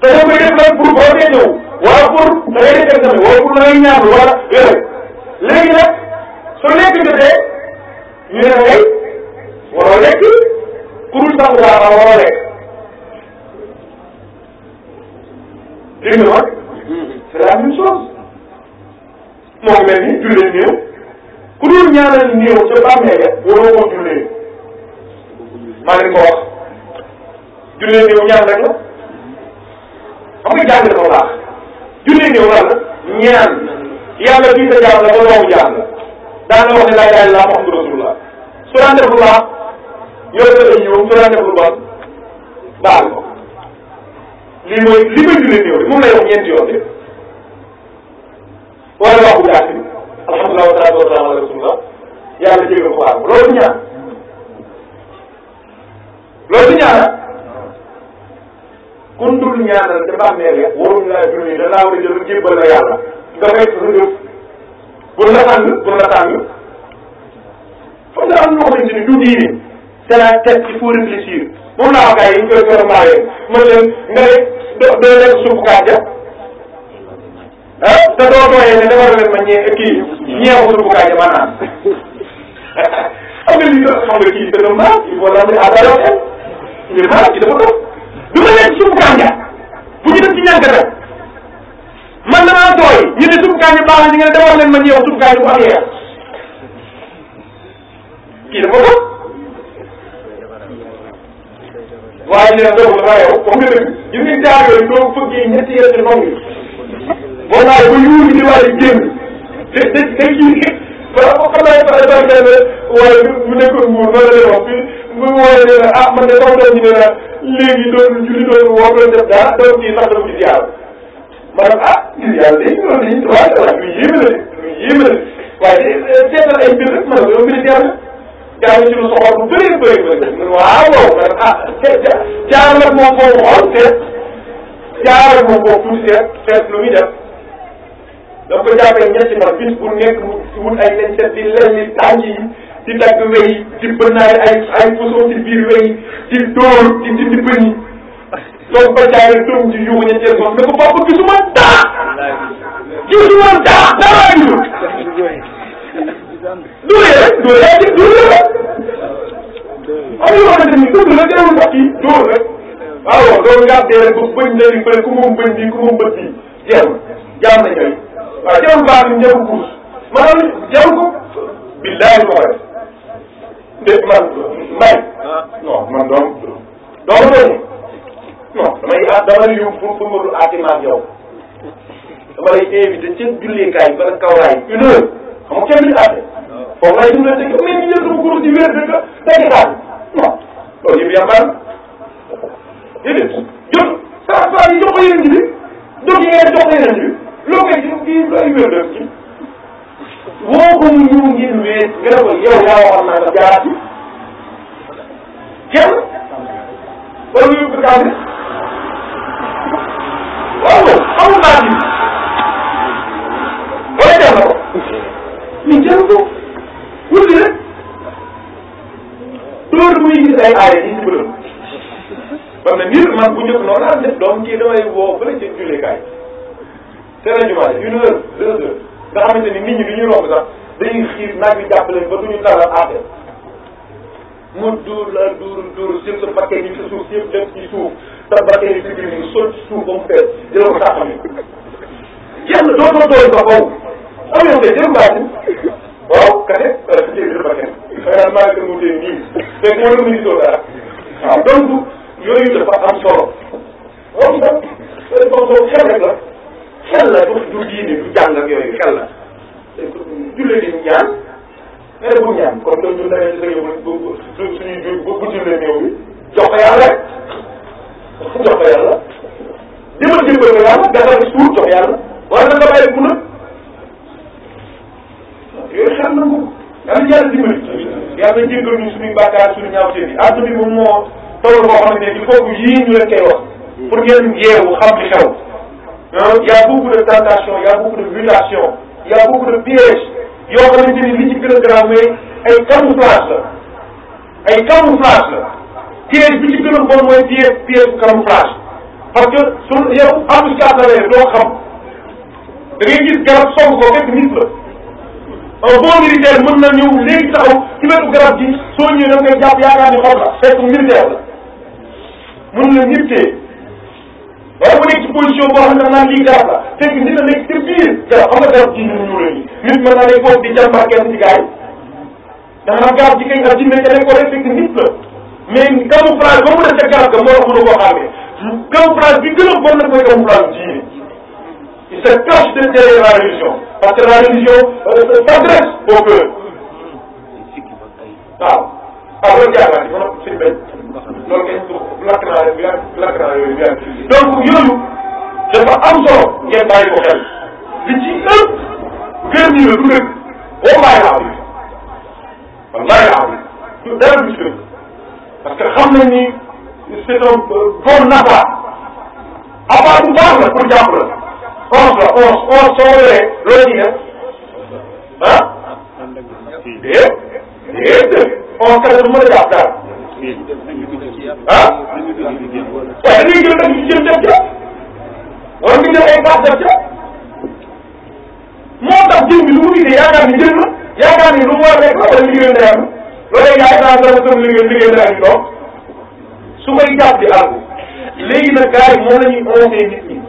te da koy def nag pour protéger wu wala pour da ngay def examen wala pour da ngay ñaanlu wala yooyu léegi nag soo lekk jotee ñu ne la kay li mu wax c'est la même chose moo mel ni jullee néew ku dul ñaanal néew ca bàmmeel waroo ko jullee maa ngi ko wax jullee néew ñaan rek la xam nga jàng dafa baax jullee néew lan la ñaan yàlla bii sa jaam la ba doomu jaam la daana wax ne laa ilaha illallah muhammadu rasulullah su lii mooy li may dundee néew moom lay wax ñeenti yoon de wala wax bu gàtt bi alhamdulilah wa salaatu wa salaam ala rasulillah yàlla jégal ko aar loolu ñaan loolu ñaan kun dul ñaanal te bàmmeel ya waruñu laa julli da laa war a jël jébbal la yàlla nga fekk sa jëf bul la tàng bul la tàng foog nga am loo xamante ni du diine c'est la tête il faut réfléchir moom laa wax gars yi ñu koy gërëm maa leen man leen nga ne doo doo lekk suuf gàncax ah te doo tooyee ne defar leen ma ñee kii ñeewu suuf gàncax ma naan xam nga lii dafa xam nga kii dana maat il faut ramener à valeur elle ñu ne maat kii dafa doon du ma lekk suuf gàncax bu ñu dem ci ñànk rek man damaa tooy ñu ne suuf gàncax baax na ñu ne defar leen ma ñeewu suuf gàncax bu am yeer kii dafa doon. waaye ñu ne ndox la waaye yow comme que dëgg gis ngeen jaar yooyu doo fëggee ñetti yenn ndox mi boo naay ba yuur di waay ne sax dafa ne waaye bu nekkoon nguur noonu la la ah man la léegi doon la de lu la de waaye seetal ay jaar ci lu soxor bu bëree bëri bëri mu ne waaw waaw man ah te jaar nag moom boobu xool seet jaaral moom boobu tuuti seet seet lu muy def daf ko jàppee ñetti fan bis bu nekk mu wut ay lancet di lelli tànk yi di dagg wéy di bënnaay ay ay puso ci biir wéy di dóor di dindi bën yi toog ba jaaree doom ji yuuxu ñetteel moom ne ko papa gisuma daa gisuma daa dara duuree rek duuree rek ci duuree rek am na yoo xamante ni dugg la teewul ndox yi dóor rek waaw loolu nga dee rek ba bëñ léegi bële ku moom bëñ bii ku moom bët bii jeexul jaam nañ koy waaw jarul baax ni jarul guus maanaam jarul ko billaay ko def ndépp man mbay non man doom doom doom non damay ah damay yóbbu pour pour ma dul aati maag yow dama lay invité ca julleekaay bala kawlaay une heure o nga kenn du taase. waaw waaye du mu leen dëkk mais ñu jël sama kuréel di wér dëkk dëkk taal waaw loolu yëpp yàmbaar déedéet jot saa saa yi jox ko yeneen ji jot yi ngeen jox ko yeneen ji loo koy ji kii looy wér dëkk ci woo ko mu ñëw ngir wéet nga ne ko yow yaa waxoon naa la jaaraat yi kenn wala nga yóbbu kaamil waaw amul naa ji mais jarul ko wut rek loolu muy gis ay aaya yi si bëloon ba mu ne man bu njëkk noonu laa def doom kii damay woo bële ci jullikaay te la jumaa une heure deux heures nga xamante ni nit ñi bi ñuy romb sax dañuy xiir naaj bi jàppale ba duñu mu duur la duur duur jël sa bakkee yi sa suuf yëpp def ci suuf sa bakkee yi sa biir sol ci suuf ba mu fees jël ko Aliou Sow jërë o waaw kese rajo bi jërë nga kenn. xanaa maa ngi mu tee nii. te ñoo ngi nuyu soo dara. waaw donc yooyu dafa am solo. loolu nag loolu moom xel rek la xel la du du diine du jàng ak yooyu xel la. jullit yi ñaan xel bu ñaan kon ñun ñu demee ci sa yëngu bu bu suñuy ju bu jullee néew bi jox ko yàlla rek jox ko yàlla. jëmale jëmale ko yàlla gasal suur jox yàlla wala nga bu nëb. yooyu xel na ko yàlla na yàlla dimbali yàlla jéggal ñu suñuy bàkkaar suñu ñaawteef yi àdduna bi moom moo toll boo xamante ne il faut que yii ñu leen koy wax pour ngeen yeewu xam li xew ah, y a beaucoup de tentations y a beaucoup de yoo xamante ni li ci gën a garaaw mooy ay camouflage la ay camouflage la piège bi ci gën a bon mooy piège piège camouflage parce que su yow embuscade la doo xam da ngay gis garab ko fekk nit la un bon militaire mën na ñëw léegi taxaw ci wetu garab gi soo ñëwee da ya koy jàpp yaakaar ne xob la fekk militaire la mën na nit tee waaye bu nekk ci position boo xam ne naan lii garab la fekk nit na nekk ci biir garab xam nga garab gi ñun ñuul lañu nit mën naa ne foofu di jàmbaar kenn ci gars yi dafa naan garab gi kañ ak jinne ca nekk ko rek fekk nit la mais camouflage ba mu def ca garab ga moo tax mënu koo xàmmee camouflage bi gën a bon nag mooy camouflage diine Il se cache derrière la religion. Parce que la religion euh, s'adresse au peuple. waaw ah loolu jaaraat yi maanaam suñu benn loolu kay lakk naa leen yaa lakk naa yooyu yaa donc yooyu dafa am solo ngeen bàyyi ko xel li ci ëpp gën ñu ne du dëgg wallaay la am wallaay la am du dara du ci dëgg parce que xam nañ ni c'est un euh, bon appât appât bu baax la pour jàpp la. onze la onze onze soo yoree loo ci def ah déet déet onze kese du mën a jàpp dara ah waaye dañuy jël nag ñu jëm def ca war nga jël ay baax def ca moo tax jëm bi lu mu gisee yaakaar ni jëm la yaakaar ni lu mu war a nekk la wala liggéeyam day am loolu ay yaay naa dama tëm liggéeyam liggéeyam day am doom su koy jàpp di àgg léegi nag gars yi moom la ñuy onsee nit ñi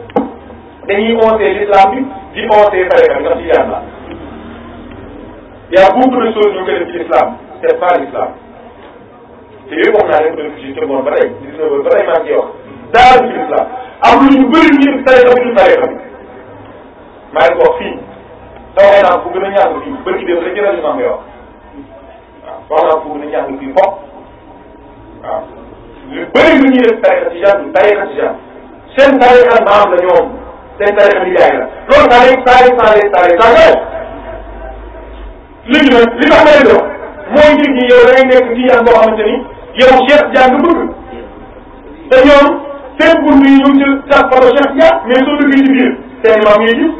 dañuy oosee l'islam bi di oosee tariqa bi ndax ci yàlla y'a beaucoup de choses yu ko def ci l'islam c'est pas l'islam te yooyu wax naa leen ko ci ci moom ba tey gis nga ba tey maa ngi wax daal ci l'islam am lu ñu bëri ñu def tariqa bi du tariqa bi maa ngi ko wax fii te waxee naa fu gën a ñàkk fii bëri dem rek jëral imam ngay wax waaw wax naa fu gën a ñàkk fii foofu waaw lu bëri lu ñuy def tariqa ci jàmm tariqa ci jàmm seen tariqa maam la ñoom seen tarixa bi jaay la loolu saa leen saa leen saa leen saa leen saa ngeen léegi nag li tax ma leen di wax mooy njëg ñi yow da ngay nekk tijaan boo xamante ni yow Cheikh Tidiane nga bëgg te ñoom seen bunt yi ñu ngi ci tas photo Cheikh Tidiane mais soo duggee ci biir seen maam ngay gis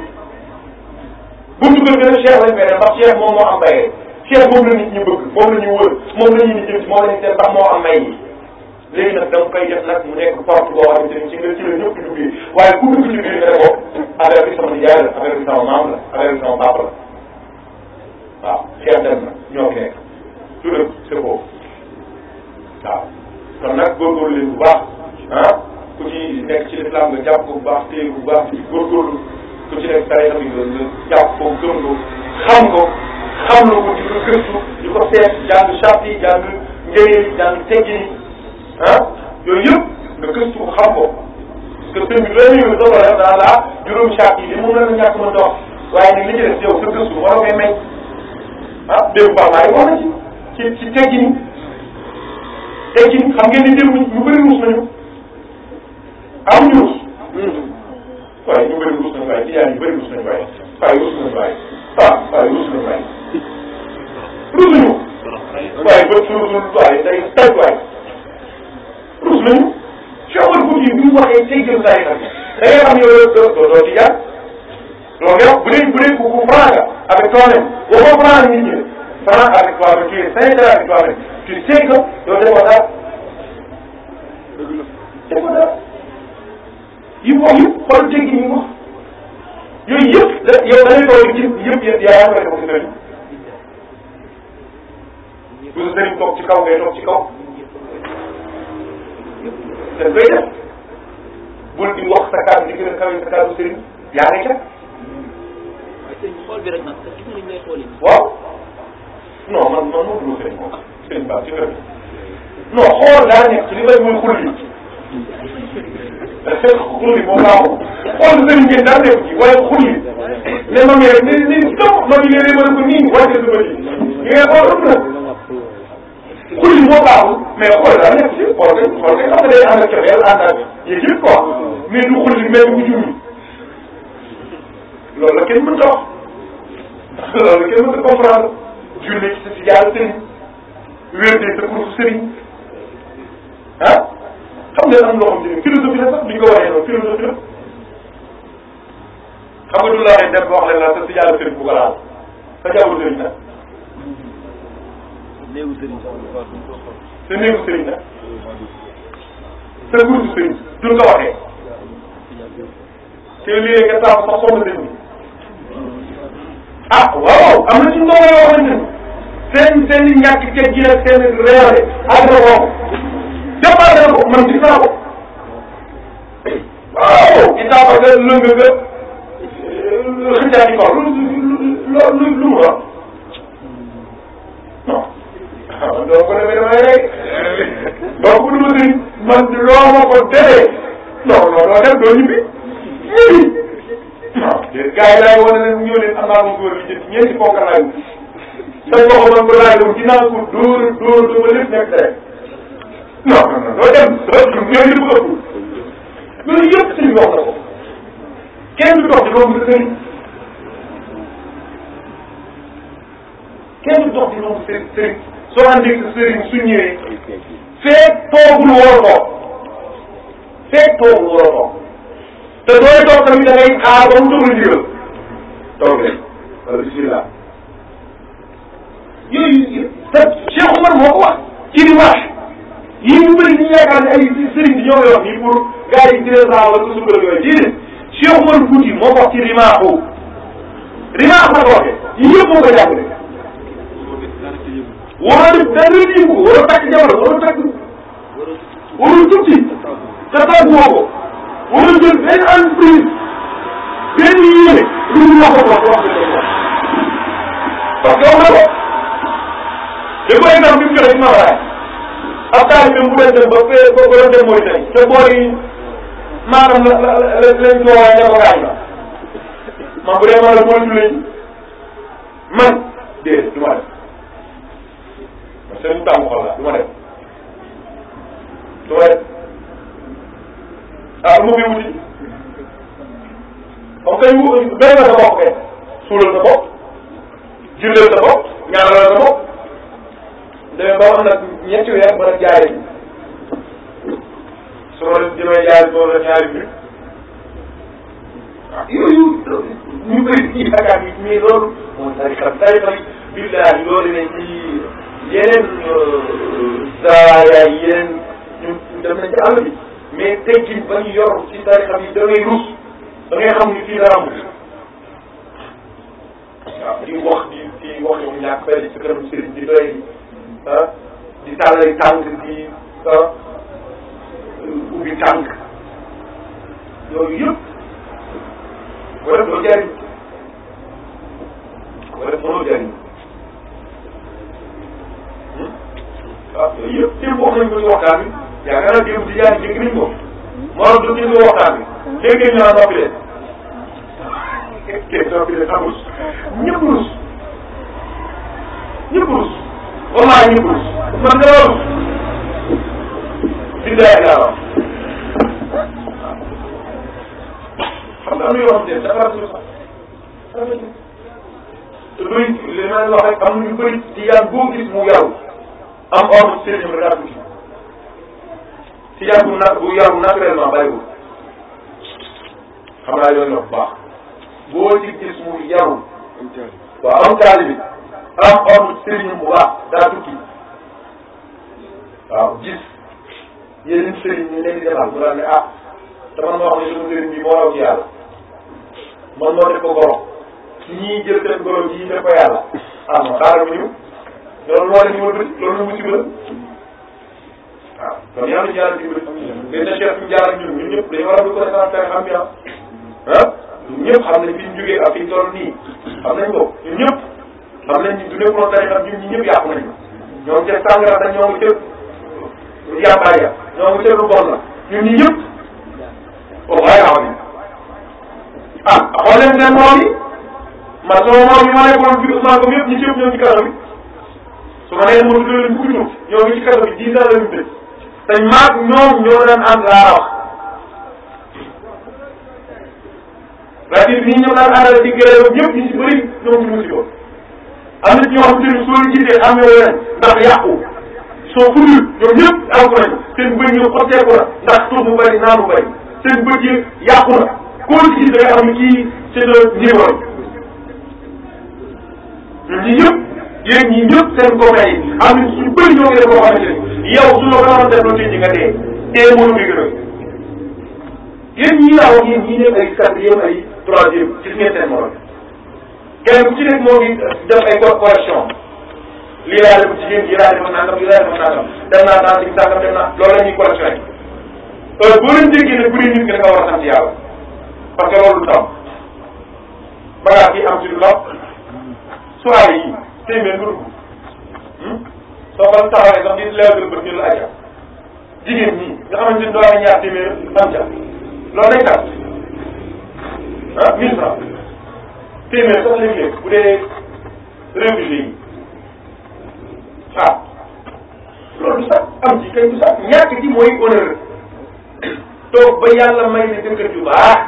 buntu kër gën a Cheikh lañ fay def ndax Cheikh moom moo am bayre Cheikh boobu la nit ñu bëgg moom la ñu wër moom la ñu nit jëm ci moom la ñu seen ndax moo am may yi léegi nag da nga koy def nag mu nekk porte boo xamante ne ci nga ci la ñëpp duggee waaye ku dugg ci biir nga ne ko affaire bi sama nijaay la affaire bi sama maam la affaire bi sama papa la waaw xeet dem na ñoo fi nekk tout le c'est faux waaw kon nag góorgóorlu leen bu baax ah ku ci nekk ci lislaam nga jàpp ko bu baax téye ko bu baax ci góorgóorlu ku ci nekk tarixa bi nga nga jàpp ko gëm ko xam ko xam na ko di ko gëstu di ko seet jàng charte yi jàng ngéye yi jàng teggi yi ah yooyu yëpp nga gëstu ko xam ko parce bi loolu yooyu doo ko def daan la ñàkk mën dox waaye nag li ci def yow sa gëstu waroo koy may ah démb baax naa yi wax na ci ci ci teggin teggin xam ngeen ni démb ñu bëri ruus nañu am ñu ruus waaye ñu bëri ruus nañu waaye tijaan ñu bëri ruus nañu waaye waaye ruus nañu waaye waaw waaye ruus nañu waaye ruus nañu waaye bët su ruusul waaye day taj waaye rus nañu Cheikh ñu waxee tey jëm saa yi da ngay xam yow doo doo doo ci jaar loolu ngay wax bu dee bu dee ku ku franc nga avec toi-même waxoo franc nit ñi franc avec toi-même tu es sincère avec toi-même tu sais que yow defoo dara defoo dara yi mu wax yëpp xool dégg yi mu wax yooyu yëpp da yow da ngay toog gis yëpp yëpp yaa ngi koy defoo si sëriñ bu sa sëriñ toog ci kaw ngay kaw da koy def bul di wax sa kàddu di gën a kawe sa kàddu sëriñ yaa ngi ca. waaye sëriñ xool bi rek nag gis nga ni ngay xool waaw non man man moom du sëriñ moom sëriñ Ba ci kër gi non xool daa nekk li may mooy xulli xulli moom baaxul xool sëriñ ngeen daa nekk ci waaye xulli mais ma ngi rek ni ni tëb ma ngi leen mën a ko nii wàcce su bëri yi nga xool ëpp na xulli moo baaxul mais xool daal nekk ci xool kay xool kay xam nga day ànd ak cofeel ànd ak yëg yëpp quoi mais du xulli mais du jumli loolu la kenn mënta wax loolu la kenn mënta comprendre julli sa si jaar sëriñ wérdee sa kuréel sëriñ ah xam ngeen am loo xam ne philosophie la sax duñ ko waxee noonu philosophie la xam nga du la waxee dem wax leen bu ko laal sa jaww sëriñ nag néewu sëriñ sa néewu sëriñ nag sa groupe sëriñ duñ ko waxee te léegi nga taw sax soxna sëriñ bi ah waaw am na suñ ko war a waxoon ñun seen seen i ñàkk ca ji ak seen réewale ak na ko jàppale na ko man gis naa ko waaw di taw ba lëng nga xëccaat yi ko lu lu lu lu mu doon non waaw man doo ko defee damay rey donc bu dul sëriñ man loo ma ko defee non non doo dem doo ñibbi ñibbi waaw gars yi daay wane ne ñëw leen am naa ma góor gi jënd ñeenti ponk laay wut sa loxo man ko laay wut dinaa ko dóor dóor dóor ba lépp nekk rek non non non doo dem doo ñëw ñëw ko loolu yëpp sëriñ wax na ko kenn du dox di romb sëriñ kenn du dox di romb sëriñ sëriñ soo andi sëriñ su ñëwee feeg toogul waroo toog feeg toogul waroo toog te dooy toog tamit da ngay xaar ba mu déglu ndigal toog leen wala bisimilah yooyu te Cheikh Oumar moo ko wax ci li wax yii ñu bëri ñu yaakaar ne ay sëriñ bi ñoo koy wax nii pour gars yi deux ans wala su ko yooyu déedéet Cheikh Oumar Fouti moo ko wax ci rimaaxu rimaax la ko waxee yii yëpp moo ko jàppale waroo def benn jiwu waroo takk jabar waroo takk waroo tukki te taw woo ko waroo jël benn entreprise benn yéene lu mu wax wax wax parce que wax na ko li ko énal bi mu joxe dina war a ab taal bi mu doon dem ba ba ba doon dem mooy tey te boor man bu dee ma seen tàmm xol la du ma dem du ma dem ah mu ngi wuti comme que yu béy nga sa bopp kay suulal sa bopp jullee sa bopp ñaanalal sa bopp demee ba am nag ñetti weer mën a jaaree su ma leen demee jaaree ba la ñaari minute ah yooyu ñu bëri fii Dakar yi mais loolu mooy tarixa tarixa billahi loolu ne ci yeneen zaaya euh, yeneen ñu dem nañ ci àll ba ñu yor ci tarixa bi da ngay rus da ngay xam ni fii dara amul waaw di wax di di wax yow ñàkk fay di ci doy ah di tàllay tànk di ah ubbi tànk yooyu yëpp wala doo jariñ wala mënoo waaw yooyu yëpp képp wax nañ ko ci waxtaan bi yaakaar naa démb si jaay dégg nañ ko Mor du gis nga waxtaan bi dégg nañ ñu naan noppi leen képp noppi leen amul ñëpp rus ñëpp rus wallaay ñëpp rus man dama rus di daay laa wax xam nga am na yoo xam ne dafa rafetlu sax te bëri li ma leen wax rek am am ordre Serigne Ibrahima daa ko ji si yàggu na bu yàggu naturellement bàyyiwul xam naa yooyu la bu baax boo ci gis mu yaru waaw am taalibi am ordre Serigne bu baax daa tukki waaw gis yeneen Serigne ñu nekk defal bu daan ne ah te man moo xam ne sama Serigne bi moo raw ci yàlla man moo def ko borom ñii jël seen borom yii def ko yàlla ah non xaaral ñu. loolu moo leen ñu wëlbati loolu la musiba la waaw kon yàlla na jaarale dimbali. benn chef bi jaar ak ñun ñun ñëpp dañu war a reconnaissance très xam bien ah, ah ñëpp xam nañ fi ñu jógee ak fi ñu toll nii xam nañ ko ñun ñëpp xam nañ du nekkoon dara xam ñun ñi ñëpp yàqu nañ ko ñoom ca sàngara dañ ñoo ngi cër yàmbaay ya ñoo ngi cër lu bon la ñun ñii ñëpp waaye xaw nañ ah xool leen seen moom yi man sama moom yi ma nekkoon bi Ousmane comme yëpp ñi ci yëpp ñoo ci kanam bi su ma nee moom loolu bu ñu ñoo ngi ci kaso bi dix ans la ñu dëkk te maag ñoom ñoo daan ànd laa wax. c'est-à-dire ñi ñoo daan àndal ci gërëm ñëpp ñu ci bëri ñoom ñu musiba am na ci ñoo xam te ni soo gisee am na leneen ndax yàqu soo fuddul ñoom ñëpp am ko nañu seen bëri ñoom xotteeku na ndax tuur bu bëri naan bu bëri seen bët yi yàqu na koo ci gis da nga xam ne kii c'est un njëriñoon ñun ñii yëpp. yéen ñi ñëpp seen kooka yi am na ci bëri ñoo ngi def boo xamante ni yow su la ko doon def noonu nga dee dee mënu ngi gën a yéen ñi laa wax yéen ñi nekk ay quatrième ay troisième gis ngeen seen morom kenn ku ci nekk moo ngi def ay corporation lii laa def jigéen lii laa defoon nangam lii laa defoon nangam dem naa dans ci sàngam dem naa loolu la ñuy correctionné heure boo leen déggee ne bu dee nit nga da nga war a sant yàlla parce que loolu lu tam bagage yi am ci lu lopp soirée yi téeméer bu dugg hmm? soo ko taxawee sax di leer bët ñu la ajja jigéen ñi nga xamante ni doole ñaar téeméer am ca loolu day tax ah 1000 francs téeméer sax léeg-léeg bu dee réfugié yi ah loolu du sax am ci kay du sax ñàkk ji mooy honneur toog ba yàlla may ne jëkkër ju baax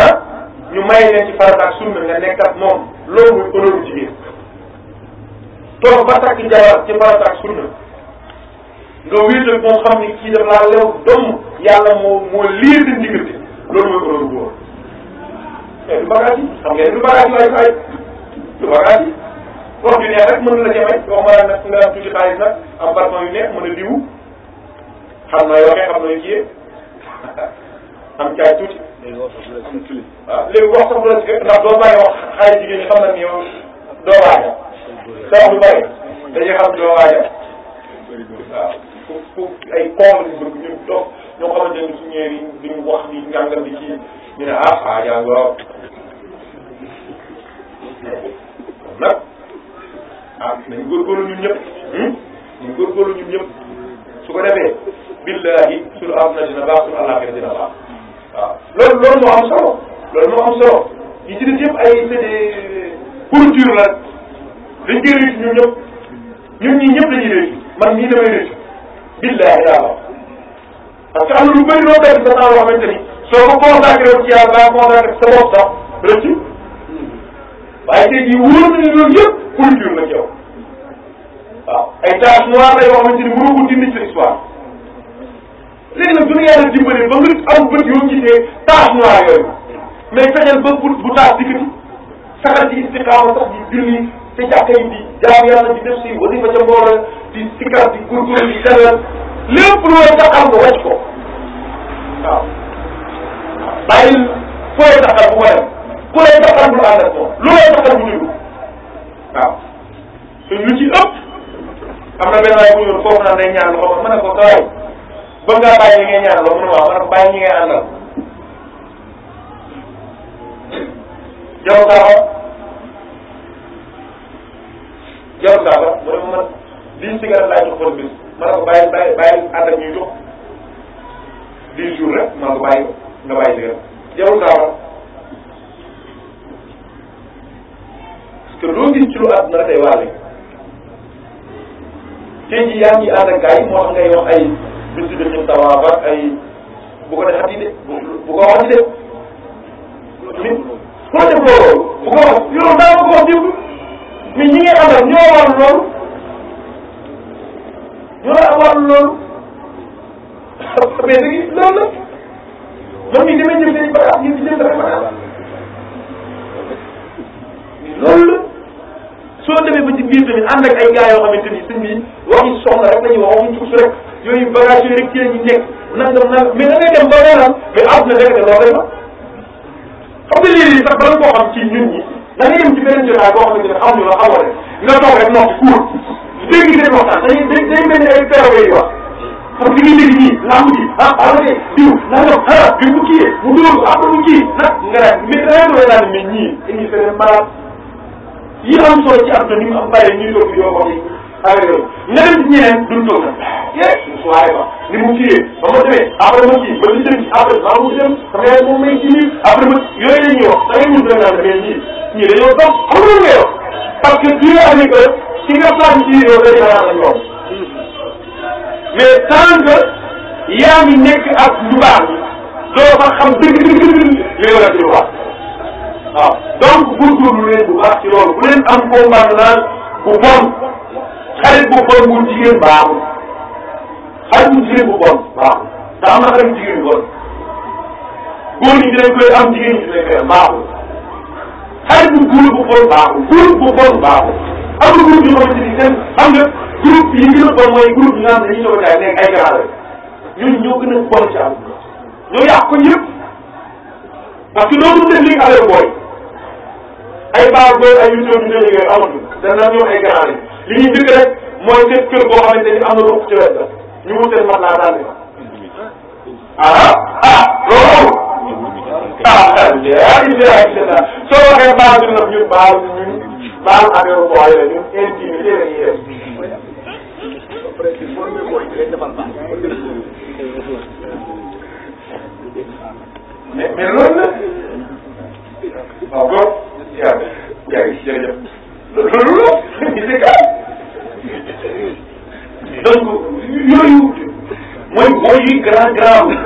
ah ñu may leen ci farata ak nga nekk ak moom. loolu muy honneur jigéen toog ba takk jabar ci farata ak sunna nga wéet ak moo xam ni kii daf laa lew doom yàlla moo moo lii seen diggante loolu mooy honneur góor mais eh, du bagaat yi xam ngeen du bagaat yi laay fay du bagaat yi wax ju neex rek mën na la ca may wax ma nag nga am tuuti xaalis nag am parfum yu neex mën a diwu xam naa yoo xam na yu kiyee am caay tuuti léegi wax sax bu la si. waaw léegi wax sax bu la si ndax doo bàyyi wax xale jigéen ñi xam nañ ni yow doo waaja. sa wax lu bëri dañuy xam doo waaja. waaw foofu foofu ay koom lañ bëgg ñun toog ñoo xamante ne suñu ñëwee di ñu wax di ngàngam di ci ñu ne ah ah jàng waaw. nag ah nañ góorgóorlu ñun ñëpp. Hmm? nañ góorgóorlu ñun ñëpp su ko defee billahi suñu àdduna dina baax suñu àllaaxira dina baax. waaw loolu loolu moo am solo loolu moo am solo yi ci des yëpp ay c'est des pourriture la dañ koy réussir ñun ñëpp ñun ñii ñëpp dañuy réussir man ñii damay réussir billahi daal parce que am na lu bëri loo def sa temps loo xamante ni soo ko consacré woon ci yàlla daa consacré sa bopp sax rëccu waaye tey jii wóor na ne loolu yëpp pourriture la ci yow waaw ay tâche noire la yoo xamante ni mënoo ko dindi ci histoire léegi nag dina yàlla dimbali ba nga am bët yoo gisee taas noir yooyu mais fexeel ba bu bu taas dikkati saxal ci istiqaama sax di julli te jàkka yi di jaam yàlla di def si wasifa ca mbooloo di sikar di góorgóorlu di sellal lépp lu la taxal nga wecc ko waaw. bàyyil foo lay taxal bu ko dem ku lay taxal bu ànd ak moom lu lay taxal bu déglu waaw te lu ci ëpp am na benn waay bu ñëw foofu naan day ñaan loxo ma ne ko kaay. bëgg ngaa bàyyi li ngay ñaan loo mun a waaw man bàyyi ñi ngay àndal Diop mu ma man lii cigarette laa jox par bis ma ne ko bàyyi bàyyi bàyyi ànd ak ñuy jox dix jours rek ma nga bàyyi cigarette Diop Sakho parce que loo gis ci lu àdduna rek day waale tey jii yaa ngi ànd ak gars yi moo xam ngay ay. biñ tuddee ñoom tawaab ak ay bu ko defati de bu bu ko waxati de. min ku la def loolu bu ko wax yow daa ko wax jiw mais ñi ngay àndal ñoo war loolu ñoo la war loolu mais léegi loolu la ñoom ñu demee jël seen bagaas ñu di jël seen bagaas loolu la soo demee ba ci biir tamit ànd ak ay gars yoo xamante ni sëñ bi wax yi soxla rek la ñuy wax waxuñ ci rek. yooyu bagage yooyu rek ci la ñu nekk nangam nangam mais da ngay dem ba maanaam mais ab na dëgg loolu lay wax xam nga léegi sax bala koo xam ci ñun ñi da ngay dem ci beneen jotaay boo xamante ne xamuñu la xamoo rek nga toog rek noppi kuul dégg nga dañ waxtaan dañuy dañ mel ni ay perroquet yi wax parce que li ngay dégg nii làmb ji ah xaaral ah, de diw nangam ah bi mu kiiyee mu dóor ko ah, après mu kii nag ah, nga daan mais da ngay doon daal mais ñii dañuy feneen maanaam yi am solo ci àdduna ni mu am bàyyi ñuy toog yoo xam aywa nga dem ci ñeneen duñ toog yéen su waaye ba ni mu kiiyee ba ma demee après ma kii ba li dem après maa mu dem sama yaay moom may kii après ma yooyu la ñuy wax da ngay ñun dana da ngay ñii ñii dañoo toog xam nga ngay wax parce que biir avec ci nga fàttali ci yow dañuy xalaat ak ñoom mais tant que yaa ngi nekk ak lu baax doo fa xam dëgg dëgg dëgg li nga def waaw donc góorgóorlu leen bu baax ci loolu bu leen am combat naan bu bon xarit bu bon bu jigéen baaxul xarit bu jigéen bu bon baaxul te am na xarit jigéen bu bon góor ñi dinañ koy am jigéen ñi dinañ koy am baaxul xarit bu góor bu bon baaxul góor bu bon baaxul am na groupe yoo xamante ni seen xam nga groupe yi gën a bon mooy groupe yi nga xam ne dañuy soog a jaay nekk ay grand rek ñun ñoo gën a bon ci am ñoo yàq ko ñëpp parce que doo def li nga xam ne booy ay baar booy ay yu ñu doon ñu doon yëgee amatuñ danañ ñëw ay grand lañ li ñuy njëkk rek mooy seen kër boo xamante ni am na ruq ci wet la ñu wut seen matelas daal ah ah loolu ah ah illah soo waxee baal ñu nag ñun baal ñun baal affaire booy la ñun intimité la ñuy def. mais mais loolu la waaw kon yaa ngi jërëjëf. loolu c'est grave donc yooyu mooy mooy yi grand grave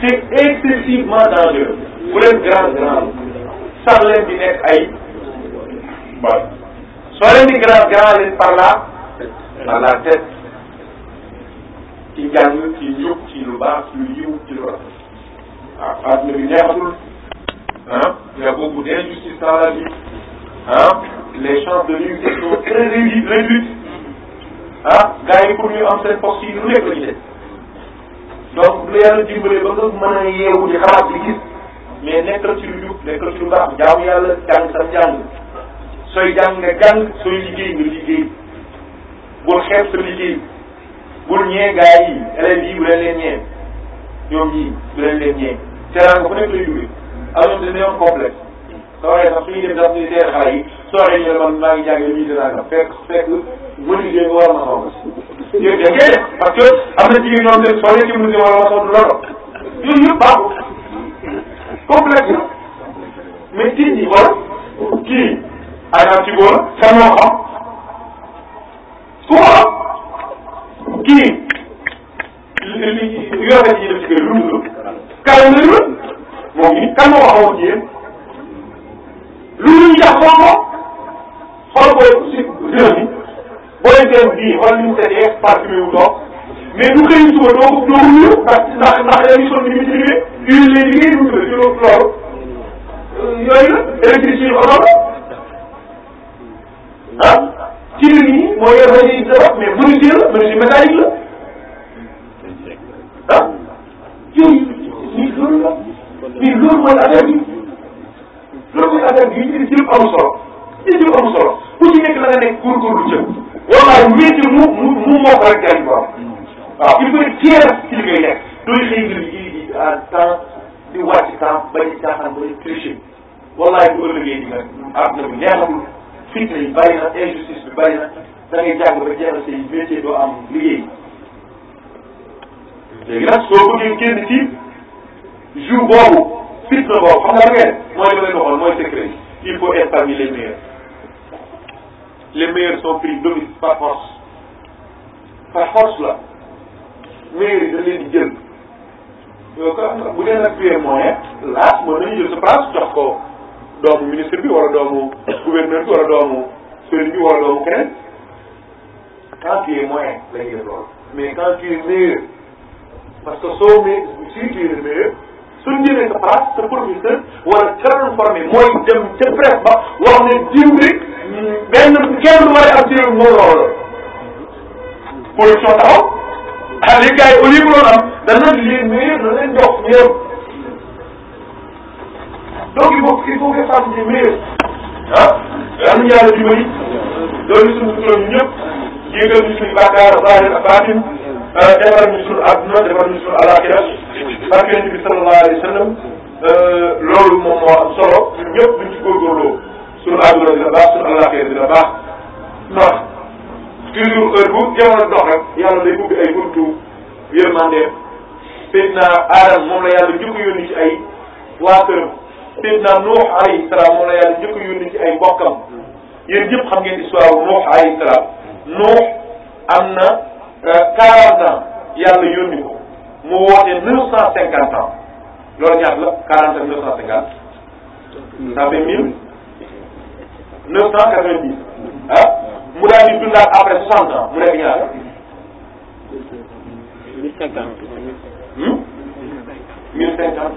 c'est excessivement dangereux bu leen grand grave sax leen di nekk ay bon soo leen di grand grand leen par là par la tête ci jàng ci njub ci lu baax ci lu yiw ci lu rafet waaw adduna bi neexatul ah nga beaucoup d'injustice dans la vie ah les chances de réussite sont très réduites ah gars yi pour ñu am seen poste yi lu nekk la ñu def donc lu yàlla dimbalee ba nga mën a yeewu di xalaat di gis mais nekkal ci lu jub nekkal ci lu baax jaamu yàlla jàng sa jàng sooy jàng nga jàng sooy liggéey nga liggéey bul xeeb sa liggéey bul ñee gars yi élèves yi bu leen leen ñee ñoom ñii bu leen leen ñee. teranga fu nekk lay jógee amoon dañu complexe. sooyee sax suñu dem sax suñu seet xale yi sooyee ñu ne man maa ngi jàngee midi nangam fekk fekk bu liggéey war na soxla si. yéen da ngeen parce que am na jigéen ñoom seen sooyee ci midi wala wala du loro yooyu yëpp baaxul complexe la mais kii ñi xool kii ay naam ci góor kan moo xam ku ko xam kii li li li yor na ci ñu dem ci kër lu mu tudd. kaay nga moom kan lu ñuy yàq moom si dina bi boo leen dem bii xool ni mu setee parti bi mu toog mais du xëy suba doo ko doo ko ñëw ndax ndax ndax dañuy sonn ni mu ci liggéey huile lay liggéey du tudd ci loolu yooyu la ah, mooy yor rajo yi di wax mais menuisier la menuisier métallique la ah yooyu loolu la mais loolu mooy affaire loolu mooy affaire i ci jëm amul solo ci jëm amul solo ku ci nekk la nga nekk góorgóorlu jëm wallaay métier mu mu mu moo ko rek jëriñ ko waaw il faut être fier ci li ngay nekk doy xëy nga liggéey à temps di wàcc temps bañ a caaxaan bañ a tricher wallaay bu ëllëgee di nga àdduna bi neexatul fitna yi bari na injustice bi bari na da ngay jàng ba jeexal say métier doo am liggéey léegi nag soo bëggee génn ci jour boobu filtre la boobu xam nga mooy li may waxoon mooy secret bi il faut par force par force la meilleurs yi dañ leen di jël yow ka bu dee nag pire moyen laas mën nañu jël sa ko doomu ministre bi wala doomu gouverneur bi wala doomu sëriñ bi wala doomu keneen quand tu es moyen la ñuy def loolu mais quand tu es que soo mais si tu es meilleur suñ jëlee sa place sa producteur wala ca formé mooy dem ca presse ba wax ne jiw bi benn kenn war a am jiw moo loolu production taxaw ah li gars yi au lieu am dana lii mais dana leen jox ñëpp donc il faut il faut que ça se meilleur ah yal nañu yàlla dimbali doon suñu turam ñëpp yëgal ñu suñu bàkkaar baatin Euh, defar ñu suñu àdduna defar ñu suñu alaxira barke yonent bi sallallahu alayhi wa sallam euh, loolu moom moo am solo ñun ñëpp buñ ci góorgóorloo suñu àdduna dina baax suñu alaxira dina baax ndax toujours heure bu jamono dox rek yàlla day ubbi ay buntu yërmande Seydina Adam moom la yàlla njëkk yónni ci ay waa këram Seydina Nuux alayhi salaam moom la yàlla njëkk yónni ci ay mbokkam yéen ñëpp xam ngeen histoire Nuux alayhi salaam Nuux am na quarante ans yàlla yónni ko mu woote neuf cent cinquante ans loolu ñaat la quarante ak neuf cent cinquante ça fait mille neuf cent quatre vingt dix ah mu daal di dundaat après soixante ans mu nekk ñaata mille hmm? cinquante mille cinquante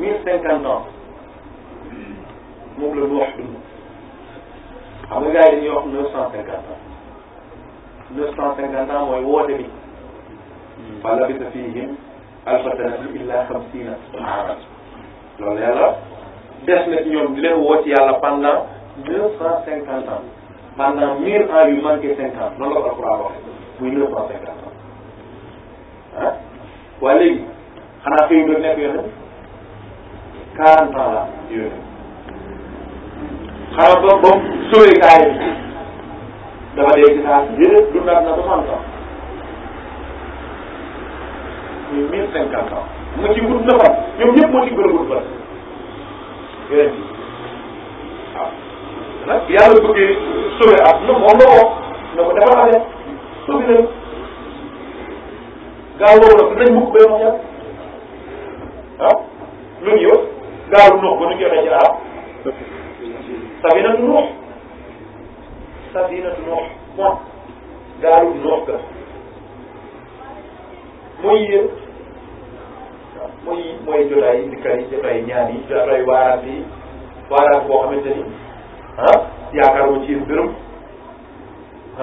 mille cinquante ans moom la ñu wax dund xam nga gars yi dañuy wax neuf cent cinquante ans neuf cent cinquante mooy woote bi fa labisa fihim alfa sanatin illa xamsina aaman loolu yàlla des na ci ñoom di leen woo ci yàlla pendant neuf cent cinquante ans pendant mille ans yu manqué cinquante noonu la ko alxuraan waxee muy neuf cent cinquante ans ah waaye léegi xanaa xëy na nekk yonent quarante ans la yonent xanaa ba ba mu sowee kaay dafa dee ci saa yëpp dundaat na soixante ans muy mille cinquante ans mu ci gudd na fan ñoom ñëpp moo ci gën a gudd fan yeneen yi waaw nag yàlla bëggee sauvé at na moom la woo na ko defal affaire sauvé leen gaaw woowu nag nañ mukk bay wax yàlla ah lu ñu yëpp gaaw nuux ba nu ñu joxee ci aar safina safinatu noox moom gaalu noox ga mooy yéen waaw mooy mooy jotaay dikkal yi jotaay ñaan yi jotaay waaraat yi waaraat boo xamante ni ah yaakaar ma ci yéen dërëm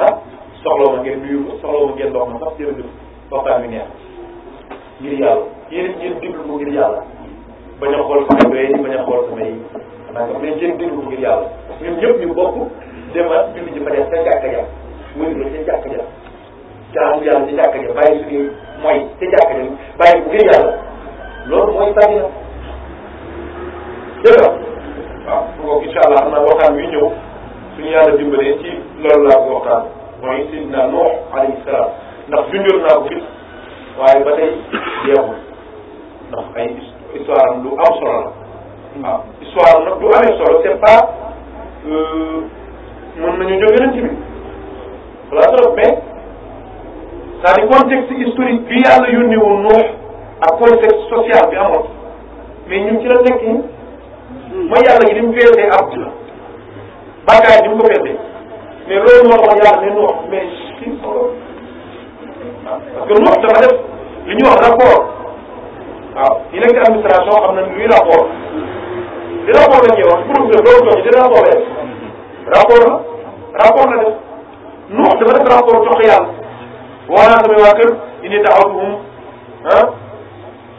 ah soxla ma ngeen nuyu ma soxla ma ngeen dox ma sax jërëjëf waxtaan bi neex ngir yàlla yéen ngeen déglu ko ngir yàlla bañ a xool samay doye yi bañ a xool samay nangam mais ngeen déglu ko ngir yàlla ñun ñëpp ñu bokk demal julli ji fa def ca jàkka ja wëndeel ca jàkka ja jaamu yàlla ca jàkka ja bàyyi suñuy mooy ca jàkka ja bàyyi bu gën yàlla loolu mooy sànni na dégg nga waaw kooku incha allah xam naa waxtaan wi ñëw suñu yàlla dimbalee ci loolu laa ko waxtaan mooy Seydina Nuux alayhi salaam ndax junjoon naa ko fii waaye ba tey jeexul ndax ay histoire am lu am solo la waaw histoire am nag du amee solo c'est pas euh, mën nañu jóg yonent bi wala trop mais c'est-à-dire contexte historique bi yàlla yónnee woon noox ak contexte social bi amoon mais ñun ci la nekk ñi mooy yàlla gi ni mu féetee ab bàkkaar ni mu ko féetee mais loolu moo tax yàlla ne noox mais si solo parce que noox dafa def li ñuy wax rapport waaw ñi nekk administration xam nañ luy rapport li rapport la ñuy wax pour que loolu doon di rapport rapport la rapport la def non dafa def rapport jox yàlla wax naa samay waa kër inni da'awtuhum ah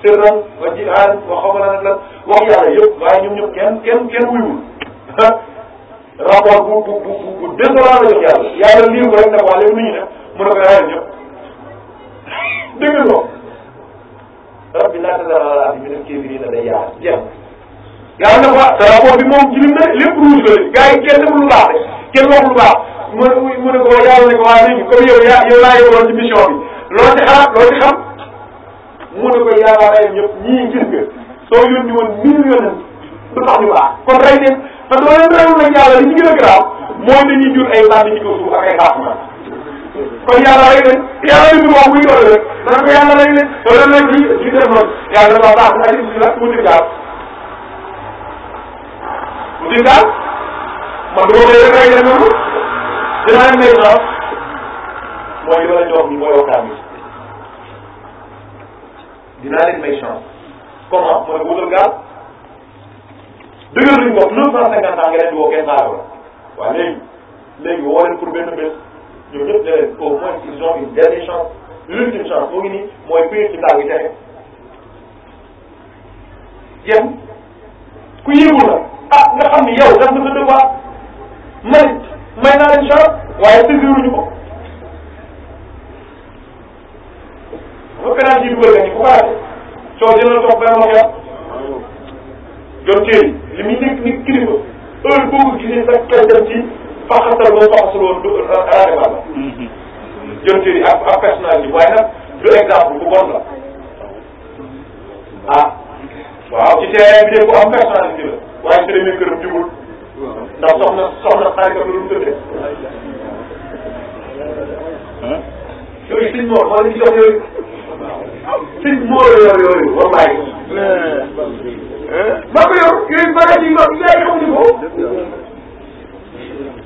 sirran wa jiharan wa xaw ma lan lan wax yàlla yëpp waaye ñoom ñëpp kenn kenn kenn wuyul rapport bu bu bu bu désolant la jox yàlla yàlla lii rek nag waa léegi nu ñu def mu ne ko yaa ñëpp dégg nga ko rabbi laa tazar alal ardi minal kaafiriina dayyaara jeex yaa ngi ne ko drapeau bi moom jiw na lépp rouge la gars yi kenn demul lu baax de kenn wax lu baax mu ne mu ne ko yàlla ne ko waa léegi comme yow yaa yow laa yoroon ci mission bi loo ci xalaat loo ci xam mu ne ko yàlla rey ñëpp ñii gis nga soo yónni woon mille yónni du tax ñu baax kon rey leen parce que boo leen reyul nag yàlla li ci gën a garaaw mooy dañuy jur ay bànn ci kaw suuf ak ay xaasumaat kon yàlla rey leen yàlla yu ñu wax buy doole rek dana ko yàlla rey leen soo leen rek di di def noonu yàlla dafa baax na ak indi la mu jëm bu di man du ma koy rek rek noonu dinaa nekk naa mooy li ma la ñu wax nii mooy waxtaan bi dinaa leen chance comment mooy wutal gaal dëgër luñ bopp neuf cent cinquante ans nga leen di woo kenn saako la waaw léegi léegi woo leen pour benn bés ñoom ñëpp ne leen au moins chance l'ultime chance moo ngi mooy kuy ci taal gi texe yem ku yéegu la ah nga xam ni yow def nga sa devoir may may naa leen chance waaye saisiruñu ko ba penalty yi dugal nga ni ku ko raté coow dina toog benn moo yor John Terry li muy nekk ni kilifa heure boo ko gisee sax kenn dem ci faxasal ba faxasul woon du raté ba la John Terry ak ak personnalité waaye nag du exemple bu bon la ah waaw ci terrain bi de ku am waaye premier këram jubul ndax soxna soxna xaritam la lu mu tëddee. yooyu sëñ Mor maa ngi jox yooyu sëñ Mor yooyu yooyu wallaay. maa ko yor yooyu bagage yi mag gars yi xamuñu ko.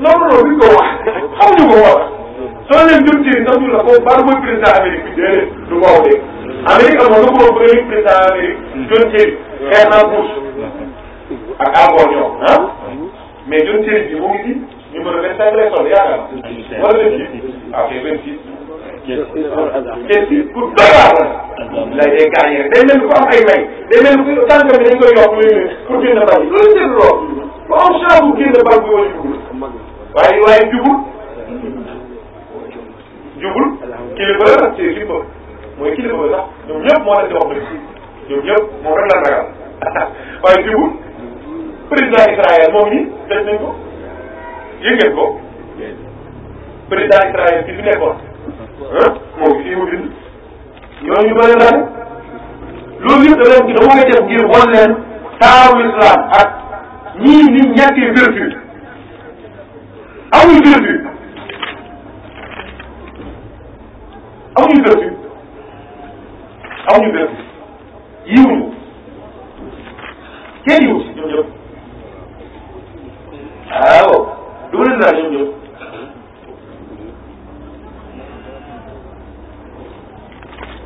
non non duñ ko wax xamuñu ko wax soo leen jëm ci ndax ñu la ko bari mooy président Amérique bi déedéet du ko wax Amérique amoon na ku doon premier président Amérique. Mm. John Terry xeex naa Bush mm. ak encore ñoom ah. mais John Terry bi mu ngi ci numéro 25 lay toll yaakaar naa. wala 26 ok may day mel ni ku tànk bi dañ koy yokk léegi pour génn bal yi loolu la jënd lool ba am chance bu génn mooy kilifa ba sax ñoom ñëpp moo leen di wax dëgg ñoom ñëpp moom rek la ragal waaye jiwul président Israël moom nii tëj nañ ko yëngeen ko président Israël bi fi nekkoon ah moom fii mu bind ñooñu ñu bëri lan loolu yëpp da doon dama koy def ngir wan leen taaru islam ak ñii ni ñetti vertu amuñu vertu amuñu vertu amuñu béréb yiiwuñu kenn yiiwu si ñoom ñëpp waaw du ma leen dara ñoom ñëpp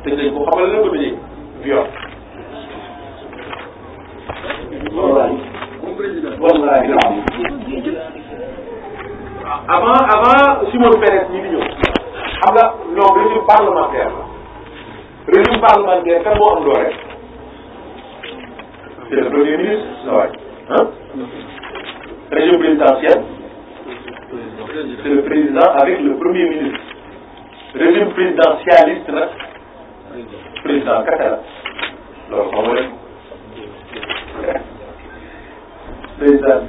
te dañ ko xamal la ko tëjee viol wallahi avant avant Simon Pérez ñi di ñëw xam nga ñoom régime parlementaire la régime parlementaire kan moo am doole. c'est le ministre sa waay ah. régime présidentiel. c'est le président avec premier ministre. régime présidentialiste nag. président kese la. loolu xam nga rek. président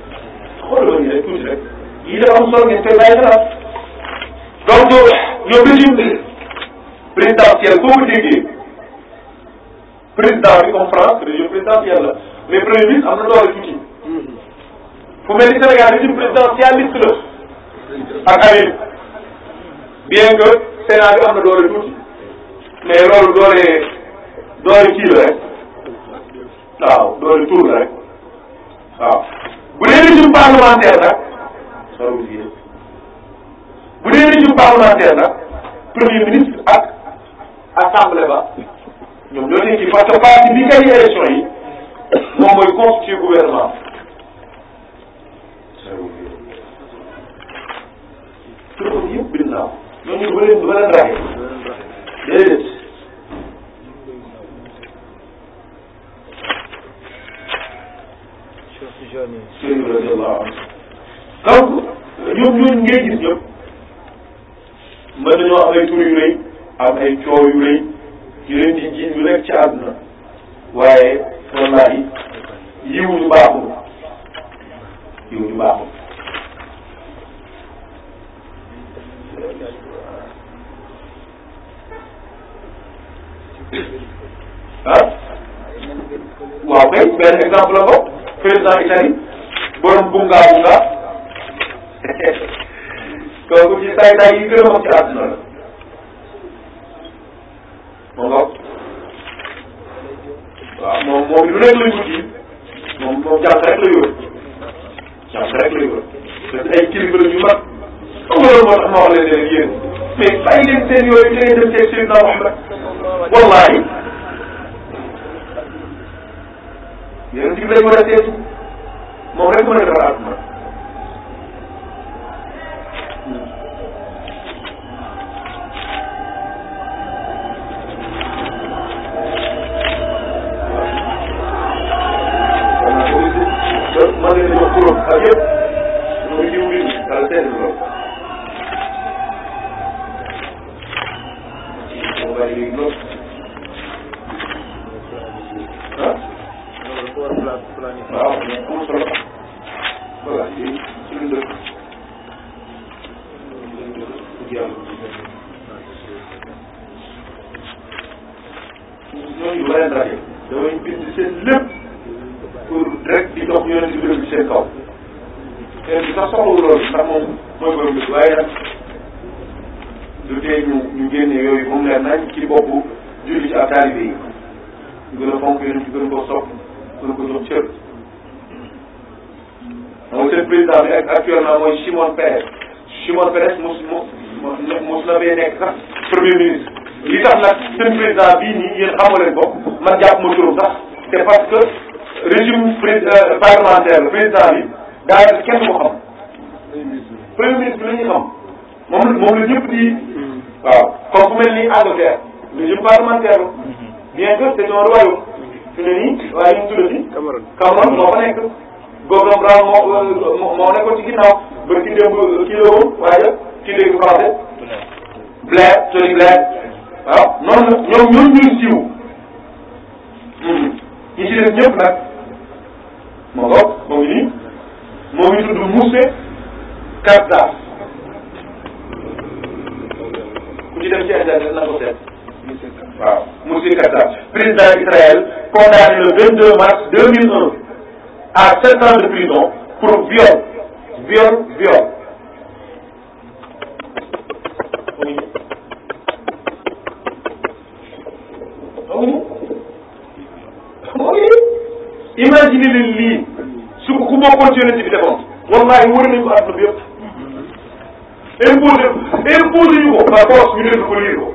xooloo ñu rek tuuti rek. yi dafa am solo ngeen koy bàyyi xel donc ñoom régime bi. présidentielle boo ko déggee président bi comme France région présidentielle la mais premier ministre am na doole tuuti fu mel ni Sénégal régime présidentialiste la ak Amérique bien que Sénat bi am na doole tuuti mais loolu doole doole kii la rek waaw doole tur la rek waaw bu dee régime parlementaire nag bu dee régime parlementaire nag premier ministre assemblée ba ñoom ñoo leen ci parce que parti bi gagné élection yi moom mooy constituer gouvernement turam yëpp bind naa ko ñooñu ba leen ba leen raxe déedéet sëriñ radiallahu anhu donc ñoom ñooñu ngay gis ñëpp mën nañoo am ay tur yu rëy am ay coow yu rëy yu leen di jiiñ lu nekk ci àdduna waaye wallahi yiw ñu baaxul yiw ñu baaxul ah waaw kay benn exemple la ko président Italie borom bunga bunga kooku ci saytaay yi gën a mag ci àdduna la ma ngoog moom moom lu nekk lañ wuti moom moom jàpp rek la yor jàpp rek la yor te ay kilifa la ñu mag xam nga loolu moo tax ma wax leen ne yéen mais bàyyi leen seen yooyu te ngeen dem seen Seydina Muhammad wallahi moom rek mën a wax yëpp mooy diwlin bi daal seetlu lool. moo bari lool. sax soxlawul loolu ndax mooy borom bi waaye nag du tee ñu yooyu moom leer nañ ci boppu julli ci ak taalibe yi ñu gën a fonk yéen ñu gën koo sopp gën ko jox cër mooy seen président mooy Shimon Peres Shimon Peres mos mos mos na bee nekk sax premier ministre li tax nag seen président bii nii yéen xamoo leen ko man jàpp ma turam sax c'est parce que régime pré parlementaire la président bi premier ministre bi la ñuy xam moom moom la ñëpp di. waaw comme ku mel ni Angleterre régime parlementaire la. bien que c'est un royaume. fi ne nii waaye ñu tuddati. Cameroun Cameroun moo fa nekk. Gordon Brown moo moo moo nekkoon ci ginnaaw ba ki démb kii la woon waaye kii dégg français. Blair Tony Blair waaw noonu la ñoom ñoo ñuy siiw. Hmm. ñi ci des ñëpp nag moo ko moo ngi nii moo ngi tudd Mousse. captage ku ci dem ci internet na ko seet waaw monsieur Kassab président Israël condamné le 22 mars 2001 à sept ans de prison pour viol viol viol. amuñu imagine leen lii su ko ku bokkoon ci yonent bi defoon wallahi wër nañu ko àdduna bi imposé imposé ñu ko par force ñu nekk ko lii ko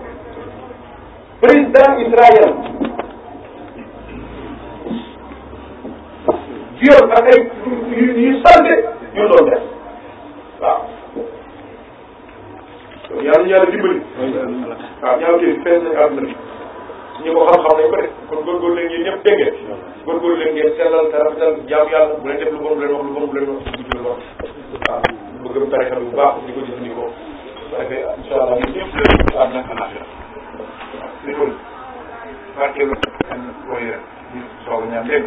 président Israël viol ak ay yu yu sante ñu doon def waaw. yàlla ñu yàlla dimbali. waaw ñaaw kii feeñ nañ àdduna bi ñu ko xam-xam nañ ko de kon góorgóorlu nañ ñëpp dégg ngeen góorgóorlu leen ngeen sellal te rafetal jaamu yàlla bu leen def lu bon bu leen wax lu bon bu leen wax lu dul wax waaw bëgg tarixa bi baax di ko jëfandikoo su defee allah ñun ñëpp leen àdduna ak alaxira waaw léegi barkeelu ak wooyu rek ñu soog a ñaan dégg